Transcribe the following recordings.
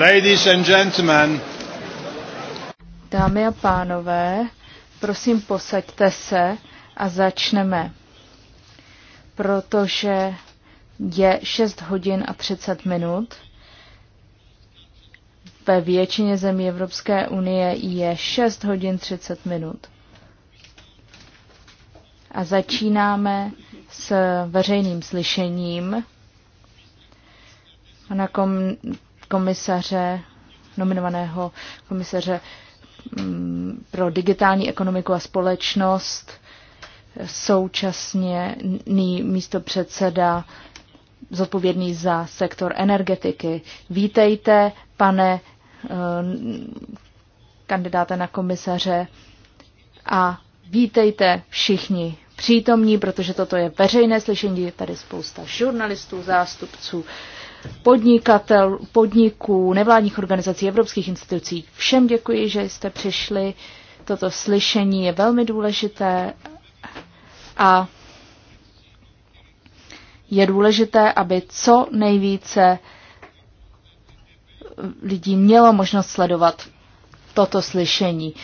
Ladies and gentlemen. Dámy a pánové, prosím posaďte se a začneme, protože je 6 hodin a 30 minut. Ve většině zemí Evropské unie je 6 hodin 30 minut. A začínáme s veřejným slyšením na kom, komisaře, nominovaného komisaře mm, pro digitální ekonomiku a společnost, současně místo předseda zodpovědný za sektor energetiky. Vítejte, pane eh, kandidáte na komisaře a vítejte všichni přítomní, protože toto je veřejné slyšení, je tady spousta žurnalistů, zástupců podnikatel, podniků, nevládních organizací, evropských institucí. Všem děkuji, že jste přišli. Toto slyšení je velmi důležité a je důležité, aby co nejvíce lidí mělo možnost sledovat toto slyšení.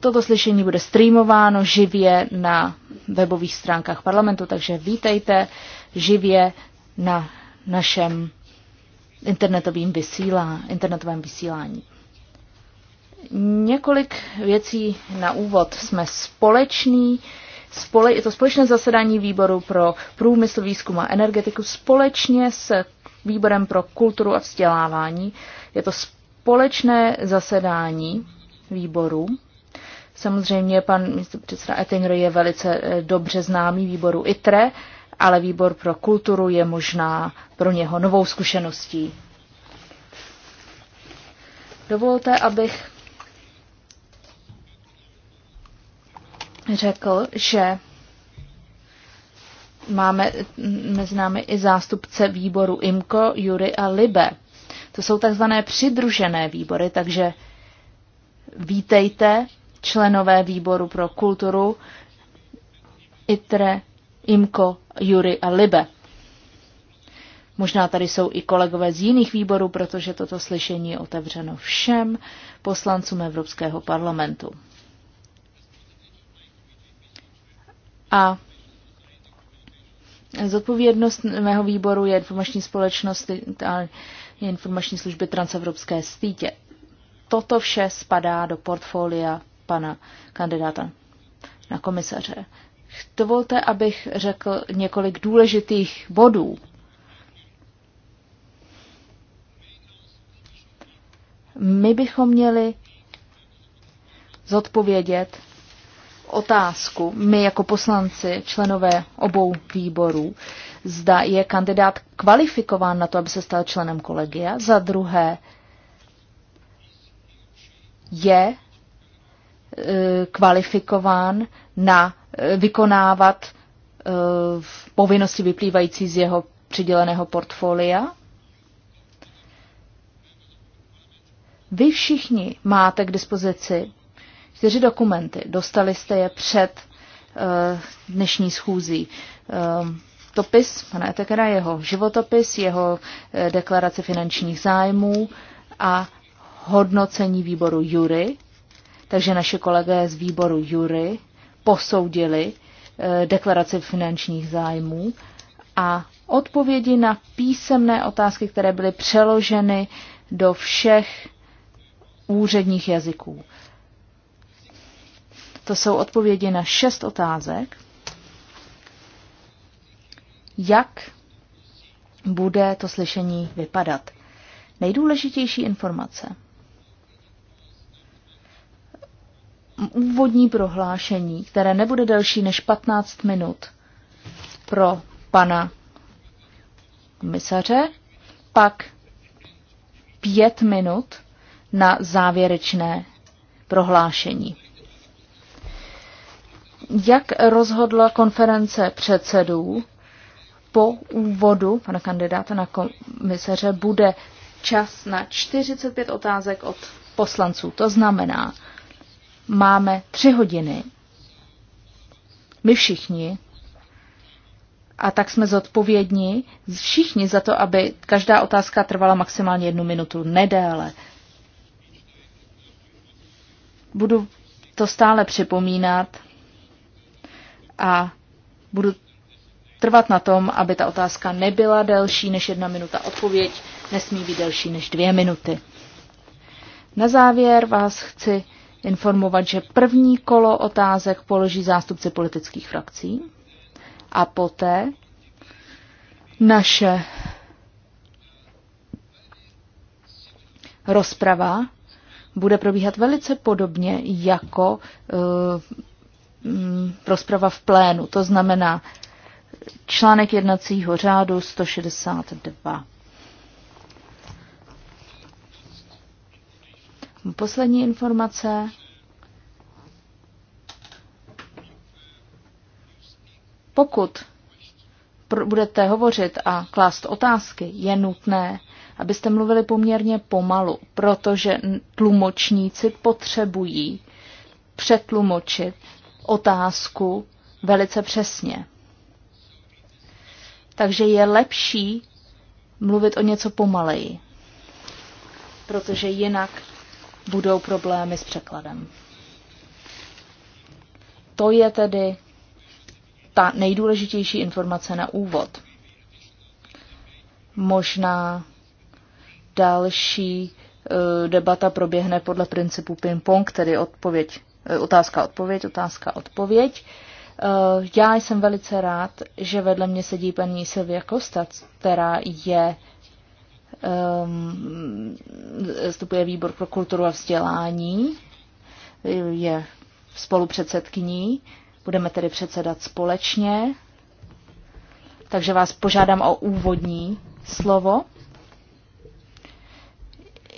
Toto slyšení bude streamováno živě na webových stránkách parlamentu, takže vítejte živě na našem internetovým vysílá, internetovém vysílání. Několik věcí na úvod. Jsme společný, spole, je to společné zasedání výboru pro průmysl, výzkum a energetiku společně s výborem pro kulturu a vzdělávání. Je to společné zasedání výboru. Samozřejmě pan předseda Ettinger je velice eh, dobře známý výboru ITRE ale výbor pro kulturu je možná pro něho novou zkušeností. Dovolte, abych řekl, že máme mezi námi i zástupce výboru IMCO, Jury a Libe. To jsou takzvané přidružené výbory, takže vítejte členové výboru pro kulturu, ITRE, IMCO Jury a Libe. Možná tady jsou i kolegové z jiných výborů, protože toto slyšení je otevřeno všem poslancům Evropského parlamentu. A zodpovědnost mého výboru je informační společnosti a je informační služby transevropské stítě. Toto vše spadá do portfolia pana kandidáta na komisaře. Dovolte, abych řekl několik důležitých bodů. My bychom měli zodpovědět otázku, my jako poslanci, členové obou výborů, zda je kandidát kvalifikován na to, aby se stal členem kolegia, za druhé, je e, kvalifikován na vykonávat eh, povinnosti vyplývající z jeho přiděleného portfolia. Vy všichni máte k dispozici čtyři dokumenty. Dostali jste je před eh, dnešní schůzí. Eh, topis pana Etekera, jeho životopis, jeho deklarace finančních zájmů a hodnocení výboru Jury. Takže naše kolegé z výboru Jury posoudili eh, deklaraci finančních zájmů a odpovědi na písemné otázky, které byly přeloženy do všech úředních jazyků. To jsou odpovědi na šest otázek. Jak bude to slyšení vypadat? Nejdůležitější informace – úvodní prohlášení, které nebude delší než 15 minut pro pana komisaře, pak pět minut na závěrečné prohlášení. Jak rozhodla konference předsedů, po úvodu pana kandidáta na komisaře bude čas na 45 otázek od poslanců. To znamená, máme tři hodiny. My všichni. A tak jsme zodpovědní všichni za to, aby každá otázka trvala maximálně jednu minutu, nedéle. Budu to stále připomínat a budu trvat na tom, aby ta otázka nebyla delší než jedna minuta. Odpověď nesmí být delší než dvě minuty. Na závěr vás chci informovat, že první kolo otázek položí zástupci politických frakcí a poté naše rozprava bude probíhat velice podobně jako uh, rozprava v plénu. To znamená článek jednacího řádu 162. Poslední informace. Pokud budete hovořit a klást otázky, je nutné, abyste mluvili poměrně pomalu, protože tlumočníci potřebují přetlumočit otázku velice přesně. Takže je lepší mluvit o něco pomaleji, protože jinak budou problémy s překladem. To je tedy ta nejdůležitější informace na úvod. Možná další eh, debata proběhne podle principu ping-pong, tedy odpověď, eh, otázka, odpověď, otázka, odpověď. Eh, já jsem velice rád, že vedle mě sedí paní Silvia Kostac, která je Ehm, vstupuje výbor pro kulturu a vzdělání, je spolupředsedkyní, budeme tedy předsedat společně. Takže vás požádám o úvodní slovo.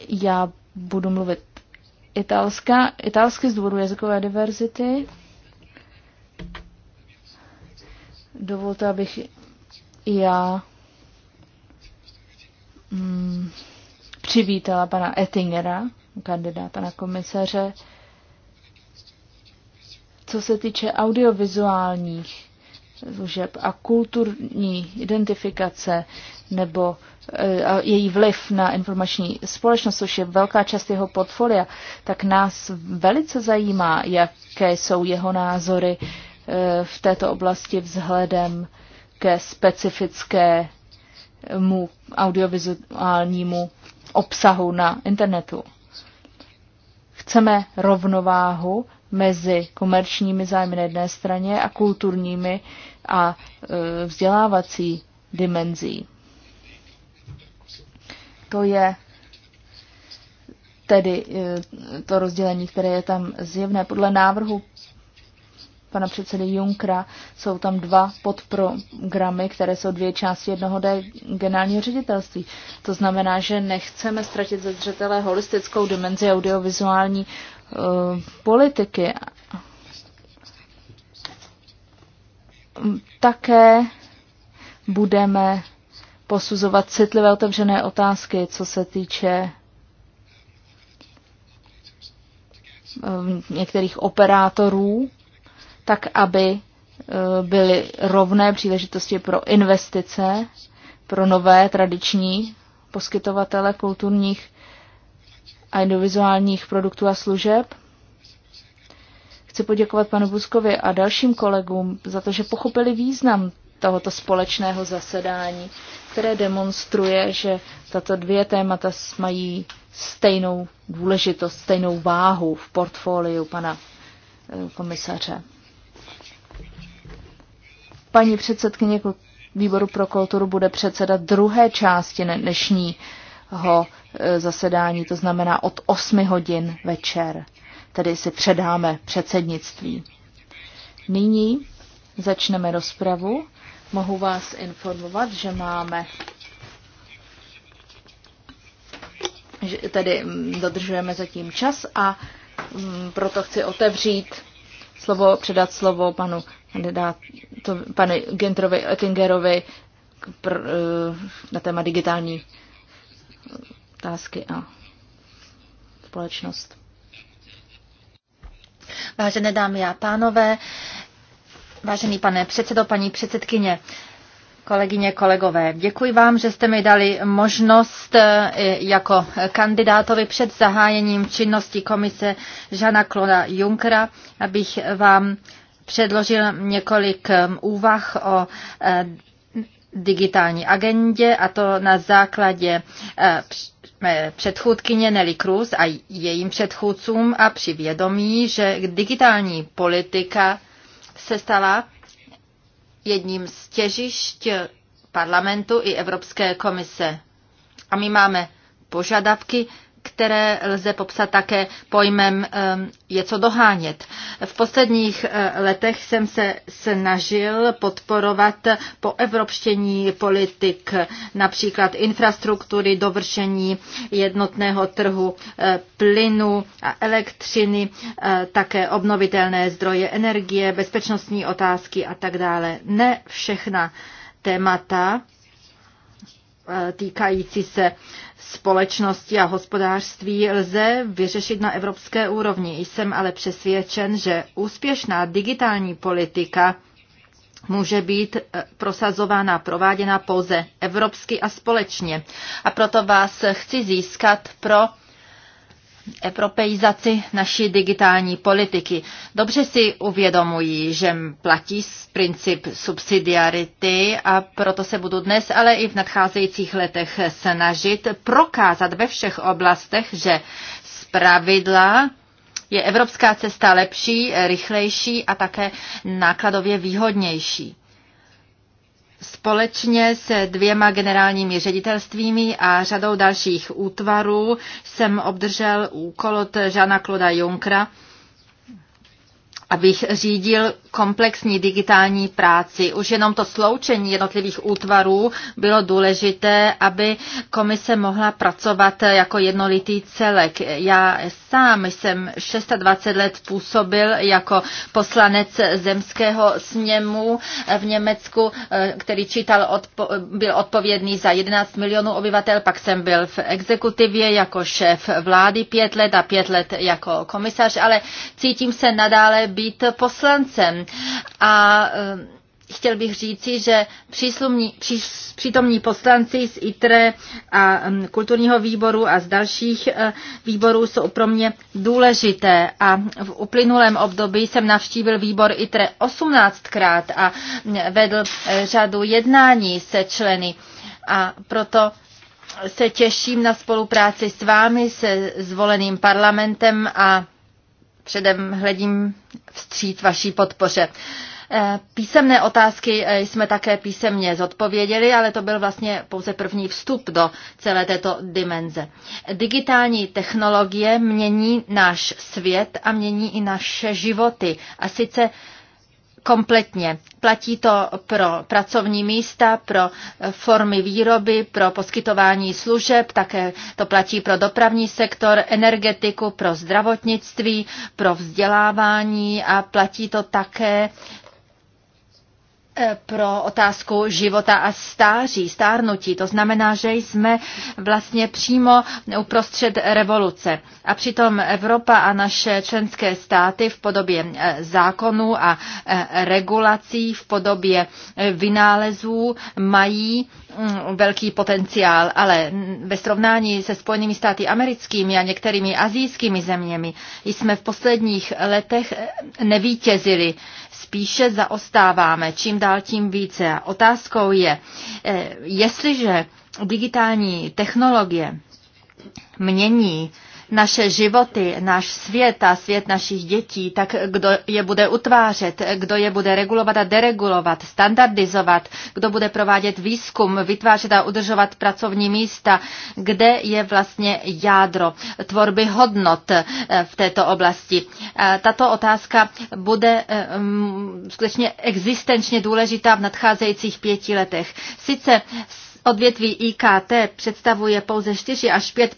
Já budu mluvit italská italsky z důvodu jazykové diverzity. Dovolte, abych já mm, přivítala pana Ettingera, kandidáta na komisaře. Co se týče audiovizuálních služeb a kulturní identifikace nebo e, její vliv na informační společnost, což je velká část jeho portfolia, tak nás velice zajímá, jaké jsou jeho názory e, v této oblasti vzhledem ke specifické mu audiovizuálnímu obsahu na internetu. Chceme rovnováhu mezi komerčními zájmy na jedné straně a kulturními a e, vzdělávací dimenzí. To je tedy e, to rozdělení, které je tam zjevné. Podle návrhu pana předsedy Junkra. Jsou tam dva podprogramy, které jsou dvě části jednoho generálního ředitelství. To znamená, že nechceme ztratit ze zřetele holistickou dimenzi audiovizuální uh, politiky. Také budeme posuzovat citlivé otevřené otázky, co se týče eh, některých operátorů tak aby e, byly rovné příležitosti pro investice, pro nové tradiční poskytovatele kulturních a individuálních produktů a služeb. Chci poděkovat panu Buskovi a dalším kolegům za to, že pochopili význam tohoto společného zasedání, které demonstruje, že tato dvě témata mají stejnou důležitost, stejnou váhu v portfoliu pana e, komisaře paní předsedkyně výboru pro kulturu bude předsedat druhé části dnešního e, zasedání, to znamená od 8 hodin večer. Tedy si předáme předsednictví. Nyní začneme rozpravu. Mohu vás informovat, že máme že tedy mm, dodržujeme zatím čas a mm, proto chci otevřít slovo, předat slovo panu kandidát, to pane Gentrovi Oettingerovi pr, eh, na téma digitální otázky a společnost. Vážené dámy a pánové, vážený pane předsedo, paní předsedkyně, kolegyně, kolegové. Děkuji vám, že jste mi dali možnost eh, jako kandidátovi před zahájením činnosti komise Žana Klona Junkera, abych vám předložil několik um, úvah o eh, digitální agendě a to na základě eh, eh, předchůdkyně Nelly Cruz a jejím předchůdcům a při vědomí, že digitální politika se stala jedním z těžišť parlamentu i Evropské komise. A my máme požadavky které lze popsat také pojmem ehm, je co dohánět. V posledních eh, letech jsem se snažil podporovat po evropštění politik, například infrastruktury, dovršení jednotného trhu eh, plynu a elektřiny, eh, také obnovitelné zdroje energie, bezpečnostní otázky a tak dále. Ne všechna témata Eh, týkající se společnosti a hospodářství lze vyřešit na evropské úrovni. Jsem ale přesvědčen, že úspěšná digitální politika může být eh, prosazována, prováděna pouze evropsky a společně. A proto vás chci získat pro europeizaci naší digitální politiky. Dobře si uvědomují, že platí princip subsidiarity a proto se budu dnes, ale i v nadcházejících letech snažit prokázat ve všech oblastech, že z pravidla je evropská cesta lepší, rychlejší a také nákladově výhodnější. Společně se dvěma generálními ředitelstvími a řadou dalších útvarů jsem obdržel úkol od Žana Kloda Junkra, abych řídil komplexní digitální práci. Už jenom to sloučení jednotlivých útvarů bylo důležité, aby komise mohla pracovat jako jednolitý celek. Já sám jsem 26 let působil jako poslanec zemského sněmu v Německu, eh, který čítal, odpo, byl odpovědný za 11 milionů obyvatel, pak jsem byl v exekutivě jako šéf vlády pět let a pět let jako komisař, ale cítím se nadále být být poslancem. A eh, chtěl bych říci, že příslumní, pří, přítomní poslanci z ITRE a hm, kulturního výboru a z dalších eh, výborů jsou pro mě důležité. A v uplynulém období jsem navštívil výbor ITRE 18krát a hm, vedl eh, řadu jednání se členy. A proto se těším na spolupráci s vámi, se zvoleným parlamentem a předem hledím vstříc vaší podpoře. Eh, písemné otázky eh, jsme také písemně zodpověděli, ale to byl vlastně pouze první vstup do celé této dimenze. Digitální technologie mění náš svět a mění i naše životy. A sice kompletně. Platí to pro pracovní místa, pro formy výroby, pro poskytování služeb, také to platí pro dopravní sektor, energetiku, pro zdravotnictví, pro vzdělávání a platí to také E, pro otázku života a stáří, stárnutí. To znamená, že jsme vlastně přímo uprostřed revoluce. A přitom Evropa a naše členské státy v podobě e, zákonů a e, regulací, v podobě vynálezů mají Mm, velký potenciál, ale ve srovnání se Spojenými státy americkými a některými azijskými zeměmi jsme v posledních letech eh, nevítězili, spíše zaostáváme čím dál tím více. A otázkou je, eh, jestliže digitální technologie mění naše životy, náš svět a svět našich dětí, tak kdo je bude utvářet, kdo je bude regulovat a deregulovat, standardizovat, kdo bude provádět výzkum, vytvářet a udržovat pracovní místa, kde je vlastně jádro tvorby hodnot eh, v této oblasti. Eh, tato otázka bude eh, mm, skutečně existenčně důležitá v nadcházejících pěti letech. Sice Odvětví IKT představuje pouze 4 až 5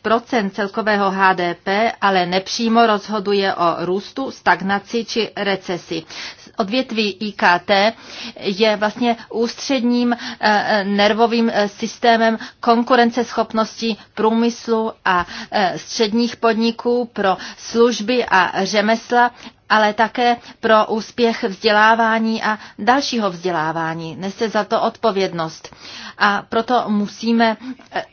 celkového HDP, ale nepřímo rozhoduje o růstu, stagnaci či recesi. Odvětví IKT je vlastně ústředním eh, nervovým eh, systémem konkurenceschopnosti průmyslu a eh, středních podniků pro služby a řemesla ale také pro úspěch vzdělávání a dalšího vzdělávání. Nese za to odpovědnost. A proto musíme eh,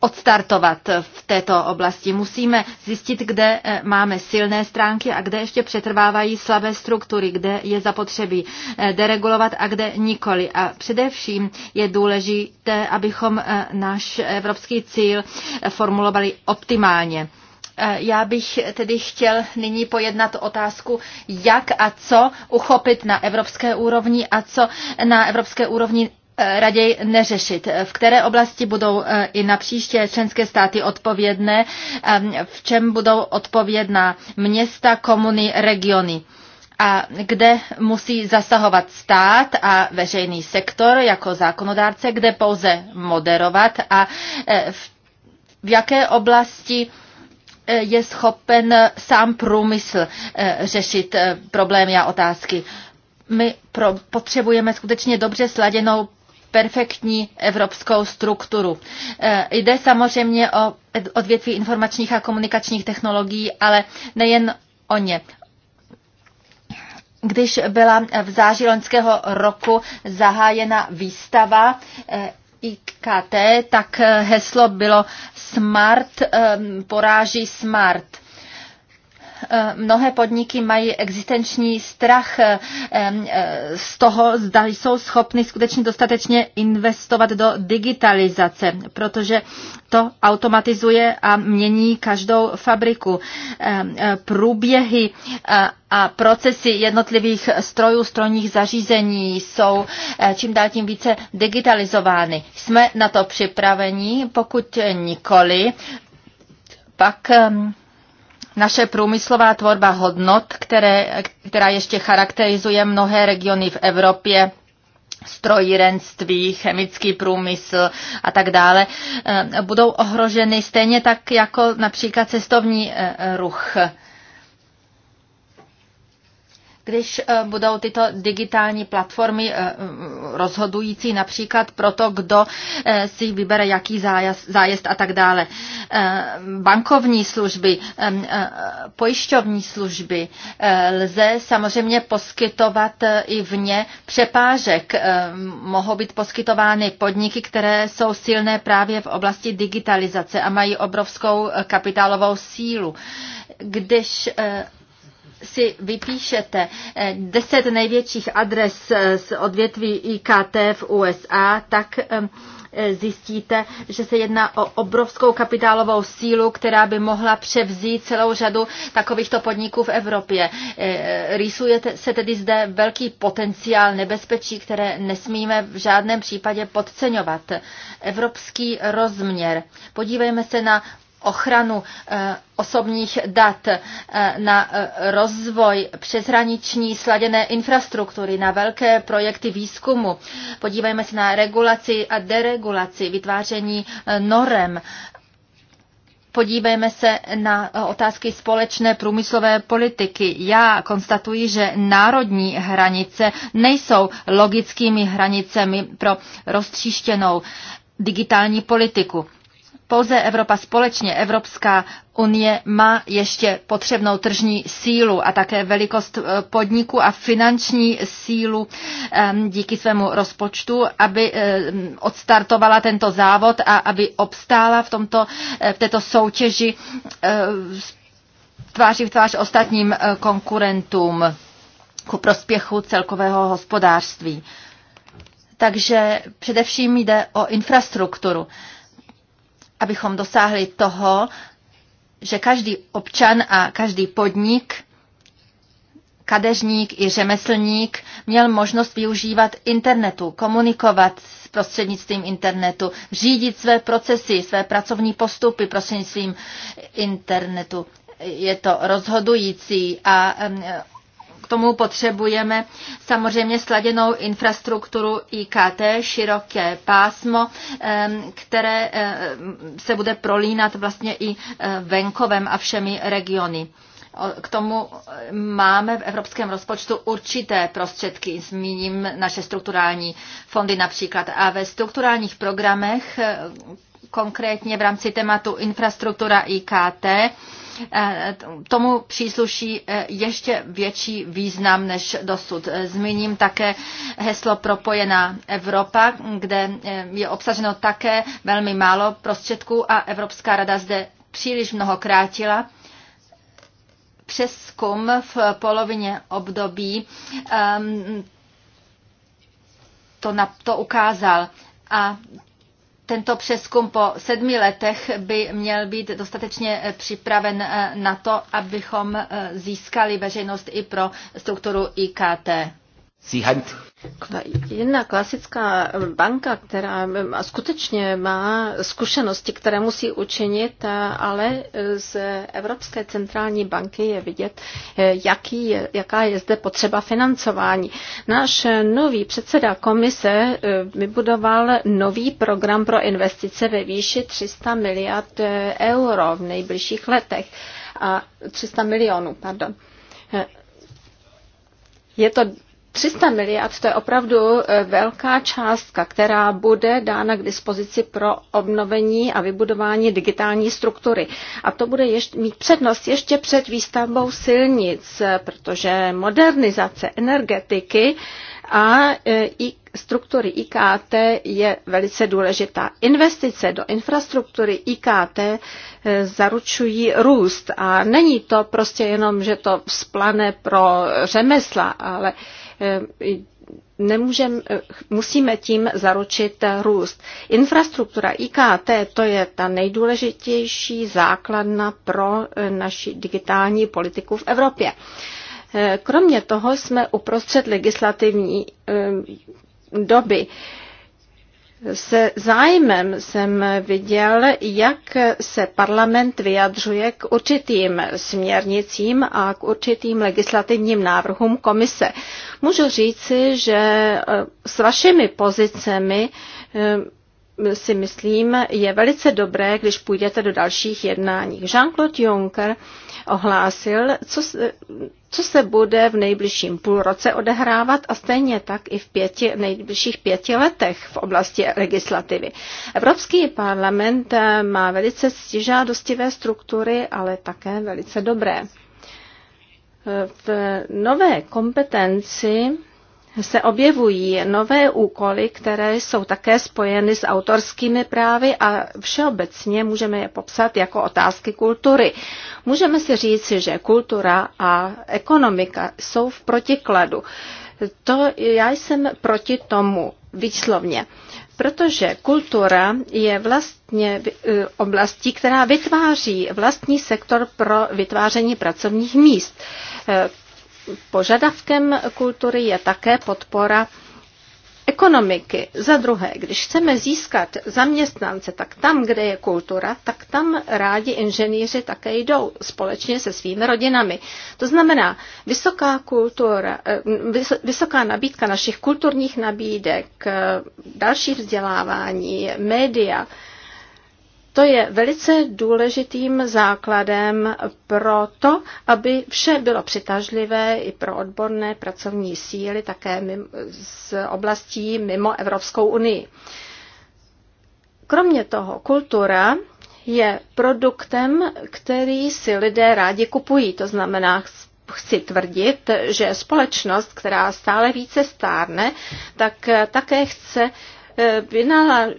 odstartovat v této oblasti. Musíme zjistit, kde eh, máme silné stránky a kde ještě přetrvávají slabé struktury, kde je zapotřebí eh, deregulovat a kde nikoli. A především je důležité, abychom náš evropský cíl formulovali optimálně. Eh, já bych tedy chtěl nyní pojednat otázku, jak a co uchopit na evropské úrovni a co na evropské úrovni eh, raději neřešit. V které oblasti budou eh, i na příště členské státy odpovědné, v čem budou odpovědná města, komuny, regiony a kde musí zasahovat stát a veřejný sektor jako zákonodárce, kde pouze moderovat a v jaké oblasti Eh, je schopen eh, sám průmysl eh, řešit problémy a otázky. My pro, potřebujeme skutečně dobře sladěnou perfektní evropskou strukturu. Jde samozřejmě o odvětví informačních a komunikačních technologií, ale nejen o ně. Když byla v září loňského roku zahájena výstava IKT, tak heslo bylo Smart poráží Smart. Eh, mnohé podniky mají existenční strach eh, eh, z toho, zda jsou schopny skutečně dostatečně investovat do digitalizace, protože to automatizuje a mění každou fabriku. Průběhy a procesy jednotlivých strojů, strojních zařízení jsou čím dál tím více digitalizovány. Jsme na to připraveni? Pokud nikoli, pak naše průmyslová tvorba hodnot, které, která ještě charakterizuje mnohé regiony v Evropě, strojírenství, chemický průmysl a tak dále, eh, budou ohroženy stejně tak jako například cestovní eh, ruch když eh, budou tyto digitální platformy eh, rozhodující například pro to, kdo eh, si vybere jaký zájezd, zájezd a tak dále. Bankovní služby, pojišťovní služby lze samozřejmě poskytovat i vně přepážek. Mohou být poskytovány podniky, které jsou silné právě v oblasti digitalizace a mají obrovskou kapitálovou sílu. Když si vypíšete 10 eh, největších adres eh, z odvětví IKT v USA, tak eh, zjistíte, že se jedná o obrovskou kapitálovou sílu, která by mohla převzít celou řadu takovýchto podniků v Evropě. Rýsuje se tedy zde velký potenciál nebezpečí, které nesmíme v žádném případě podceňovat. Evropský rozměr. Podívejme se na ochranu eh, osobních dat eh, na eh, rozvoj přeshraniční sladěné infrastruktury, na velké projekty výzkumu. Podívejme se na regulaci a deregulaci, vytváření norem. Podívejme se na otázky společné průmyslové politiky. Já konstatuji, že národní hranice nejsou logickými hranicemi pro roztříštěnou digitální politiku. Pouze Evropa společně, Evropská unie má ještě potřebnou tržní sílu a také velikost eh, podniku a finanční sílu ehm, díky svému rozpočtu, aby ehm, odstartovala tento závod a aby obstála v, tomto, eh, v této soutěži eh, tváří v tvář ostatním konkurentům ku prospěchu celkového hospodářství. Takže především jde o infrastrukturu abychom dosáhli toho, že každý občan a každý podnik, kadeřník i řemeslník měl možnost využívat internetu, komunikovat prostřednictvím internetu, řídit své procesy, své pracovní postupy prostřednictvím internetu. Je to rozhodující a k tomu potřebujeme samozřejmě sladěnou infrastrukturu IKT, široké pásmo, které se bude prolínat vlastně i e, venkovem a všemi regiony. K tomu máme v evropském rozpočtu určité prostředky, zmíním naše strukturální fondy například. A ve strukturálních programech, e, konkrétně v rámci tématu infrastruktura IKT, tomu přísluší eh, ještě větší význam než dosud. Eh, zmíním také heslo Propojená Evropa, kde eh, je obsaženo také velmi málo prostředků a Evropská rada zde příliš mnoho krátila přeskum v polovině období ehm, to, na, to ukázal. A tento přeskum po sedmi letech by měl být dostatečně eh, připraven eh, na to, abychom eh, získali veřejnost i pro strukturu IKT. Jedna klasická banka, která skutečně má zkušenosti, které musí učinit, eh, ale eh, z Evropské centrální banky je vidět, eh, jaký, jaká je zde potřeba financování. Náš nový předseda komise vybudoval nový program pro investice ve výši 300 miliard euro v nejbližších letech a 300 milionů, pardon. Je to 300 miliard to je opravdu e, velká částka, která bude dána k dispozici pro obnovení a vybudování digitální struktury. A to bude ještě, mít přednost ještě před výstavbou silnic, e, protože modernizace energetiky a e, i struktury IKT je velice důležitá. Investice do infrastruktury IKT zaručují růst a není to prostě jenom, že to vzplane pro řemesla, ale Eh, nemůžem, eh, musíme tím zaručit růst. Infrastruktura IKT to je ta nejdůležitější základna pro eh, naši digitální politiku v Evropě. Kromě toho jsme uprostřed legislativní doby se zájmem jsem viděl, jak se parlament vyjadřuje k určitým směrnicím a k určitým legislativním návrhům komise. Můžu říci, že e, s vašimi pozicemi e, si myslím, je velice dobré, když půjdete do dalších jednání. Jean-Claude Juncker ohlásil, co se, co se bude v nejbližším půlroce odehrávat a stejně tak i v pěti, nejbližších pěti letech v oblasti legislativy. Evropský parlament eh, má velice stižádostivé struktury, ale také velice dobré. Eh, v nové kompetenci se objevují nové úkoly, které jsou také spojeny s autorskými právy a všeobecně můžeme je popsat jako otázky kultury. Můžeme si říci, že kultura a ekonomika jsou v protikladu. To já jsem proti tomu výslovně, protože kultura je vlastně eh, oblastí, která vytváří vlastní sektor pro vytváření pracovních míst eh, požadavkem kultury je také podpora ekonomiky. Za druhé, když chceme získat zaměstnance, tak tam, kde je kultura, tak tam rádi inženýři také jdou společně se svými rodinami. To znamená, vysoká, kultura, eh, vysoká nabídka našich kulturních nabídek, eh, další vzdělávání, média, to je velice důležitým základem pro to, aby vše bylo přitažlivé i pro odborné pracovní síly také z oblastí mimo Evropskou unii. Kromě toho, kultura je produktem, který si lidé rádi kupují. To znamená, chci tvrdit, že společnost, která stále více stárne, tak také chce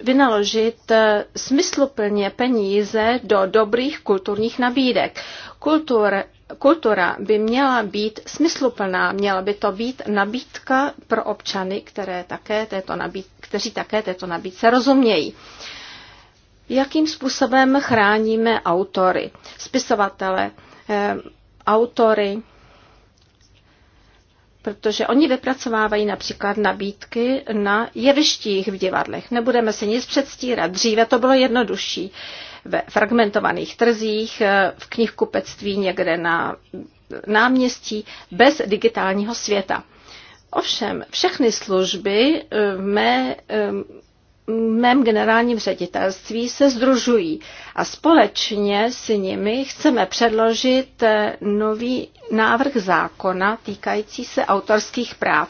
vynaložit eh, smysluplně peníze do dobrých kulturních nabídek. Kultur, kultura by měla být smysluplná, měla by to být nabídka pro občany, které také této nabíd, kteří také této nabídce rozumějí. Jakým způsobem chráníme autory, spisovatele, eh, autory, protože oni vypracovávají například nabídky na jevištích v divadlech. Nebudeme se nic předstírat. Dříve to bylo jednodušší ve fragmentovaných trzích, eh, v knihkupectví někde na náměstí, bez digitálního světa. Ovšem, všechny služby v eh, mé eh, mém generálním ředitelství se združují a společně s nimi chceme předložit eh, nový návrh zákona týkající se autorských práv.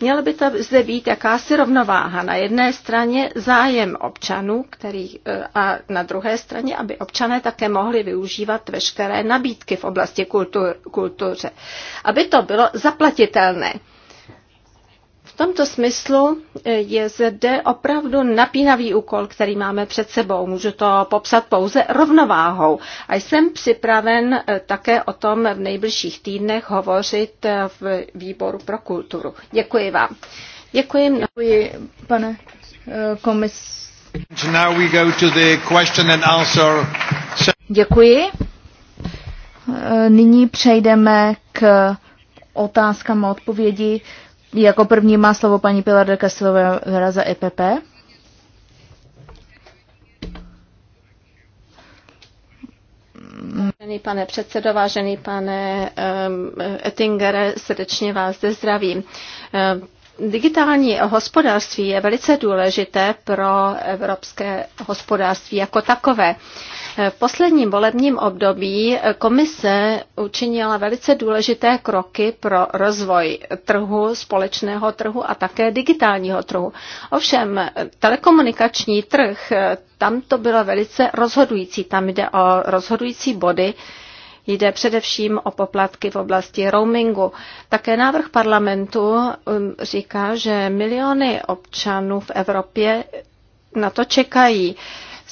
Měla by to zde být jakási rovnováha. Na jedné straně zájem občanů který, eh, a na druhé straně, aby občané také mohli využívat veškeré nabídky v oblasti kultur, kultuře. Aby to bylo zaplatitelné tomto smyslu e, je zde opravdu napínavý úkol, který máme před sebou. Můžu to popsat pouze rovnováhou. A jsem připraven e, také o tom v nejbližších týdnech hovořit e, v výboru pro kulturu. Děkuji vám. Děkuji. Mno. Děkuji, pane komis. Děkuji. Nyní přejdeme k otázkám a odpovědi. Jako první má slovo paní Pilar de Castillo za EPP. Vážený pane předsedo, vážený pane um, Ettingere, srdečně vás zde zdravím. Um, digitální hospodářství je velice důležité pro evropské hospodářství jako takové. V posledním volebním období komise učinila velice důležité kroky pro rozvoj trhu, společného trhu a také digitálního trhu. Ovšem, telekomunikační trh, tam to bylo velice rozhodující. Tam jde o rozhodující body, Jde především o poplatky v oblasti roamingu. Také návrh parlamentu um, říká, že miliony občanů v Evropě na to čekají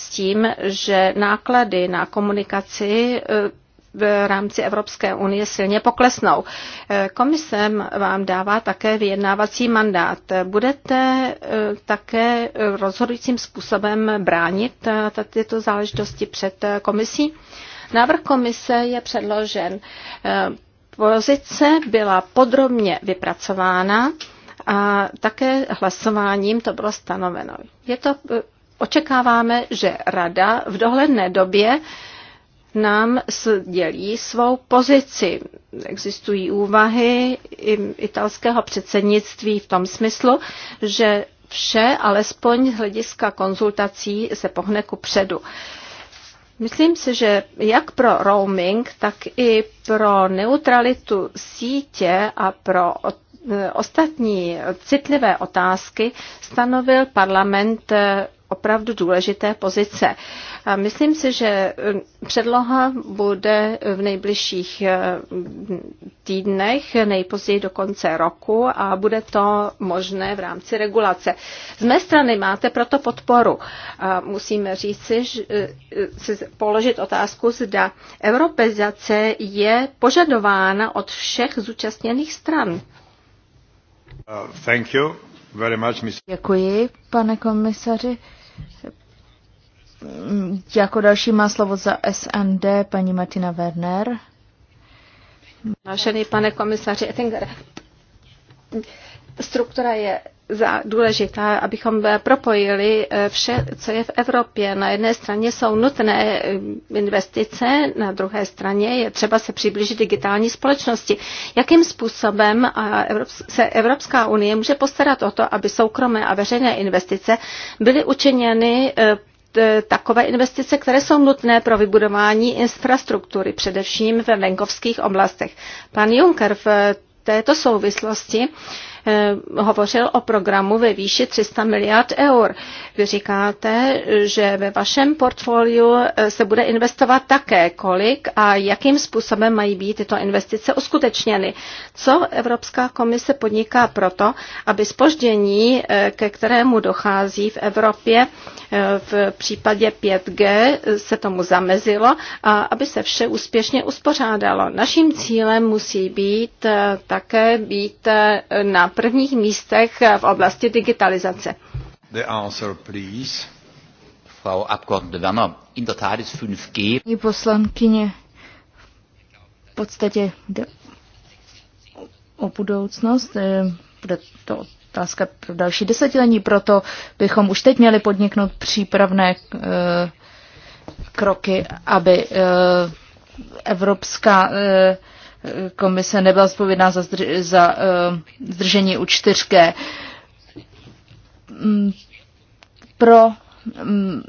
s tím, že náklady na komunikaci eh, v rámci Evropské unie silně poklesnou. Eh, Komisem vám dává také vyjednávací mandát. Budete eh, také rozhodujícím způsobem bránit tyto záležitosti před komisí? Návrh komise je předložen. Pozice byla podrobně vypracována a také hlasováním to bylo stanoveno. Je to Očekáváme, že Rada v dohledné době nám sdělí svou pozici. Existují úvahy italského předsednictví v tom smyslu, že vše, alespoň z hlediska konzultací, se pohne ku předu. Myslím si, že jak pro roaming, tak i pro neutralitu sítě a pro ostatní citlivé otázky stanovil parlament opravdu důležité pozice. A myslím si, že eh, předloha bude v nejbližších eh, týdnech, nejpozději do konce roku a bude to možné v rámci regulace. Z mé strany máte proto podporu. A musíme říci, že, eh, si položit otázku, zda europeizace je požadována od všech zúčastněných stran. Uh, thank you very much, Děkuji, pane komisaři. Jako další má slovo za SND paní Martina Werner. Vážený pane komisaři Ettinger, struktura je za důležitá, abychom eh, propojili eh, vše, co je v Evropě. Na jedné straně jsou nutné eh, investice, na druhé straně je třeba se přiblížit digitální společnosti. Jakým způsobem se Evropská unie může postarat o to, aby soukromé a veřejné investice byly učiněny takové investice, které jsou nutné pro vybudování infrastruktury, především ve venkovských oblastech. Pan Juncker v této souvislosti uh, Eh, hovořil o programu ve výši 300 miliard eur. Vy říkáte, že ve vašem portfoliu eh, se bude investovat také kolik a jakým způsobem mají být tyto investice uskutečněny. Co Evropská komise podniká proto, aby spoždění, eh, ke kterému dochází v Evropě, v případě 5G se tomu zamezilo, a aby se vše úspěšně uspořádalo. Naším cílem musí být eh, také být eh, na prvních místech v oblasti digitalizace. The answer, please. Frau Abgeordnete in der Tat ist 5G. Poslankyně, v podstatě jde o budoucnost, eh, bude to otázka pro další desetilení, proto bychom už teď měli podniknout přípravné eh, kroky, aby eh, Evropská eh, komise nebyla zpovědná za, zdrž, za zdržení u 4G. Mm, pro mm,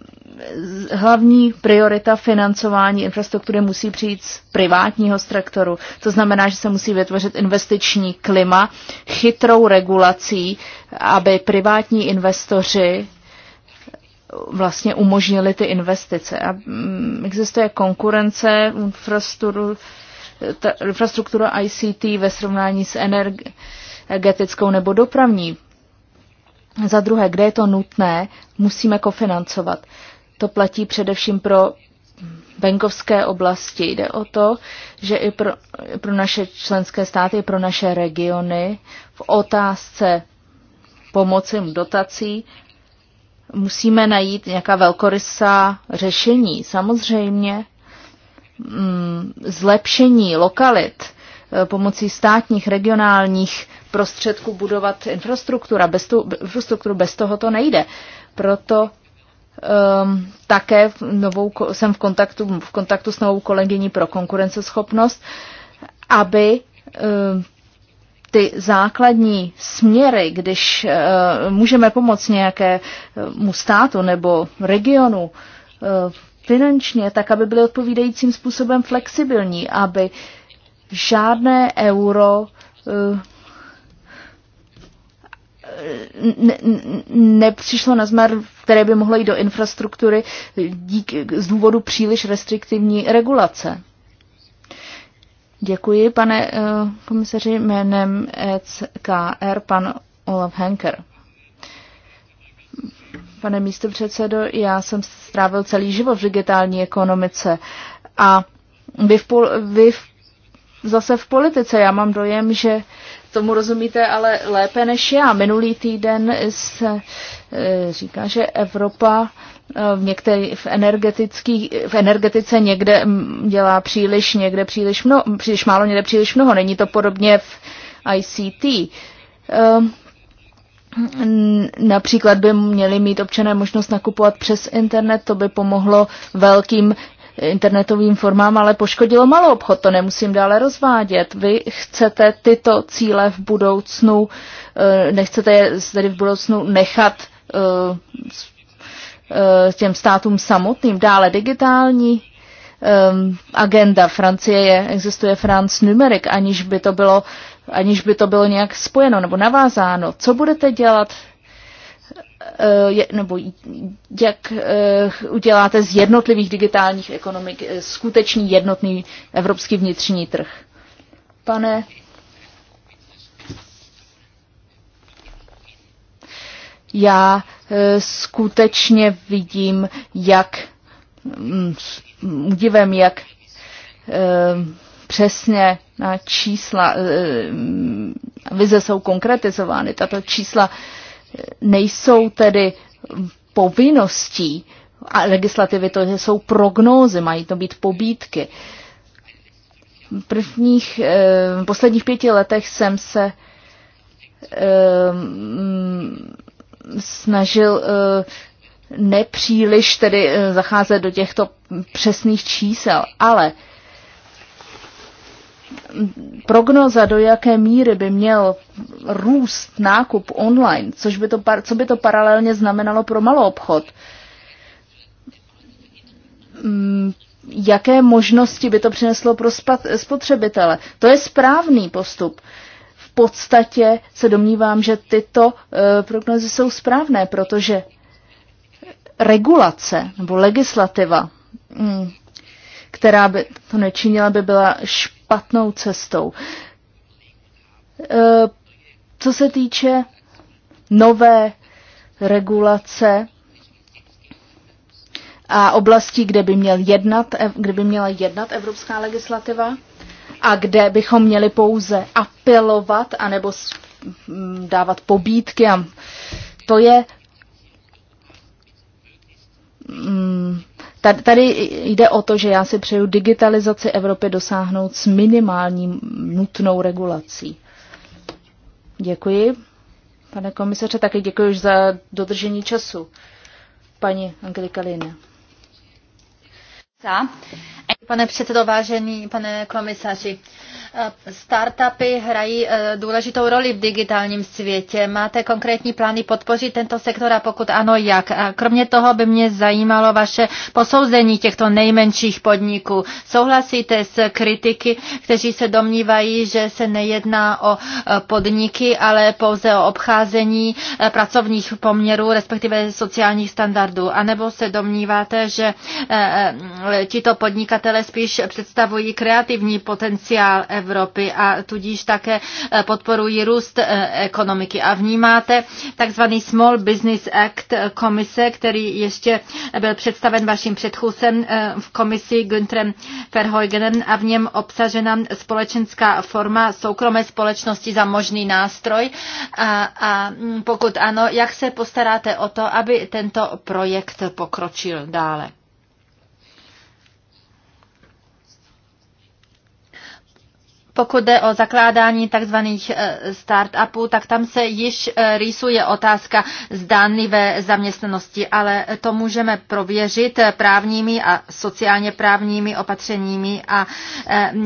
hlavní priorita financování infrastruktury musí přijít z privátního sektoru. To znamená, že se musí vytvořit investiční klima chytrou regulací, aby privátní investoři vlastně umožnili ty investice. A mm, existuje konkurence infrastruktura, infrastruktura ICT ve srovnání s energetickou nebo dopravní. Za druhé, kde je to nutné, musíme kofinancovat. To platí především pro venkovské oblasti. Jde o to, že i pro, pro naše členské státy, i pro naše regiony v otázce pomoci dotací musíme najít nějaká velkorysá řešení. Samozřejmě mm, zlepšení lokalit eh, pomocí státních, regionálních prostředků budovat infrastruktura. Bez tu, infrastrukturu bez toho to nejde. Proto um, také v novou, jsem v kontaktu, v kontaktu s novou kolegyní pro konkurenceschopnost, aby um, ty základní směry, když uh, můžeme pomoct nějakému státu nebo regionu uh, finančně, tak aby byly odpovídajícím způsobem flexibilní, aby žádné euro uh, ne, nepřišlo na zmar, které by mohlo jít do infrastruktury dík, z důvodu příliš restriktivní regulace. Děkuji, pane uh, komisaři, jménem ECKR, pan Olaf Henker. Pane místopředsedo, já jsem strávil celý život v digitální ekonomice a vy, v, vy v, zase v politice. Já mám dojem, že uh, tomu rozumíte ale lépe než já. Minulý týden se e, říká, že Evropa e, v, některý, v, v energetice někde dělá příliš, někde příliš, mno, příliš málo, někde příliš mnoho. Není to podobně v ICT. E, například by měli mít občané možnost nakupovat přes internet, to by pomohlo velkým internetovým formám, ale poškodilo malou obchod, to nemusím dále rozvádět. Vy chcete tyto cíle v budoucnu, eh, nechcete je tedy v budoucnu nechat eh, eh, těm státům samotným. Dále digitální ehm, agenda Francie je, existuje France Numeric, aniž by to bylo aniž by to bylo nějak spojeno nebo navázáno. Co budete dělat Eh, nebo jak eh, uděláte z jednotlivých digitálních ekonomik eh, skutečný jednotný evropský vnitřní trh. Pane já skutečně vidím, jak udivem, mm, mm, jak přesně na čísla mm, vize jsou konkretizovány. Tato čísla nejsou tedy povinností a legislativy, to jsou prognózy, mají to být pobídky. V prvních, eh, v posledních pěti letech jsem se eh, mm, snažil eh, nepříliš tedy zacházet do těchto přesných čísel, ale prognoza, do jaké míry by měl růst nákup online, což by to, co by to paralelně znamenalo pro malou obchod, mm, jaké možnosti by to přineslo pro spotřebitele. To je správný postup. V podstatě se domnívám, že tyto eh, prognozy jsou správné, protože regulace nebo legislativa mm, která by to nečinila, by byla špatnou cestou. E, co se týče nové regulace a oblasti, kde by, měl jednat, kde by měla jednat evropská legislativa a kde bychom měli pouze apelovat anebo dávat pobídky. A to je Tady jde o to, že já si přeju digitalizaci Evropy dosáhnout s minimální nutnou regulací. Děkuji. Pane komisaře, taky děkuji už za dodržení času. Paní Angelika Lina. Pane předsedo, vážený pane komisaři, startupy hrají eh, důležitou roli v digitálním světě. Máte konkrétní plány podpořit tento sektor a pokud ano, jak? A kromě toho by mě zajímalo vaše posouzení těchto nejmenších podniků. Souhlasíte s kritiky, kteří se domnívají, že se nejedná o eh, podniky, ale pouze o obcházení eh, pracovních poměrů, respektive sociálních standardů? A nebo se domníváte, že tito podnikatelé obyvatele spíš představují kreativní potenciál Evropy a tudíž také eh, podporují růst eh, ekonomiky. A vnímáte takzvaný Small Business Act eh, komise, který ještě byl představen vaším předchůdcem v komisi Günterem Verheugenem a v něm obsažena společenská forma soukromé společnosti za možný nástroj. A, a mm, pokud ano, jak se postaráte o to, aby tento projekt pokročil dále? Pokud jde o zakládání tzv. Eh, startupů, tak tam se již eh, rýsuje otázka zdánlivé zaměstnanosti, ale to můžeme prověřit eh, právními a sociálně právními opatřeními a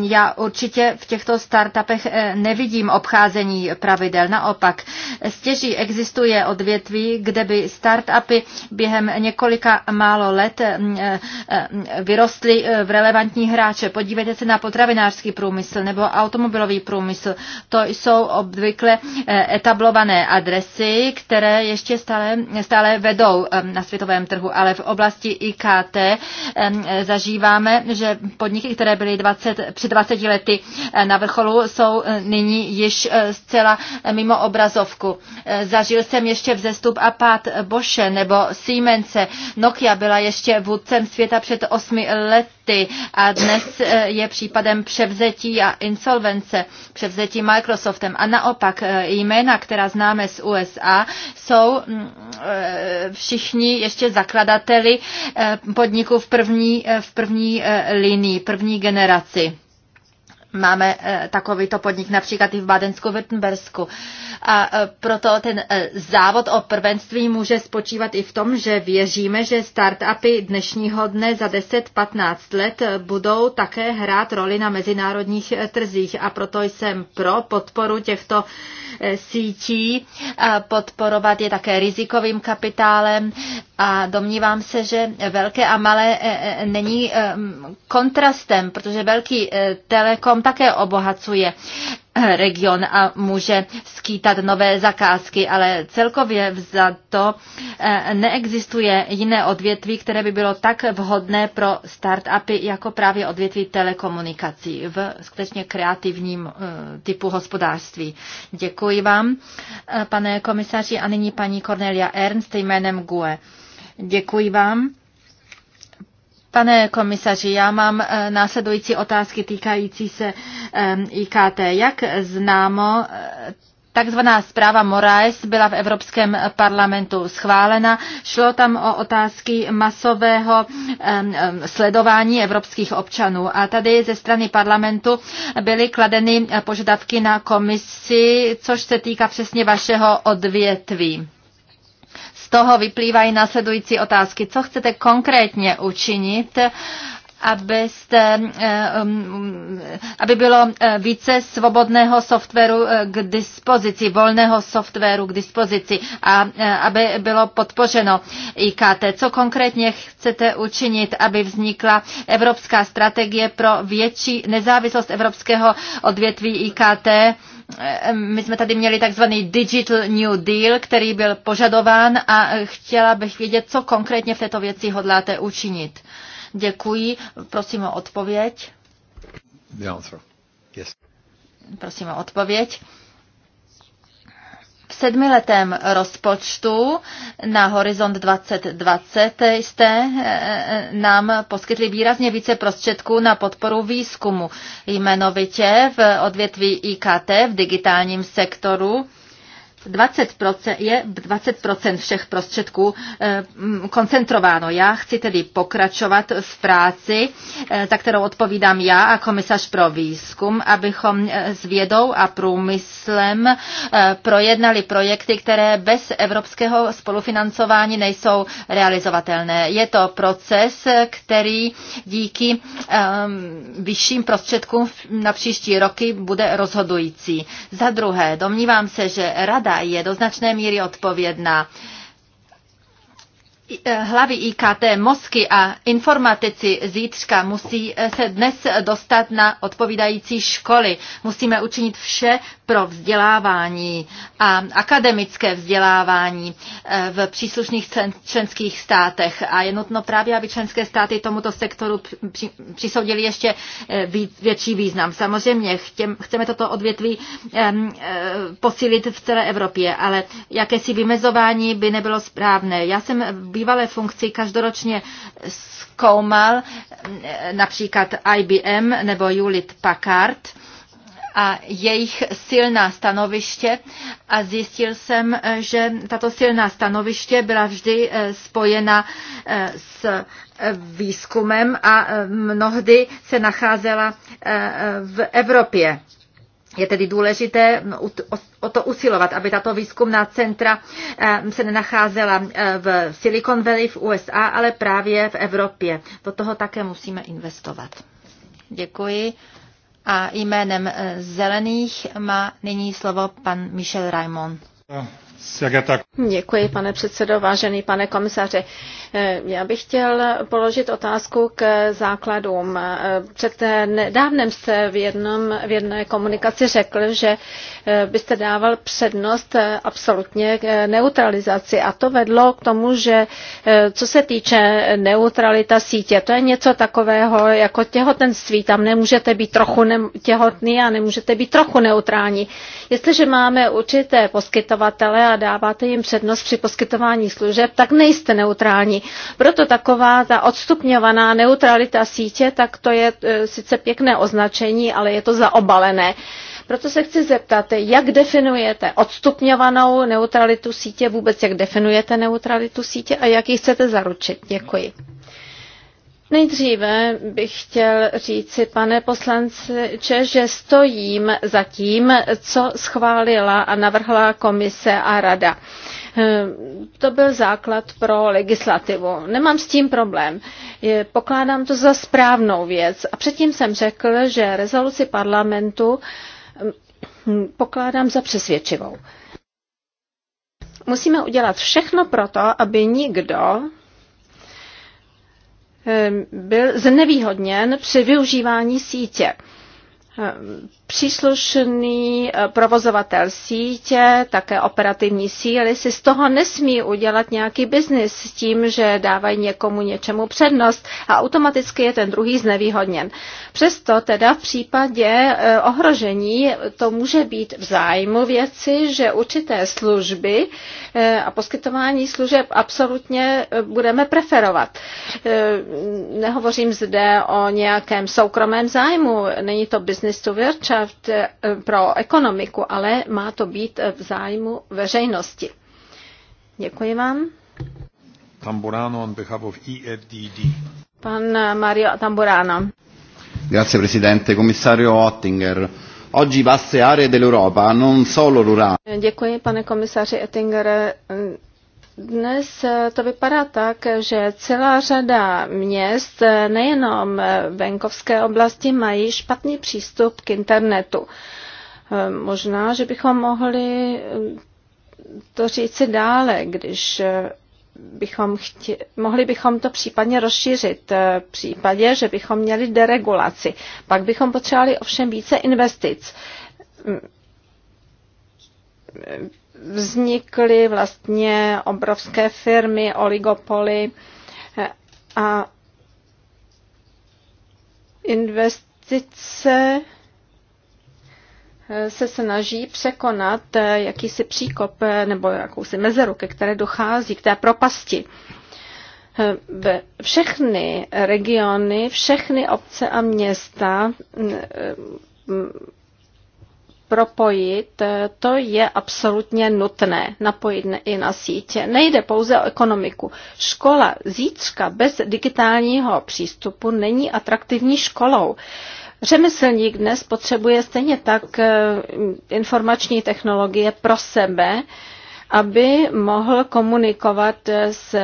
já určitě v těchto startupech nevidím obcházení pravidel. Naopak, stěží existuje odvětví, kde by startupy během několika málo let vyrostly v relevantní hráče. Podívejte se na potravinářský průmysl nebo automobilový průmysl. To jsou obvykle eh, etablované adresy, které ještě stále, stále vedou eh, na světovém trhu, ale v oblasti IKT eh, zažíváme, že podniky, které byly 20, před 20 lety na vrcholu, jsou nyní již zcela mimo obrazovku. Zažil jsem ještě vzestup a pád Bosche nebo Siemense. Nokia byla ještě vůdcem světa před 8 lety listy a dnes eh, je případem převzetí a insolvence, převzetí Microsoftem. A naopak eh, jména, která známe z USA, jsou mm, eh, všichni ještě zakladateli podniků v první, v první linii, první generaci. Máme eh, takovýto podnik například i v Badensku, Württembersku. A eh, proto ten eh, závod o prvenství může spočívat i v tom, že věříme, že startupy dnešního dne za 10-15 let budou také hrát roli na mezinárodních trzích. A proto jsem pro podporu těchto Eh, sítí, podporovat je také rizikovým kapitálem a domnívám se, že velké a malé eh, eh, není kontrastem, protože velký telekom také obohacuje region a může skýtat nové zakázky, ale celkově za to eh, neexistuje jiné odvětví, které by bylo tak vhodné pro startupy jako právě odvětví telekomunikací v skutečně kreativním eh, typu hospodářství. Děkuji vám, eh, pane komisaři, a nyní paní Cornelia Ernst jménem GUE. Děkuji vám. Pane komisaři, já mám eh, následující otázky týkající se eh, IKT. Jak známo, eh, Takzvaná zpráva Moraes byla v Evropském parlamentu schválena. Šlo tam o otázky masového sledování evropských občanů. A tady ze strany parlamentu byly kladeny požadavky na komisi, což se týká přesně vašeho odvětví. Z toho vyplývají následující otázky. Co chcete konkrétně učinit, abyste, eh, um, aby bylo eh, více svobodného softwaru eh, k dispozici, volného softwaru k dispozici a aby bylo podpořeno IKT. Co konkrétně chcete učinit, aby vznikla evropská strategie pro větší nezávislost evropského odvětví IKT Eh, my jsme tady měli takzvaný Digital New Deal, který byl požadován a chtěla bych vědět, co konkrétně v této věci hodláte učinit. Děkuji, prosím o odpověď. The answer. Yes. Prosím o odpověď sedmiletém rozpočtu na Horizont 2020 jste eh, eh, nám poskytli výrazně více prostředků na podporu výzkumu, jmenovitě v odvětví IKT v digitálním sektoru 20% je 20% všech prostředků eh, mm, koncentrováno. Já chci tedy pokračovat v práci, eh, za kterou odpovídám já a komisař pro výzkum, abychom eh, s vědou a průmyslem projednali projekty, které bez evropského spolufinancování nejsou realizovatelné. Je to proces, který díky ehm, vyšším prostředkům na příští roky bude rozhodující. Za druhé, domnívám se, že Rada je do značné míry odpovědná Eh, hlavy IKT, mozky a informatici zítřka musí eh, se dnes dostat na odpovídající školy. Musíme učinit vše pro vzdělávání a akademické vzdělávání eh, v příslušných členských státech. A je nutno právě, aby členské státy tomuto sektoru přisoudili ještě větší význam. Samozřejmě chceme toto odvětví posílit v celé Evropě, ale jakési vymezování by nebylo správné. Já jsem bývalé funkci každoročně zkoumal například IBM nebo Julit Packard a jejich silná stanoviště a zjistil jsem, že tato silná stanoviště byla vždy eh, spojena eh, s eh, výzkumem a mnohdy se nacházela v Evropě. Je tedy důležité o to usilovat, aby tato výzkumná centra eh, se nenacházela eh, v Silicon Valley v USA, ale právě v Evropě. Do toho také musíme investovat. Děkuji. A jménem eh, Zelených má nyní slovo pan Michel Raimond. No, Děkuji, pane předsedo, vážený pane komisaři. Eh, já bych chtěl položit otázku k základům. Eh, před nedávnem jste v, jednom, v jedné komunikaci řekl, že eh, byste dával přednost absolutně k neutralizaci a to vedlo k tomu, že co se týče neutralita sítě, to je něco takového jako těhotenství. Tam nemůžete být trochu těhotný a nemůžete být trochu neutrální. Jestliže máme určité poskytovatele a dáváte jim přednost při poskytování služeb, tak nejste neutrální. Proto taková ta odstupňovaná neutralita sítě, tak to je e, sice pěkné označení, ale je to zaobalené. Proto se chci zeptat, jak definujete odstupňovanou neutralitu sítě, vůbec jak definujete neutralitu sítě a jak ji chcete zaručit? Děkuji. Nejdříve bych chtěl říci, pane poslanci, že stojím za tím, co schválila a navrhla komise a rada. Eh, to byl základ pro legislativu. Nemám s tím problém. Pokládám to za správnou věc. A předtím jsem řekl, že rezoluci parlamentu hm, pokládám za přesvědčivou. Musíme udělat všechno proto, aby nikdo Ehm, byl znevýhodněn při využívání sítě. Ehm, příslušný eh, provozovatel sítě, také operativní síly si z toho nesmí udělat nějaký biznis s tím, že dávají někomu něčemu přednost a automaticky je ten druhý znevýhodněn. Přesto teda v případě eh, ohrožení to může být v zájmu věci, že určité služby eh, a poskytování služeb absolutně budeme preferovat. Nehovořím zde o nějakém soukromém zájmu, není to business to virtual, Gesellschaft eh, pro ekonomiku, ale má to být eh, v zájmu veřejnosti. Děkuji vám. Tamburano on behalf of EFDD. Pan eh, Mario Tamburano. Grazie Presidente, Commissario Oettinger. Oggi vaste aree dell'Europa, non solo rurali. Děkuji, pane komisaři Oettinger. Dnes eh, to vypadá tak, že celá řada měst, eh, nejenom eh, venkovské oblasti, mají špatný přístup k internetu. Možná, že bychom mohli to říci dále, když bychom chtě, mohli bychom to případně rozšířit v případě, že bychom měli deregulaci. Pak bychom potřebovali ovšem více investic mm vznikly vlastně obrovské firmy, oligopoly a investice se snaží překonat jakýsi příkop nebo jakousi mezeru, ke které dochází, k té propasti. Všechny regiony, všechny obce a města propojit, eh, to je absolutně nutné, napojit i na sítě. Nejde pouze o ekonomiku. Škola zítřka bez digitálního přístupu není atraktivní školou. Řemeslník dnes potřebuje stejně tak eh, informační technologie pro sebe, aby mohl komunikovat eh, s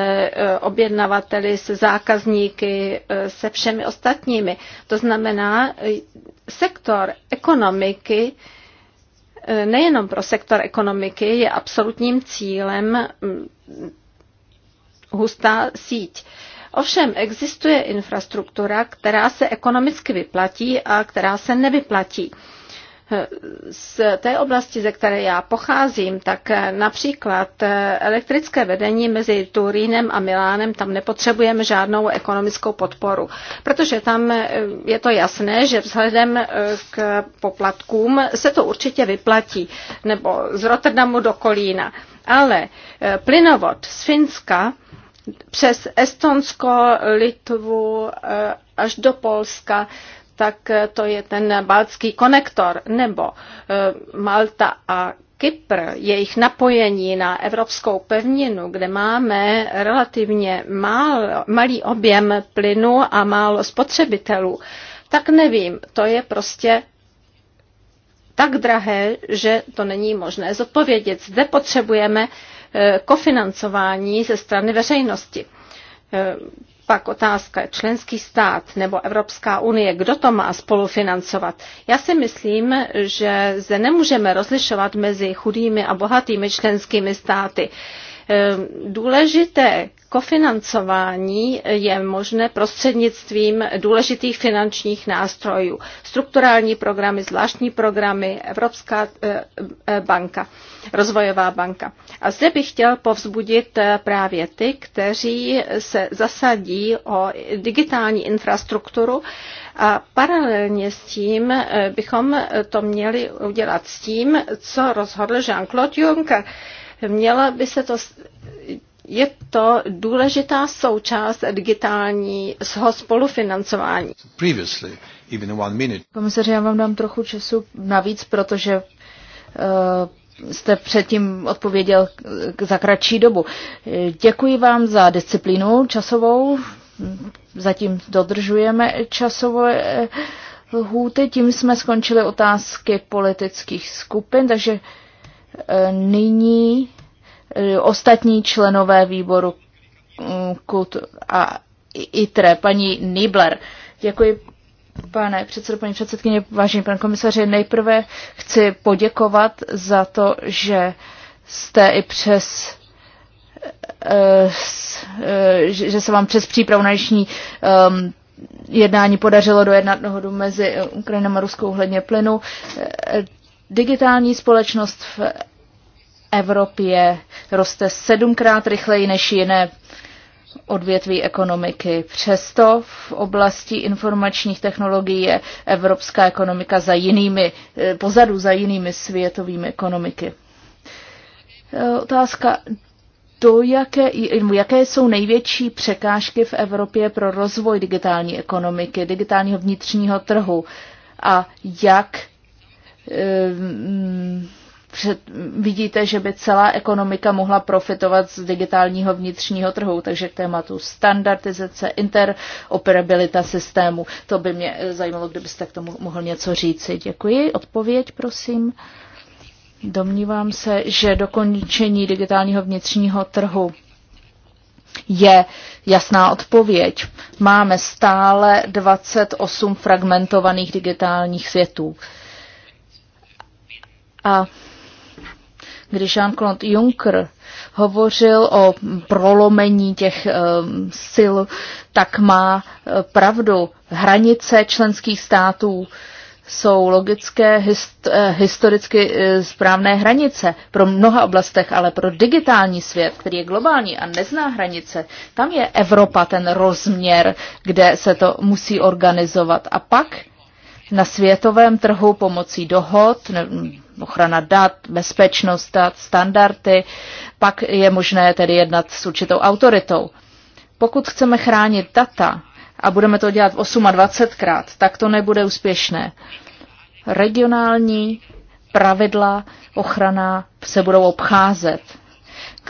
objednavateli, se zákazníky, se všemi ostatními. To znamená, sektor ekonomiky Eh, nejenom pro sektor ekonomiky je absolutním cílem mm, hustá síť. Ovšem existuje infrastruktura, která se ekonomicky vyplatí a která se nevyplatí. Z té oblasti, ze které já pocházím, tak například elektrické vedení mezi Turínem a Milánem, tam nepotřebujeme žádnou ekonomickou podporu, protože tam je to jasné, že vzhledem k poplatkům se to určitě vyplatí, nebo z Rotterdamu do Kolína. Ale plynovod z Finska přes Estonsko, Litvu eh, až do Polska, tak eh, to je ten baltský konektor nebo eh, Malta a Kypr, jejich napojení na evropskou pevninu, kde máme relativně málo, malý objem plynu a málo spotřebitelů, tak nevím, to je prostě tak drahé, že to není možné zodpovědět. Zde potřebujeme eh, kofinancování ze strany veřejnosti. Pak otázka členský stát nebo Evropská unie, kdo to má spolufinancovat. Já si myslím, že zde nemůžeme rozlišovat mezi chudými a bohatými členskými státy. Ehm, důležité kofinancování je možné prostřednictvím důležitých finančních nástrojů. Strukturální programy, zvláštní programy, Evropská eh, eh, banka, rozvojová banka. A zde bych chtěl povzbudit eh, právě ty, kteří se zasadí o digitální infrastrukturu a paralelně s tím bychom to měli udělat s tím, co rozhodl Jean-Claude Juncker Měla by se to je to důležitá součást digitálního spolufinancování. Previously, Komisaři, já vám dám trochu času navíc, protože uh, jste předtím odpověděl k, za kratší dobu. Eh, děkuji vám za disciplínu časovou. Zatím dodržujeme časové eh, hůty. Tím jsme skončili otázky politických skupin, takže Nyní eh, ostatní členové výboru mm, KUT a ITRE, paní Nibler. Děkuji, pane předsedo, paní předsedkyně, vážený pan komisaři. Nejprve chci poděkovat za to, že jste i přes eh, eh, že se vám přes přípravu na dnešní ehm, jednání podařilo dojednat dohodu mezi Ukrajinou a Ruskou hledně plynu. Digitální společnost v Evropě roste sedmkrát rychleji než jiné odvětví ekonomiky. Přesto v oblasti informačních technologií je evropská ekonomika za jinými, eh, pozadu za jinými světovými ekonomiky. Eh, otázka, do jaké, jaké jsou největší překážky v Evropě pro rozvoj digitální ekonomiky, digitálního vnitřního trhu a jak Eh, před, vidíte, že by celá ekonomika mohla profitovat z digitálního vnitřního trhu, takže k tématu standardizace, interoperabilita systému. To by mě eh, zajímalo, kdybyste k tomu mohl něco říci. Děkuji. Odpověď, prosím. Domnívám se, že dokončení digitálního vnitřního trhu je jasná odpověď. Máme stále 28 fragmentovaných digitálních světů. Uh, a když Jean-Claude Juncker hovořil o prolomení těch um, sil, tak má eh, pravdu. Hranice členských států jsou logické, hist, eh, historicky správné hranice pro mnoha oblastech, ale pro digitální svět, který je globální a nezná hranice, tam je Evropa ten rozměr, kde se to musí organizovat. A pak na světovém trhu pomocí dohod, ochrana dat, bezpečnost dat, standardy, pak je možné tedy jednat s určitou autoritou. Pokud chceme chránit data a budeme to dělat 28 krát, tak to nebude úspěšné. Regionální pravidla ochrana se budou obcházet.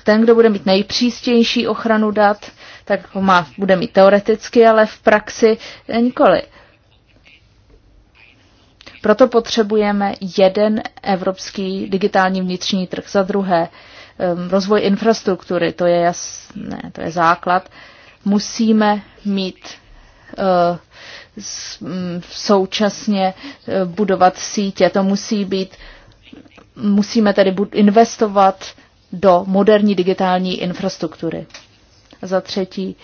Ten, kdo bude mít nejpřístější ochranu dat, tak ho má, bude mít teoreticky, ale v praxi nikoli. Proto potřebujeme jeden evropský digitální vnitřní trh. Za druhé, rozvoj infrastruktury, to je jasné, to je základ. Musíme mít eh, mm, současně eh, budovat sítě. To musí být, musíme tedy investovat do moderní digitální infrastruktury. Za třetí,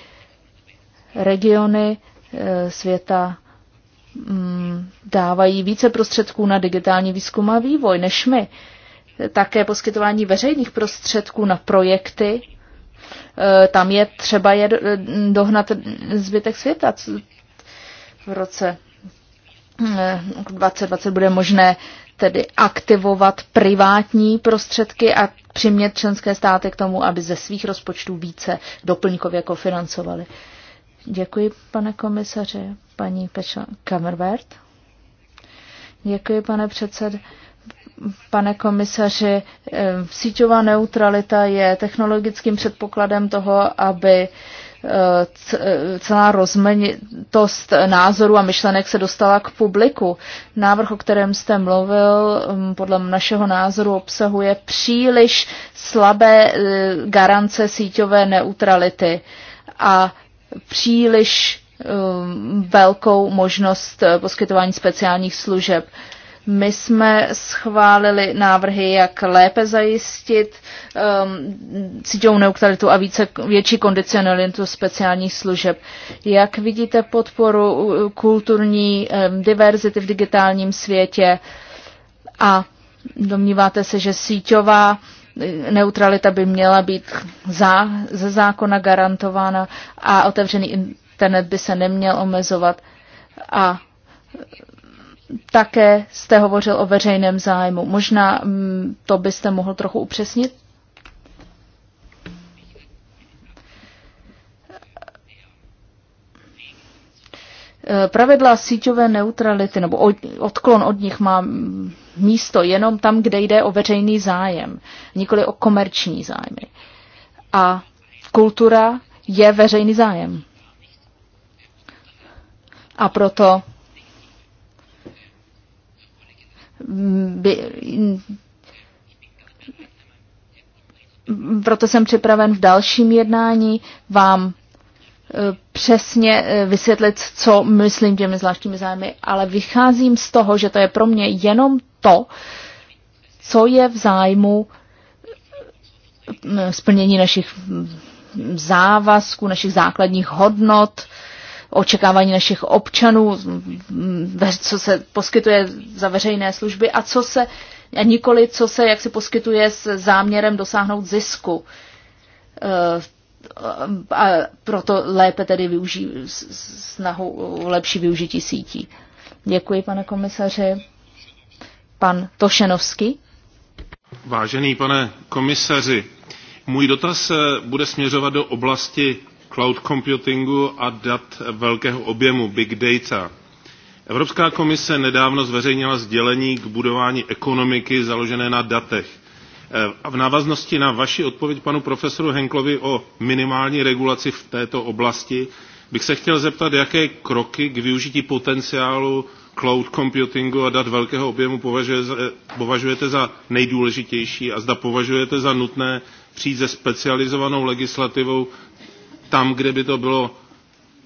regiony eh, světa Mm, dávají více prostředků na digitální výzkum a vývoj než my. Také poskytování veřejných prostředků na projekty. E, tam je třeba je e, dohnat zbytek světa. V roce 2020 mm, bude možné tedy aktivovat privátní prostředky a přimět členské státy k tomu, aby ze svých rozpočtů více doplňkově kofinancovali. Děkuji, pane komisaře paní Pečo Kamerbert. Děkuji, pane předsed. Pane komisaři, eh, síťová neutralita je technologickým předpokladem toho, aby eh, eh, celá rozmanitost názoru a myšlenek se dostala k publiku. Návrh, o kterém jste mluvil, mm, podle našeho názoru obsahuje příliš slabé garance síťové neutrality a příliš Um, velkou možnost eh, poskytování speciálních služeb. My jsme schválili návrhy, jak lépe zajistit um, síťovou neutralitu a více, větší kondicionalitu speciálních služeb. Jak vidíte podporu uh, kulturní um, diverzity v digitálním světě a domníváte se, že síťová eh, neutralita by měla být za, ze zákona garantována a otevřený internet by se neměl omezovat. A také jste hovořil o veřejném zájmu. Možná mm, to byste mohl trochu upřesnit? pravidla síťové neutrality nebo odklon od nich má místo jenom tam, kde jde o veřejný zájem, nikoli o komerční zájmy. A kultura je veřejný zájem. A proto by, proto jsem připraven v dalším jednání vám e, přesně e, vysvětlit, co myslím těmi zvláštními zájmy, ale vycházím z toho, že to je pro mě jenom to, co je v zájmu e, splnění našich závazků, našich základních hodnot, očekávání našich občanů, co se poskytuje za veřejné služby a co se, a nikoli co se jak se poskytuje s záměrem dosáhnout zisku. Eh, a proto lépe tedy využí snahu lepší využití sítí. Děkuji, pane komisaři. Pan Tošenovský. Vážený pane komisaři, můj dotaz eh, bude směřovat do oblasti cloud computingu a dat velkého objemu, big data. Evropská komise nedávno zveřejnila sdělení k budování ekonomiky založené na datech. Eh, v návaznosti na vaši odpověď panu profesoru Henklovi o minimální regulaci v této oblasti bych se chtěl zeptat, jaké kroky k využití potenciálu cloud computingu a dat velkého objemu eh, považujete za nejdůležitější a zda považujete za nutné přijít se specializovanou legislativou tam, kde by to bylo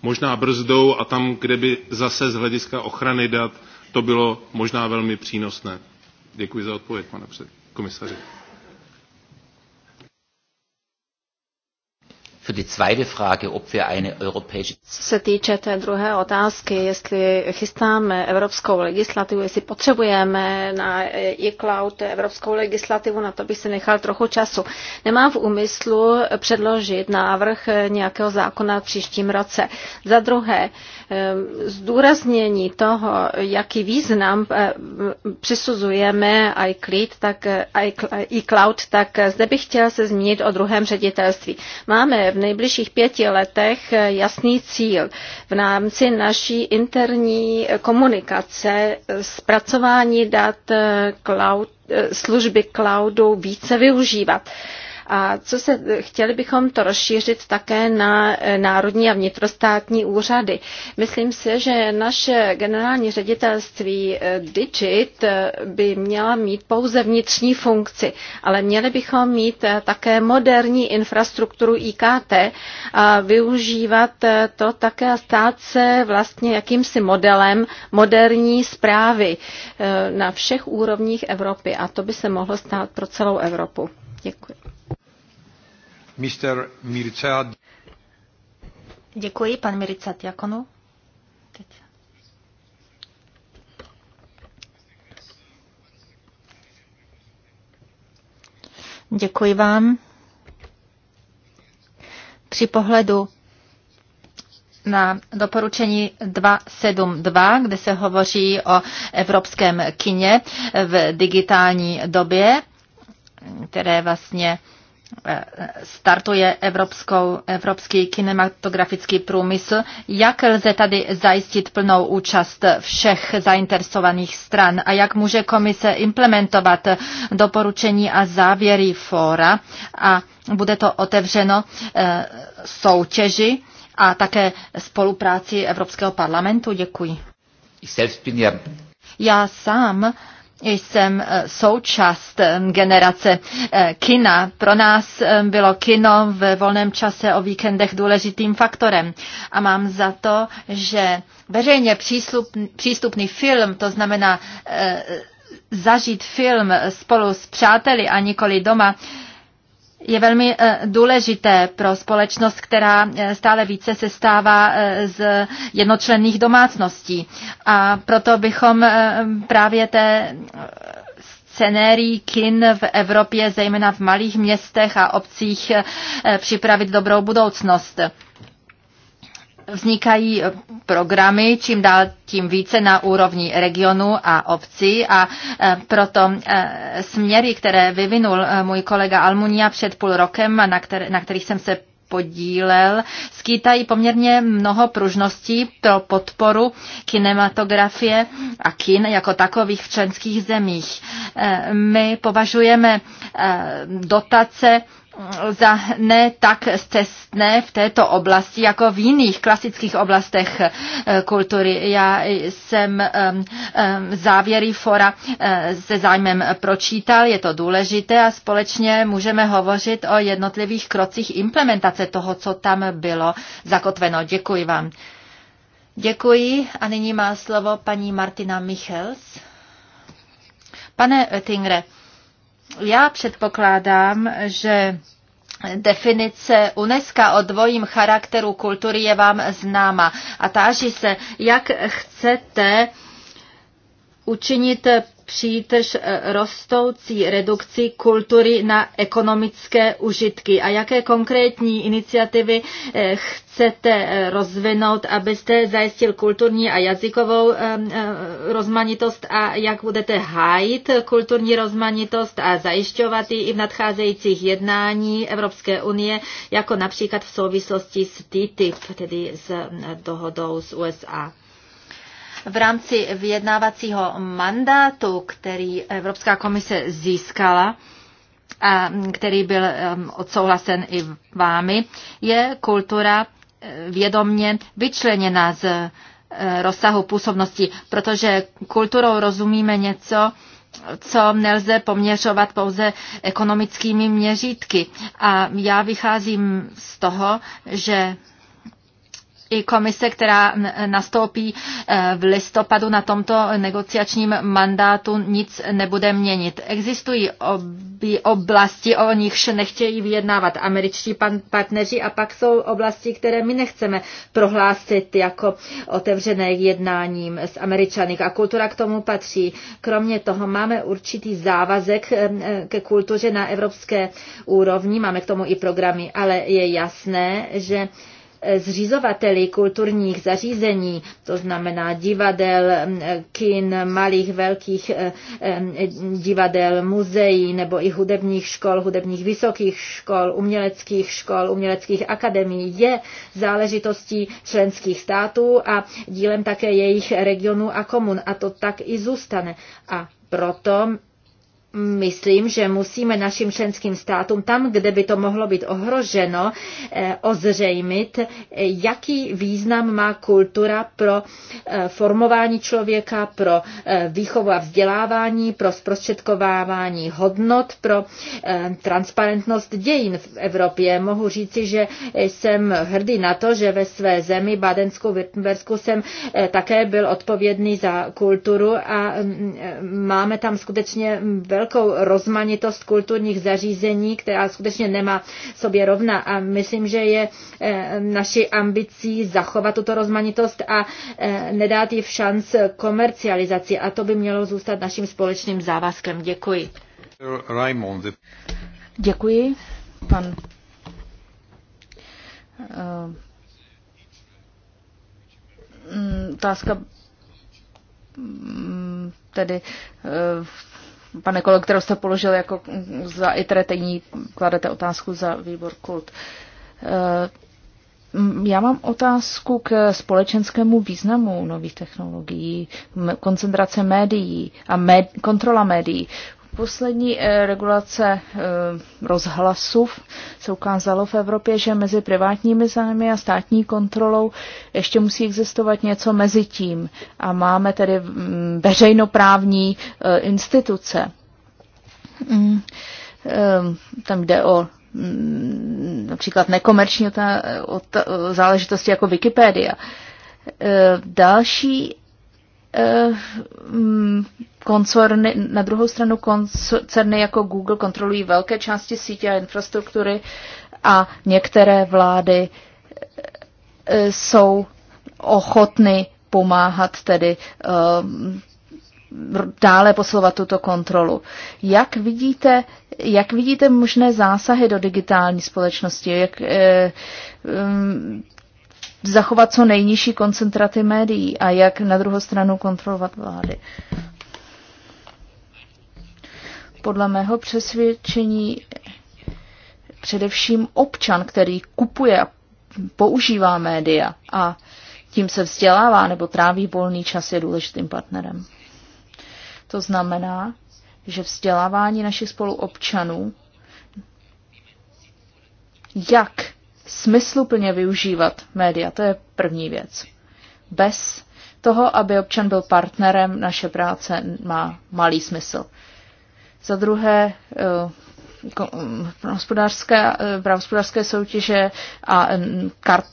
možná brzdou a tam, kde by zase z hlediska ochrany dat to bylo možná velmi přínosné. Děkuji za odpověď, pane komisaři. Co se týče té druhé otázky, jestli chystáme evropskou legislativu, jestli potřebujeme na e-cloud evropskou legislativu, na to bych si nechal trochu času. Nemám v úmyslu předložit návrh nějakého zákona v příštím roce. Za druhé, ehm, zdůraznění toho, jaký význam ehm, přisuzujeme iCloud, tak, iCloud, tak zde bych chtěl se zmínit o druhém ředitelství. Máme v nejbližších pěti letech jasný cíl v rámci naší interní komunikace zpracování dat cloud, eh, služby cloudu více využívat. A co se, chtěli bychom to rozšířit také na eh, národní a vnitrostátní úřady. Myslím si, že naše generální ředitelství eh, Digit eh, by měla mít pouze vnitřní funkci, ale měli bychom mít také moderní infrastrukturu IKT a využívat to také a stát se vlastně jakýmsi modelem moderní zprávy na všech úrovních Evropy a to by se mohlo stát pro celou Evropu. Děkuji. Mr. Mircea. Děkuji, pan Mircea Diakonu. Děkuji vám. Při pohledu na doporučení 272, kde se hovoří o evropském kině v digitální době, které vlastně Eh, startuje evropskou, evropský kinematografický průmysl. Jak lze tady zajistit plnou účast všech zainteresovaných stran a jak může komise implementovat doporučení a závěry fóra a bude to otevřeno eh, soutěži a také spolupráci Evropského parlamentu? Děkuji. Já sám jsem eh, součást eh, generace eh, kina. Pro nás bylo kino ve volném čase o víkendech důležitým faktorem a mám za to, že veřejně přístupný film, to znamená zažít film spolu s přáteli a nikoli doma, je velmi eh, důležité pro společnost, která eh, stále více se stává eh, z jednočlenných domácností. A proto bychom právě té scenérii kin v Evropě, zejména v malých městech a obcích, připravit dobrou budoucnost vznikají eh, programy čím dál tím více na úrovni regionu a obcí a eh, proto eh, směry, které vyvinul můj kolega Almunia před půl rokem, na, který, na kterých jsem se podílel, skýtají poměrně mnoho pružností pro podporu kinematografie a kin jako takových v členských zemích. My považujeme dotace za ne tak cestné v této oblasti jako v jiných klasických oblastech eh, kultury. Já jsem ehm, ehm, závěry fora eh, se zájmem pročítal, je to důležité a společně můžeme hovořit o jednotlivých krocích implementace toho, co tam bylo zakotveno. Děkuji vám. Děkuji a nyní má slovo paní Martina Michels. Pane Oettingere, já předpokládám, že definice UNESCO o dvojím charakteru kultury je vám známa a táží se, jak chcete učinit tež eh, rostoucí redukci kultury na ekonomické užitky a jaké konkrétní iniciativy eh, chcete eh, rozvinout, abyste zajistil kulturní a jazykovou rozmanitost a jak budete hájit kulturní rozmanitost a zajišťovat ji i v nadcházejících jednání Evropské unie, jako například v souvislosti s TTIP, tedy s dohodou s USA. V rámci vyjednávacího mandátu, který Evropská komise získala, a který byl um, odsouhlasen i vámi, je kultura eh, vědomně vyčleněna z eh, rozsahu působnosti, protože kulturou rozumíme něco, co nelze poměřovat pouze ekonomickými měřítky. A já vycházím z toho, že i komise, která nastoupí eh, v listopadu na tomto negociačním mandátu, nic nebude měnit. Existují obi oblasti, o nichž nechtějí vyjednávat američtí partneři a pak jsou oblasti, které my nechceme prohlásit jako otevřené jednáním s američany. A kultura k tomu patří. Kromě toho máme určitý závazek eh, eh, ke kultuře na evropské úrovni, máme k tomu i programy, ale je jasné, že zřizovateli kulturních zařízení, to znamená divadel, kin, malých, velkých eh, eh, divadel, muzeí nebo i hudebních škol, hudebních vysokých škol, uměleckých škol, uměleckých akademií, je záležitostí členských států a dílem také jejich regionů a komun. A to tak i zůstane. A proto myslím, že musíme našim členským státům tam, kde by to mohlo být ohroženo, eh, ozřejmit, eh, jaký význam má kultura pro eh, formování člověka, pro výchovu a vzdělávání, pro zprostředkovávání hodnot, pro transparentnost dějin v Evropě. Mohu říci, že jsem hrdý na to, že ve své zemi Badensku-Württembersku jsem také byl odpovědný za kulturu a mm, máme tam skutečně velmi velkou rozmanitost kulturních zařízení, která skutečně nemá sobě rovna a myslím, že je eh, naší ambicí zachovat tuto rozmanitost a eh, nedát ji v šanc komercializaci a to by mělo zůstat naším společným závazkem. Děkuji. Děkuji. Pan eh, mm, otázka mm, tedy pane kolo, kterou jste položil jako za iterativní, kladete otázku za výbor kult. Eh, já mám otázku k společenskému významu nových technologií, koncentrace médií a med, kontrola médií. Poslední eh, regulace eh, rozhlasů se ukázalo v Evropě, že mezi privátními zájmy a státní kontrolou ještě musí existovat něco mezi tím. A máme tedy mm, veřejnoprávní eh, instituce. Mm, ehm, tam jde o mm, například nekomerční záležitosti jako Wikipedia. Další Eh, mm, koncerny, na druhou stranu koncerny jako Google kontrolují velké části sítě a infrastruktury a některé vlády eh, jsou ochotny pomáhat tedy eh, dále posilovat tuto kontrolu. Jak vidíte, jak vidíte možné zásahy do digitální společnosti? Jak, zachovat co nejnižší koncentraty médií a jak na druhou stranu kontrolovat vlády. Podle mého přesvědčení především občan, který kupuje a používá média a tím se vzdělává nebo tráví volný čas, je důležitým partnerem. To znamená, že vzdělávání našich spoluobčanů, jak smysluplně využívat média. To je první věc. Bez toho, aby občan byl partnerem, naše práce má malý smysl. Za druhé, eh, mm, hospodářské, eh, hospodářské soutěže a mm, kart,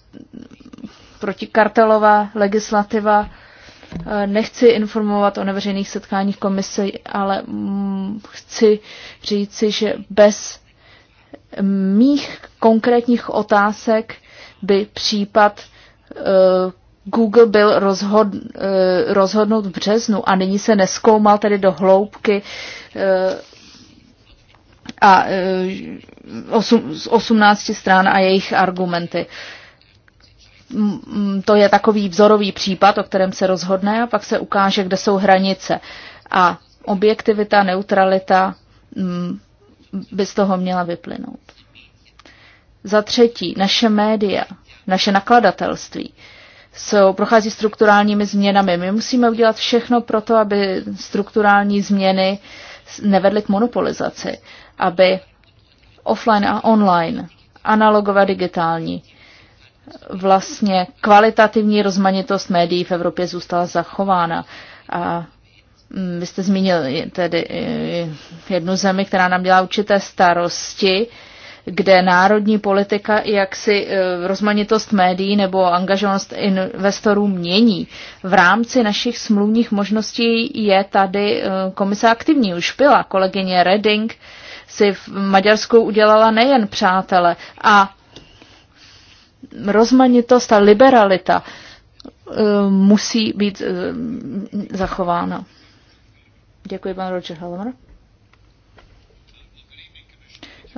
protikartelová legislativa. Eh, nechci informovat o neveřejných setkáních komise, ale mm, chci říci, že bez mých konkrétních otázek by případ eh, Google byl rozhod, eh, rozhodnout v březnu a nyní se neskoumal tedy do hloubky eh, a osm, z 18 stran a jejich argumenty. To je takový vzorový případ, o kterém se rozhodne a pak se ukáže, kde jsou hranice. A objektivita, neutralita, mm, by z toho měla vyplynout. Za třetí, naše média, naše nakladatelství jsou, prochází strukturálními změnami. My musíme udělat všechno pro to, aby strukturální změny nevedly k monopolizaci, aby offline a online, analogové a digitální, vlastně kvalitativní rozmanitost médií v Evropě zůstala zachována. A Mm, vy jste zmínil tedy jednu zemi, která nám dělá určité starosti, kde národní politika jaksi e, rozmanitost médií nebo angažovanost investorů mění. V rámci našich smluvních možností je tady e, komise aktivní. Už byla kolegyně Reding si v Maďarsku udělala nejen přátele a rozmanitost a liberalita e, musí být zachována. Děkuji, pan Roger Helmer.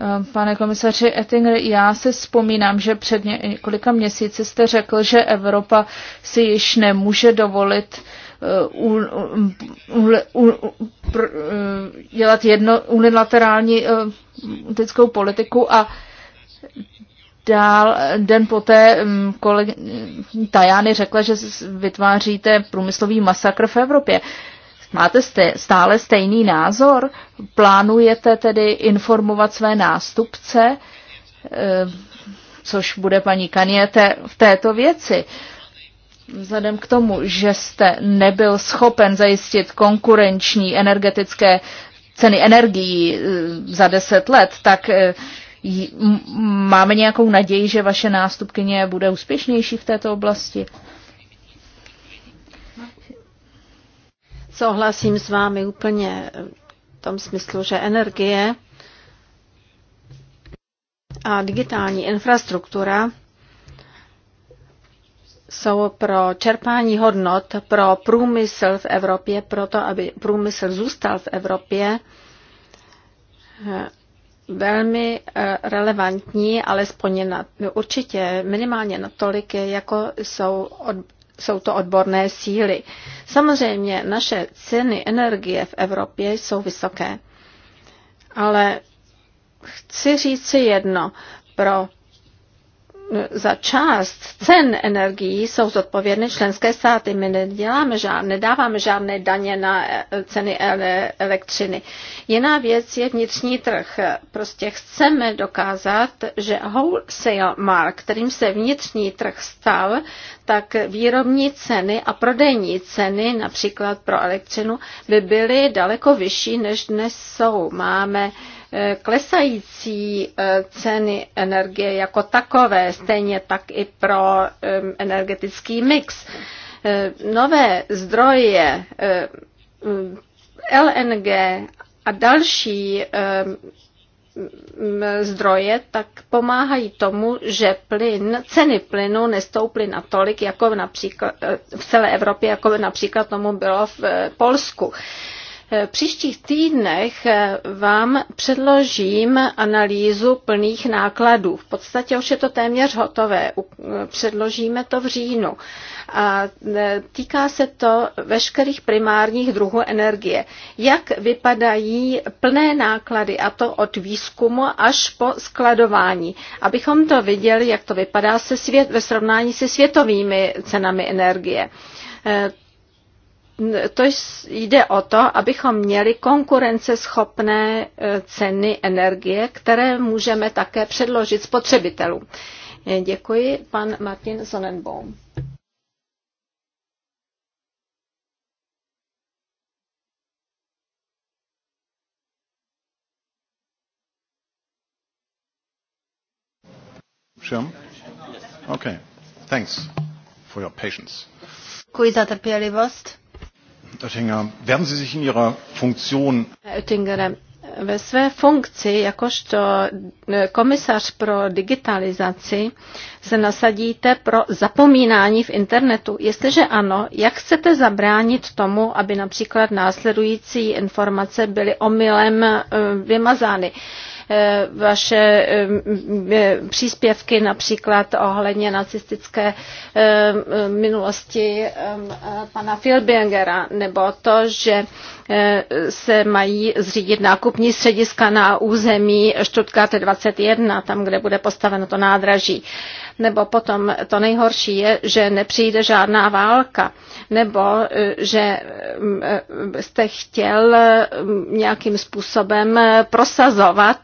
Eh, pane komisaři Ettinger, já si vzpomínám, že před několika měsíci jste řekl, že Evropa si již nemůže dovolit u, u, u, pr, eh, dělat jedno, unilaterální politickou eh, politiku a dál den poté mm, kolegy, Tajány řekla, že vytváříte průmyslový masakr v Evropě. Máte stále stejný názor? Plánujete tedy informovat své nástupce, eh, což bude paní Kaniete v této věci? Vzhledem k tomu, že jste nebyl schopen zajistit konkurenční energetické ceny energií eh, za deset let, tak eh, máme nějakou naději, že vaše nástupkyně bude úspěšnější v této oblasti? Souhlasím s vámi úplně v tom smyslu, že energie a digitální infrastruktura jsou pro čerpání hodnot pro průmysl v Evropě, proto aby průmysl zůstal v Evropě, eh, velmi eh, relevantní, alespoň na, určitě minimálně natolik, jako jsou od, jsou to odborné síly. Samozřejmě naše ceny energie v Evropě jsou vysoké. Ale chci říct si jedno. Pro za část cen energií jsou zodpovědné členské státy. My neděláme žádné, nedáváme žádné daně na eh, ceny elektřiny. Jiná věc je vnitřní trh. Prostě chceme dokázat, že wholesale mark, kterým se vnitřní trh stal, tak výrobní ceny a prodejní ceny, například pro elektřinu, by byly daleko vyšší, než dnes jsou. Máme uh, klesající eh, ceny energie jako takové, stejně tak i pro energetický mix. Eh, nové zdroje eh, LNG a další zdroje, tak pomáhají tomu, že plyn, ceny plynu nestouply natolik, jako například v celé Evropě, jako například tomu bylo v Polsku. V příštích týdnech eh, vám předložím analýzu plných nákladů. V podstatě už je to téměř hotové. Předložíme to v říjnu. A eh, týká se to veškerých primárních druhů energie. Jak vypadají plné náklady, a to od výzkumu až po skladování, abychom to viděli, jak to vypadá se svět, ve srovnání se světovými cenami energie. Eh, to jde o to, abychom měli konkurenceschopné e, ceny energie, které můžeme také předložit spotřebitelům. E, děkuji, pan Martin Sonnenbaum. Sure? Okay. Thanks for your patience. Děkuji za trpělivost. Oettinger, werden Sie sich in Ihrer Funktion... Oettingere, ve své funkci jakožto e, komisař pro digitalizaci se nasadíte pro zapomínání v internetu. Jestliže ano, jak chcete zabránit tomu, aby například následující informace byly omylem e, vymazány? Uh, Eh, vaše eh, příspěvky například ohledně nacistické eh, minulosti pana Filbingera, nebo to, že Eh, se mají zřídit nákupní střediska na území Stuttgart 21, tam, kde bude postaveno to nádraží. Nebo potom to nejhorší je, že nepřijde žádná válka, nebo eh, že mm, eh, jste chtěl mm, nějakým způsobem prosazovat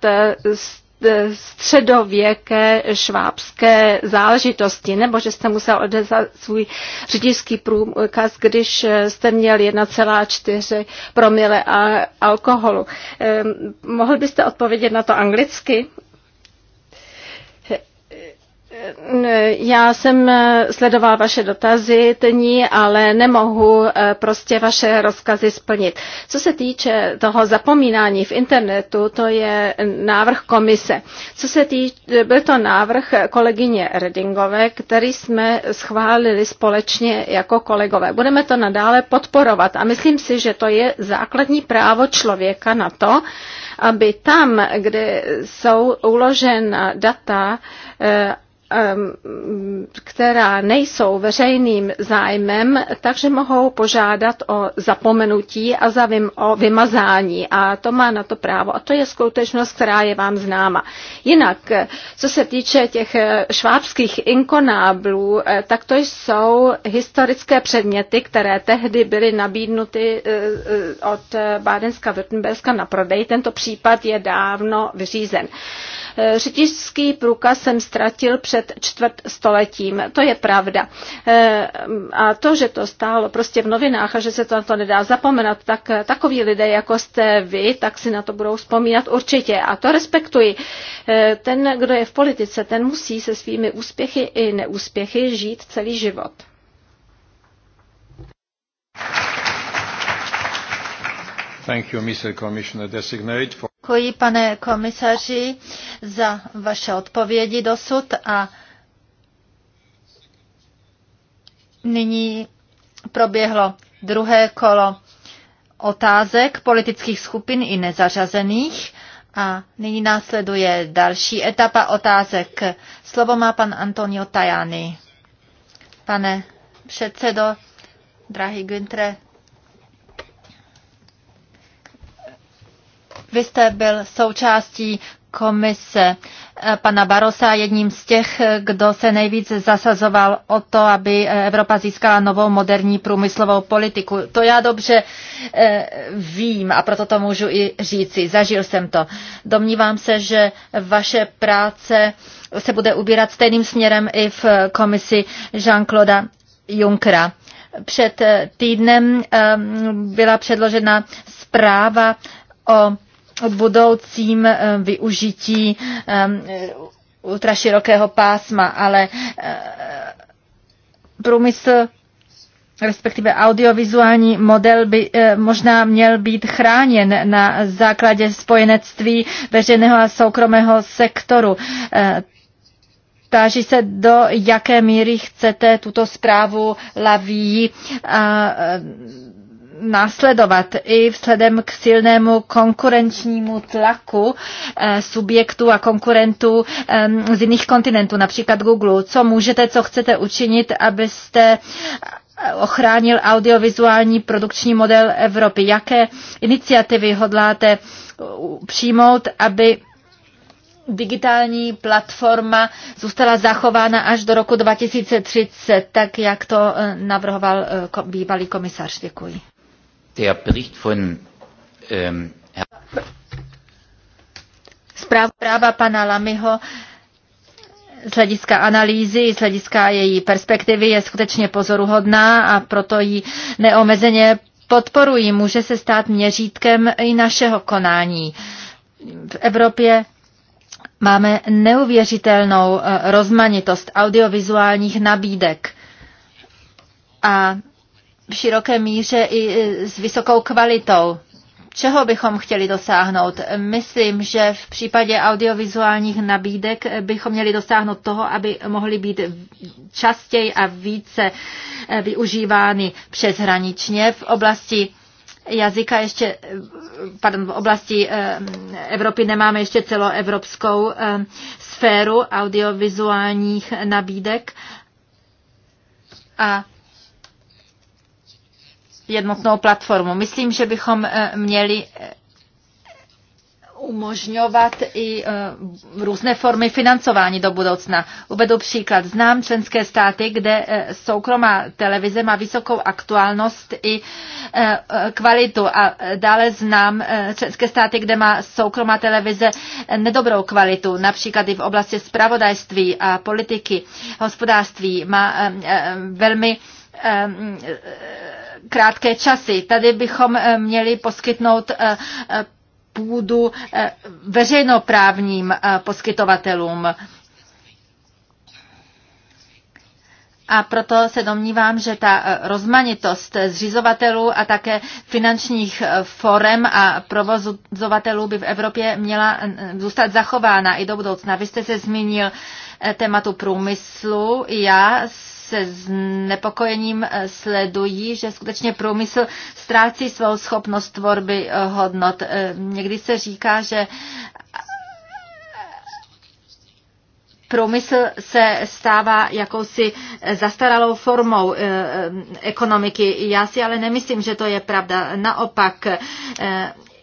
E, středověké švábské záležitosti, nebo že jste musel odezat svůj řidičský průkaz, když e, jste měl 1,4 promile alkoholu. E, mohl byste odpovědět na to anglicky? já jsem sledoval vaše dotazy, tní, ale nemohu eh, prostě vaše rozkazy splnit. Co se týče toho zapomínání v internetu, to je návrh komise. Co se týče, byl to návrh kolegyně Redingové, který jsme schválili společně jako kolegové. Budeme to nadále podporovat a myslím si, že to je základní právo člověka na to, aby tam, kde jsou uložena data, eh, Um, která nejsou veřejným zájmem, takže mohou požádat o zapomenutí a za vym, o vymazání. A to má na to právo. A to je skutečnost, která je vám známa. Jinak, co se týče těch eh, švábských inkonáblů, eh, tak to jsou historické předměty, které tehdy byly nabídnuty eh, od Bádenska Württemberska na prodej. Tento případ je dávno vyřízen. Řidičský průkaz jsem ztratil před čtvrt stoletím. To je pravda. E, a to, že to stálo prostě v novinách a že se to na to nedá zapomenout, tak takoví lidé, jako jste vy, tak si na to budou vzpomínat určitě. A to respektuji. E, ten, kdo je v politice, ten musí se svými úspěchy i neúspěchy žít celý život. Thank you, Mr. Commissioner Designate. For... Děkuji, pane komisaři, za vaše odpovědi dosud a nyní proběhlo druhé kolo otázek politických skupin i nezařazených. A nyní následuje další etapa otázek. Slovo má pan Antonio Tajani. Pane předsedo, drahý Günther, Vy jste byl součástí komise eh, pana Barosa, jedním z těch, eh, kdo se nejvíc zasazoval o to, aby eh, Evropa získala novou moderní průmyslovou politiku. To já dobře vím a proto to můžu i říci. Zažil jsem to. Domnívám se, že vaše práce se bude ubírat stejným směrem i v komisi Jean-Claude Junckera. Před týdnem byla předložena zpráva o budoucím eh, využití eh, ultraširokého pásma, ale eh, průmysl respektive audiovizuální model by možná měl být chráněn na základě spojenectví veřejného a soukromého sektoru. Táží se, do jaké míry chcete tuto zprávu laví následovat i vzhledem k silnému konkurenčnímu tlaku eh, subjektů a konkurentů eh, z jiných kontinentů, například Google. Co můžete, co chcete učinit, abyste eh, ochránil audiovizuální produkční model Evropy? Jaké iniciativy hodláte přijmout, aby digitální platforma zůstala zachována až do roku 2030, tak jak to navrhoval bývalý komisař. Děkuji. Der Bericht von ähm, Zpráva pana Lamyho z hlediska analýzy, z hlediska její perspektivy je skutečně pozoruhodná a proto ji neomezeně podporuji. Může se stát měřítkem i našeho konání. V Evropě máme neuvěřitelnou eh, rozmanitost audiovizuálních nabídek a v široké míře i e, s vysokou kvalitou. Čeho bychom chtěli dosáhnout? Myslím, že v případě audiovizuálních nabídek bychom měli dosáhnout toho, aby mohly být častěji a více e, využívány přeshraničně v oblasti jazyka ještě, e, pardon, v oblasti Evropy nemáme ještě celoevropskou sféru audiovizuálních nabídek. A jednotnou platformu. Myslím, že bychom eh, měli eh, umožňovat i eh, různé formy financování do budoucna. Uvedu příklad. Znám členské státy, kde soukromá televize má vysokou aktuálnost i kvalitu a dále znám členské státy, kde má soukromá televize nedobrou kvalitu, například i v oblasti spravodajství a politiky, hospodářství. Má velmi krátké časy. Tady bychom eh, měli poskytnout eh, eh, půdu veřejnoprávním poskytovatelům. A proto se domnívám, že ta rozmanitost zřizovatelů a také finančních forem a provozovatelů by v Evropě měla zůstat zachována i do budoucna. Vy jste se zmínil tématu průmyslu. Já se nepokojením eh, sledují, že skutečně průmysl ztrácí svou schopnost tvorby eh, hodnot. Eh, někdy se říká, že průmysl se stává jakousi zastaralou formou ekonomiky. Já si ale nemyslím, že to je pravda. Naopak,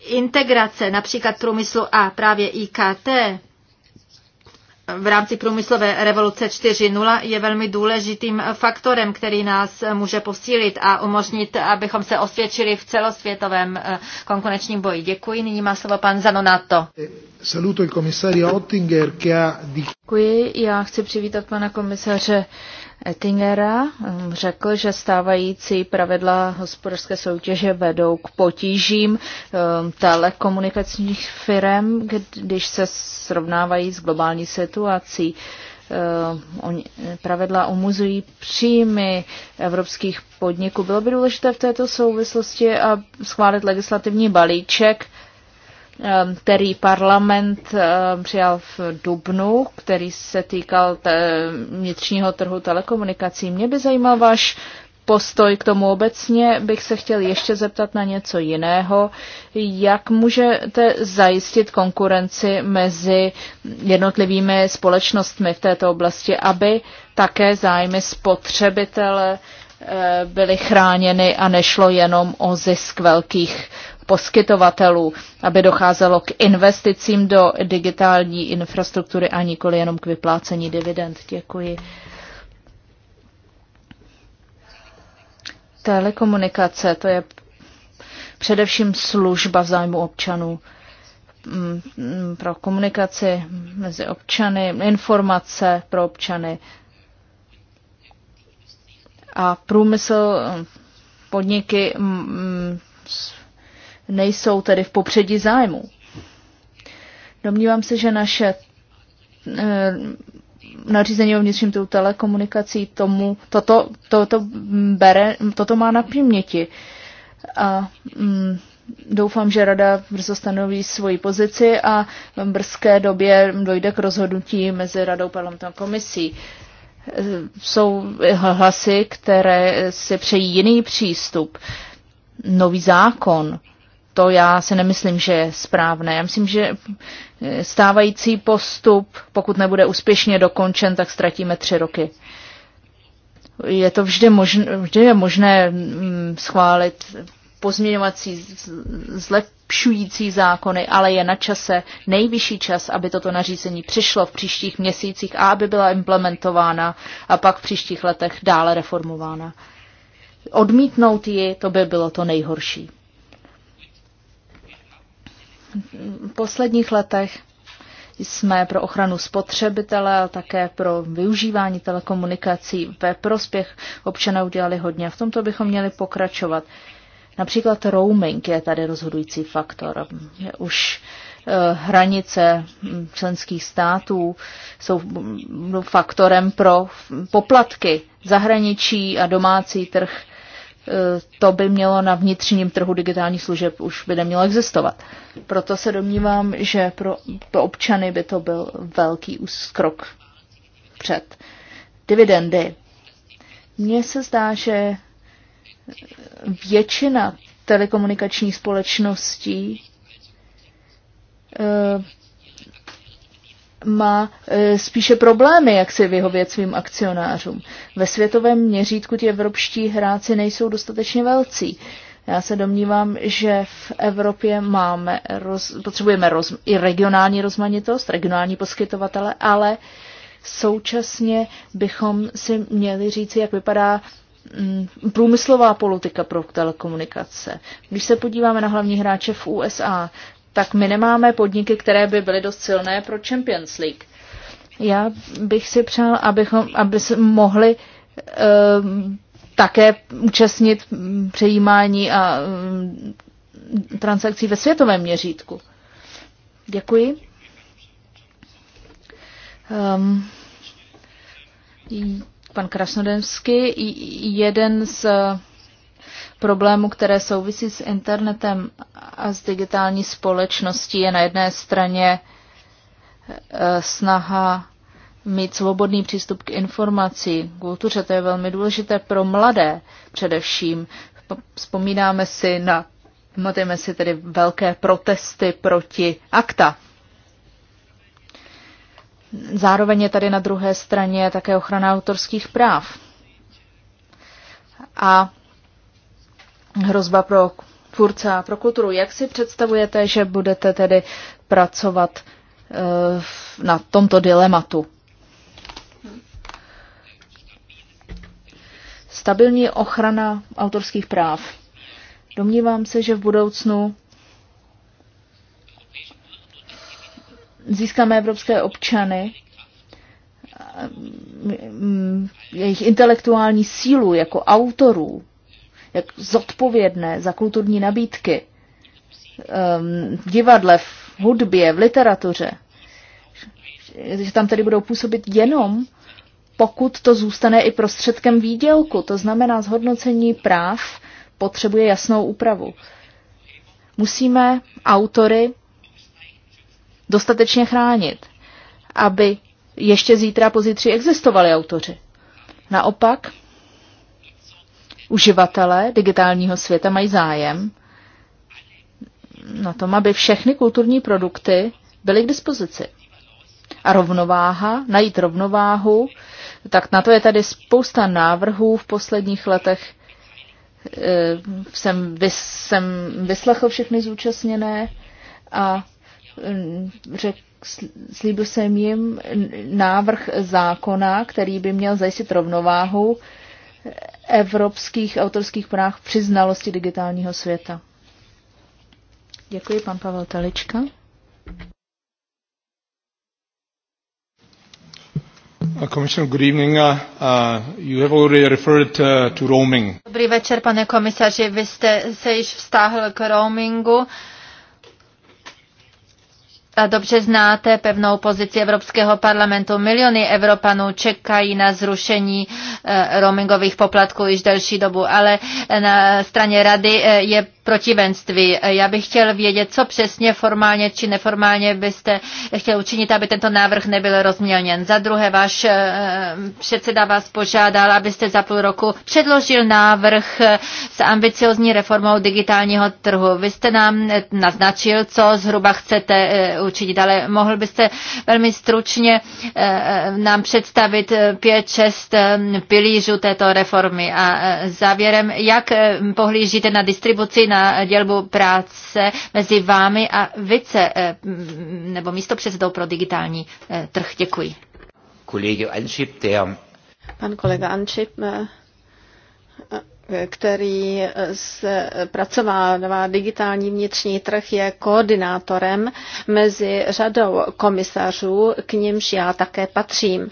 integrace například průmyslu a právě IKT v rámci průmyslové revoluce 4.0 je velmi důležitým faktorem, který nás může posílit a umožnit, abychom se osvědčili v celosvětovém eh, konkurenčním boji. Děkuji. Nyní má slovo pan Zanonato. Saluto il commissario Oettinger, che ha... Děkuji. Já chci přivítat pana komisaře Ettingera eh, řekl, že stávající pravidla hospodářské soutěže vedou k potížím eh, telekomunikačních firm, když se srovnávají s globální situací. Eh, pravidla umuzují příjmy evropských podniků. Bylo by důležité v této souvislosti a schválit legislativní balíček, Ehm, který parlament ehm, přijal v Dubnu, který se týkal vnitřního trhu telekomunikací. Mě by zajímal váš postoj k tomu obecně. Bych se chtěl ještě zeptat na něco jiného. Jak můžete zajistit konkurenci mezi jednotlivými společnostmi v této oblasti, aby také zájmy spotřebitele ehm, byly chráněny a nešlo jenom o zisk velkých poskytovatelů, aby docházelo k investicím do digitální infrastruktury a nikoli jenom k vyplácení dividend. Děkuji. Telekomunikace, to je především služba zájmu občanů mm, pro komunikaci mezi občany, informace pro občany. A průmysl, podniky mm, nejsou tedy v popředí zájmu. Domnívám se, že naše eh, nařízení o vnitřním trhu telekomunikací tomu, toto, toto, bere, toto má na paměti. A mm, doufám, že Rada brzo stanoví svoji pozici a v brzké době dojde k rozhodnutí mezi Radou parlamentem komisí. Eh, jsou hlasy, které si přejí jiný přístup, nový zákon, to já si nemyslím, že je správné. Já myslím, že eh, stávající postup, pokud nebude úspěšně dokončen, tak ztratíme tři roky. Je to vždy možné, vždy je možné mm, schválit pozměňovací, zlepšující zákony, ale je na čase, nejvyšší čas, aby toto nařízení přišlo v příštích měsících a aby byla implementována a pak v příštích letech dále reformována. Odmítnout ji, to by bylo to nejhorší. V posledních letech jsme pro ochranu spotřebitele a také pro využívání telekomunikací ve prospěch občana udělali hodně. V tomto bychom měli pokračovat. Například roaming je tady rozhodující faktor. Je už eh, hranice hm, členských států jsou hm, faktorem pro poplatky. Zahraničí a domácí trh Eh, to by mělo na vnitřním trhu digitálních služeb už by nemělo existovat. Proto se domnívám, že pro, pro občany by to byl velký úskrok před. Dividendy. Mně se zdá, že většina telekomunikačních společností eh, má e, spíše problémy, jak si vyhovět svým akcionářům. Ve světovém měřítku ti evropští hráci nejsou dostatečně velcí. Já se domnívám, že v Evropě máme, roz, potřebujeme roz, i regionální rozmanitost, regionální poskytovatele, ale současně bychom si měli říci, jak vypadá mm, průmyslová politika pro telekomunikace. Když se podíváme na hlavní hráče v USA, tak my nemáme podniky, které by byly dost silné pro Champions League. Já bych si přál, abychom, aby se mohli eh, také účastnit přejímání a eh, transakcí ve světovém měřítku. Děkuji. Um, pan Krasnodemsky, jeden z problémů, které souvisí s internetem a s digitální společností, je na jedné straně e, snaha mít svobodný přístup k informací, kultuře, to je velmi důležité pro mladé především. Vzpomínáme si na, pamatujeme si tedy velké protesty proti akta. Zároveň je tady na druhé straně také ochrana autorských práv. A hrozba pro tvůrce a pro kulturu. Jak si představujete, že budete tedy pracovat eh, na tomto dilematu? Stabilní ochrana autorských práv. Domnívám se, že v budoucnu získáme evropské občany, eh, jejich intelektuální sílu jako autorů, jak zodpovědné za kulturní nabídky ehm, v divadle, v hudbě, v literatuře. Že tam tedy budou působit jenom, pokud to zůstane i prostředkem výdělku. To znamená, zhodnocení práv potřebuje jasnou úpravu. Musíme autory dostatečně chránit, aby ještě zítra pozítří existovali autoři. Naopak, uživatelé digitálního světa mají zájem na tom, aby všechny kulturní produkty byly k dispozici. A rovnováha, najít rovnováhu, tak na to je tady spousta návrhů v posledních letech. Eh, jsem, vys, jsem vyslechl všechny zúčastněné a eh, řekl, slíbil jsem jim návrh zákona, který by měl zajistit rovnováhu evropských autorských práv při znalosti digitálního světa. Děkuji, pan Pavel Telička. Uh, Commissioner, good evening. Uh, uh, you have already referred to roaming. Dobrý večer, pane komisaři. Vy jste se již vztáhl k roamingu. Dobře znáte pevnou pozici Evropského parlamentu. Miliony Evropanů čekají na zrušení eh, roamingových poplatků již delší dobu, ale eh, na straně rady eh, je protivenství. Já bych chtěl vědět, co přesně formálně či neformálně byste chtěl učinit, aby tento návrh nebyl rozmělněn. Za druhé, váš eh, předseda vás požádal, abyste za půl roku předložil návrh eh, s ambiciozní reformou digitálního trhu. Vy jste nám eh, naznačil, co zhruba chcete učinit, ale mohl byste velmi stručně nám představit pět, šest pilířů této reformy. A závěrem, jak pohlížíte na distribuci, na na dělbu práce mezi vámi a vice eh, nebo místo předsedou pro digitální eh, trh. Děkuji. Pan kolega Anšip, eh, který na digitální vnitřní trh, je koordinátorem mezi řadou komisařů, k nímž já také patřím.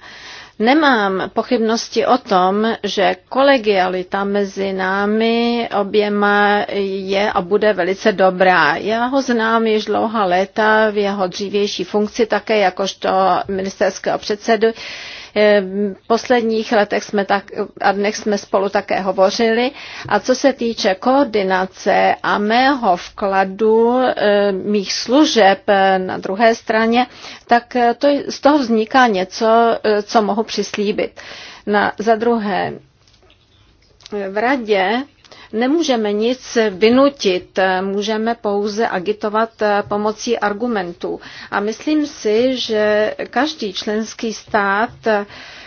Nemám pochybnosti o tom, že kolegialita mezi námi oběma je a bude velice dobrá. Já ho znám již dlouhá léta v jeho dřívější funkci také jakožto ministerského předsedu. V posledních letech jsme tak, a dnech jsme spolu také hovořili. A co se týče koordinace a mého vkladu e, mých služeb e, na druhé straně, tak e, to, z toho vzniká něco, co mohu přislíbit. Na, za druhé, v radě Nemůžeme nic vynutit, můžeme pouze agitovat eh, pomocí argumentů. A myslím si, že každý členský stát eh,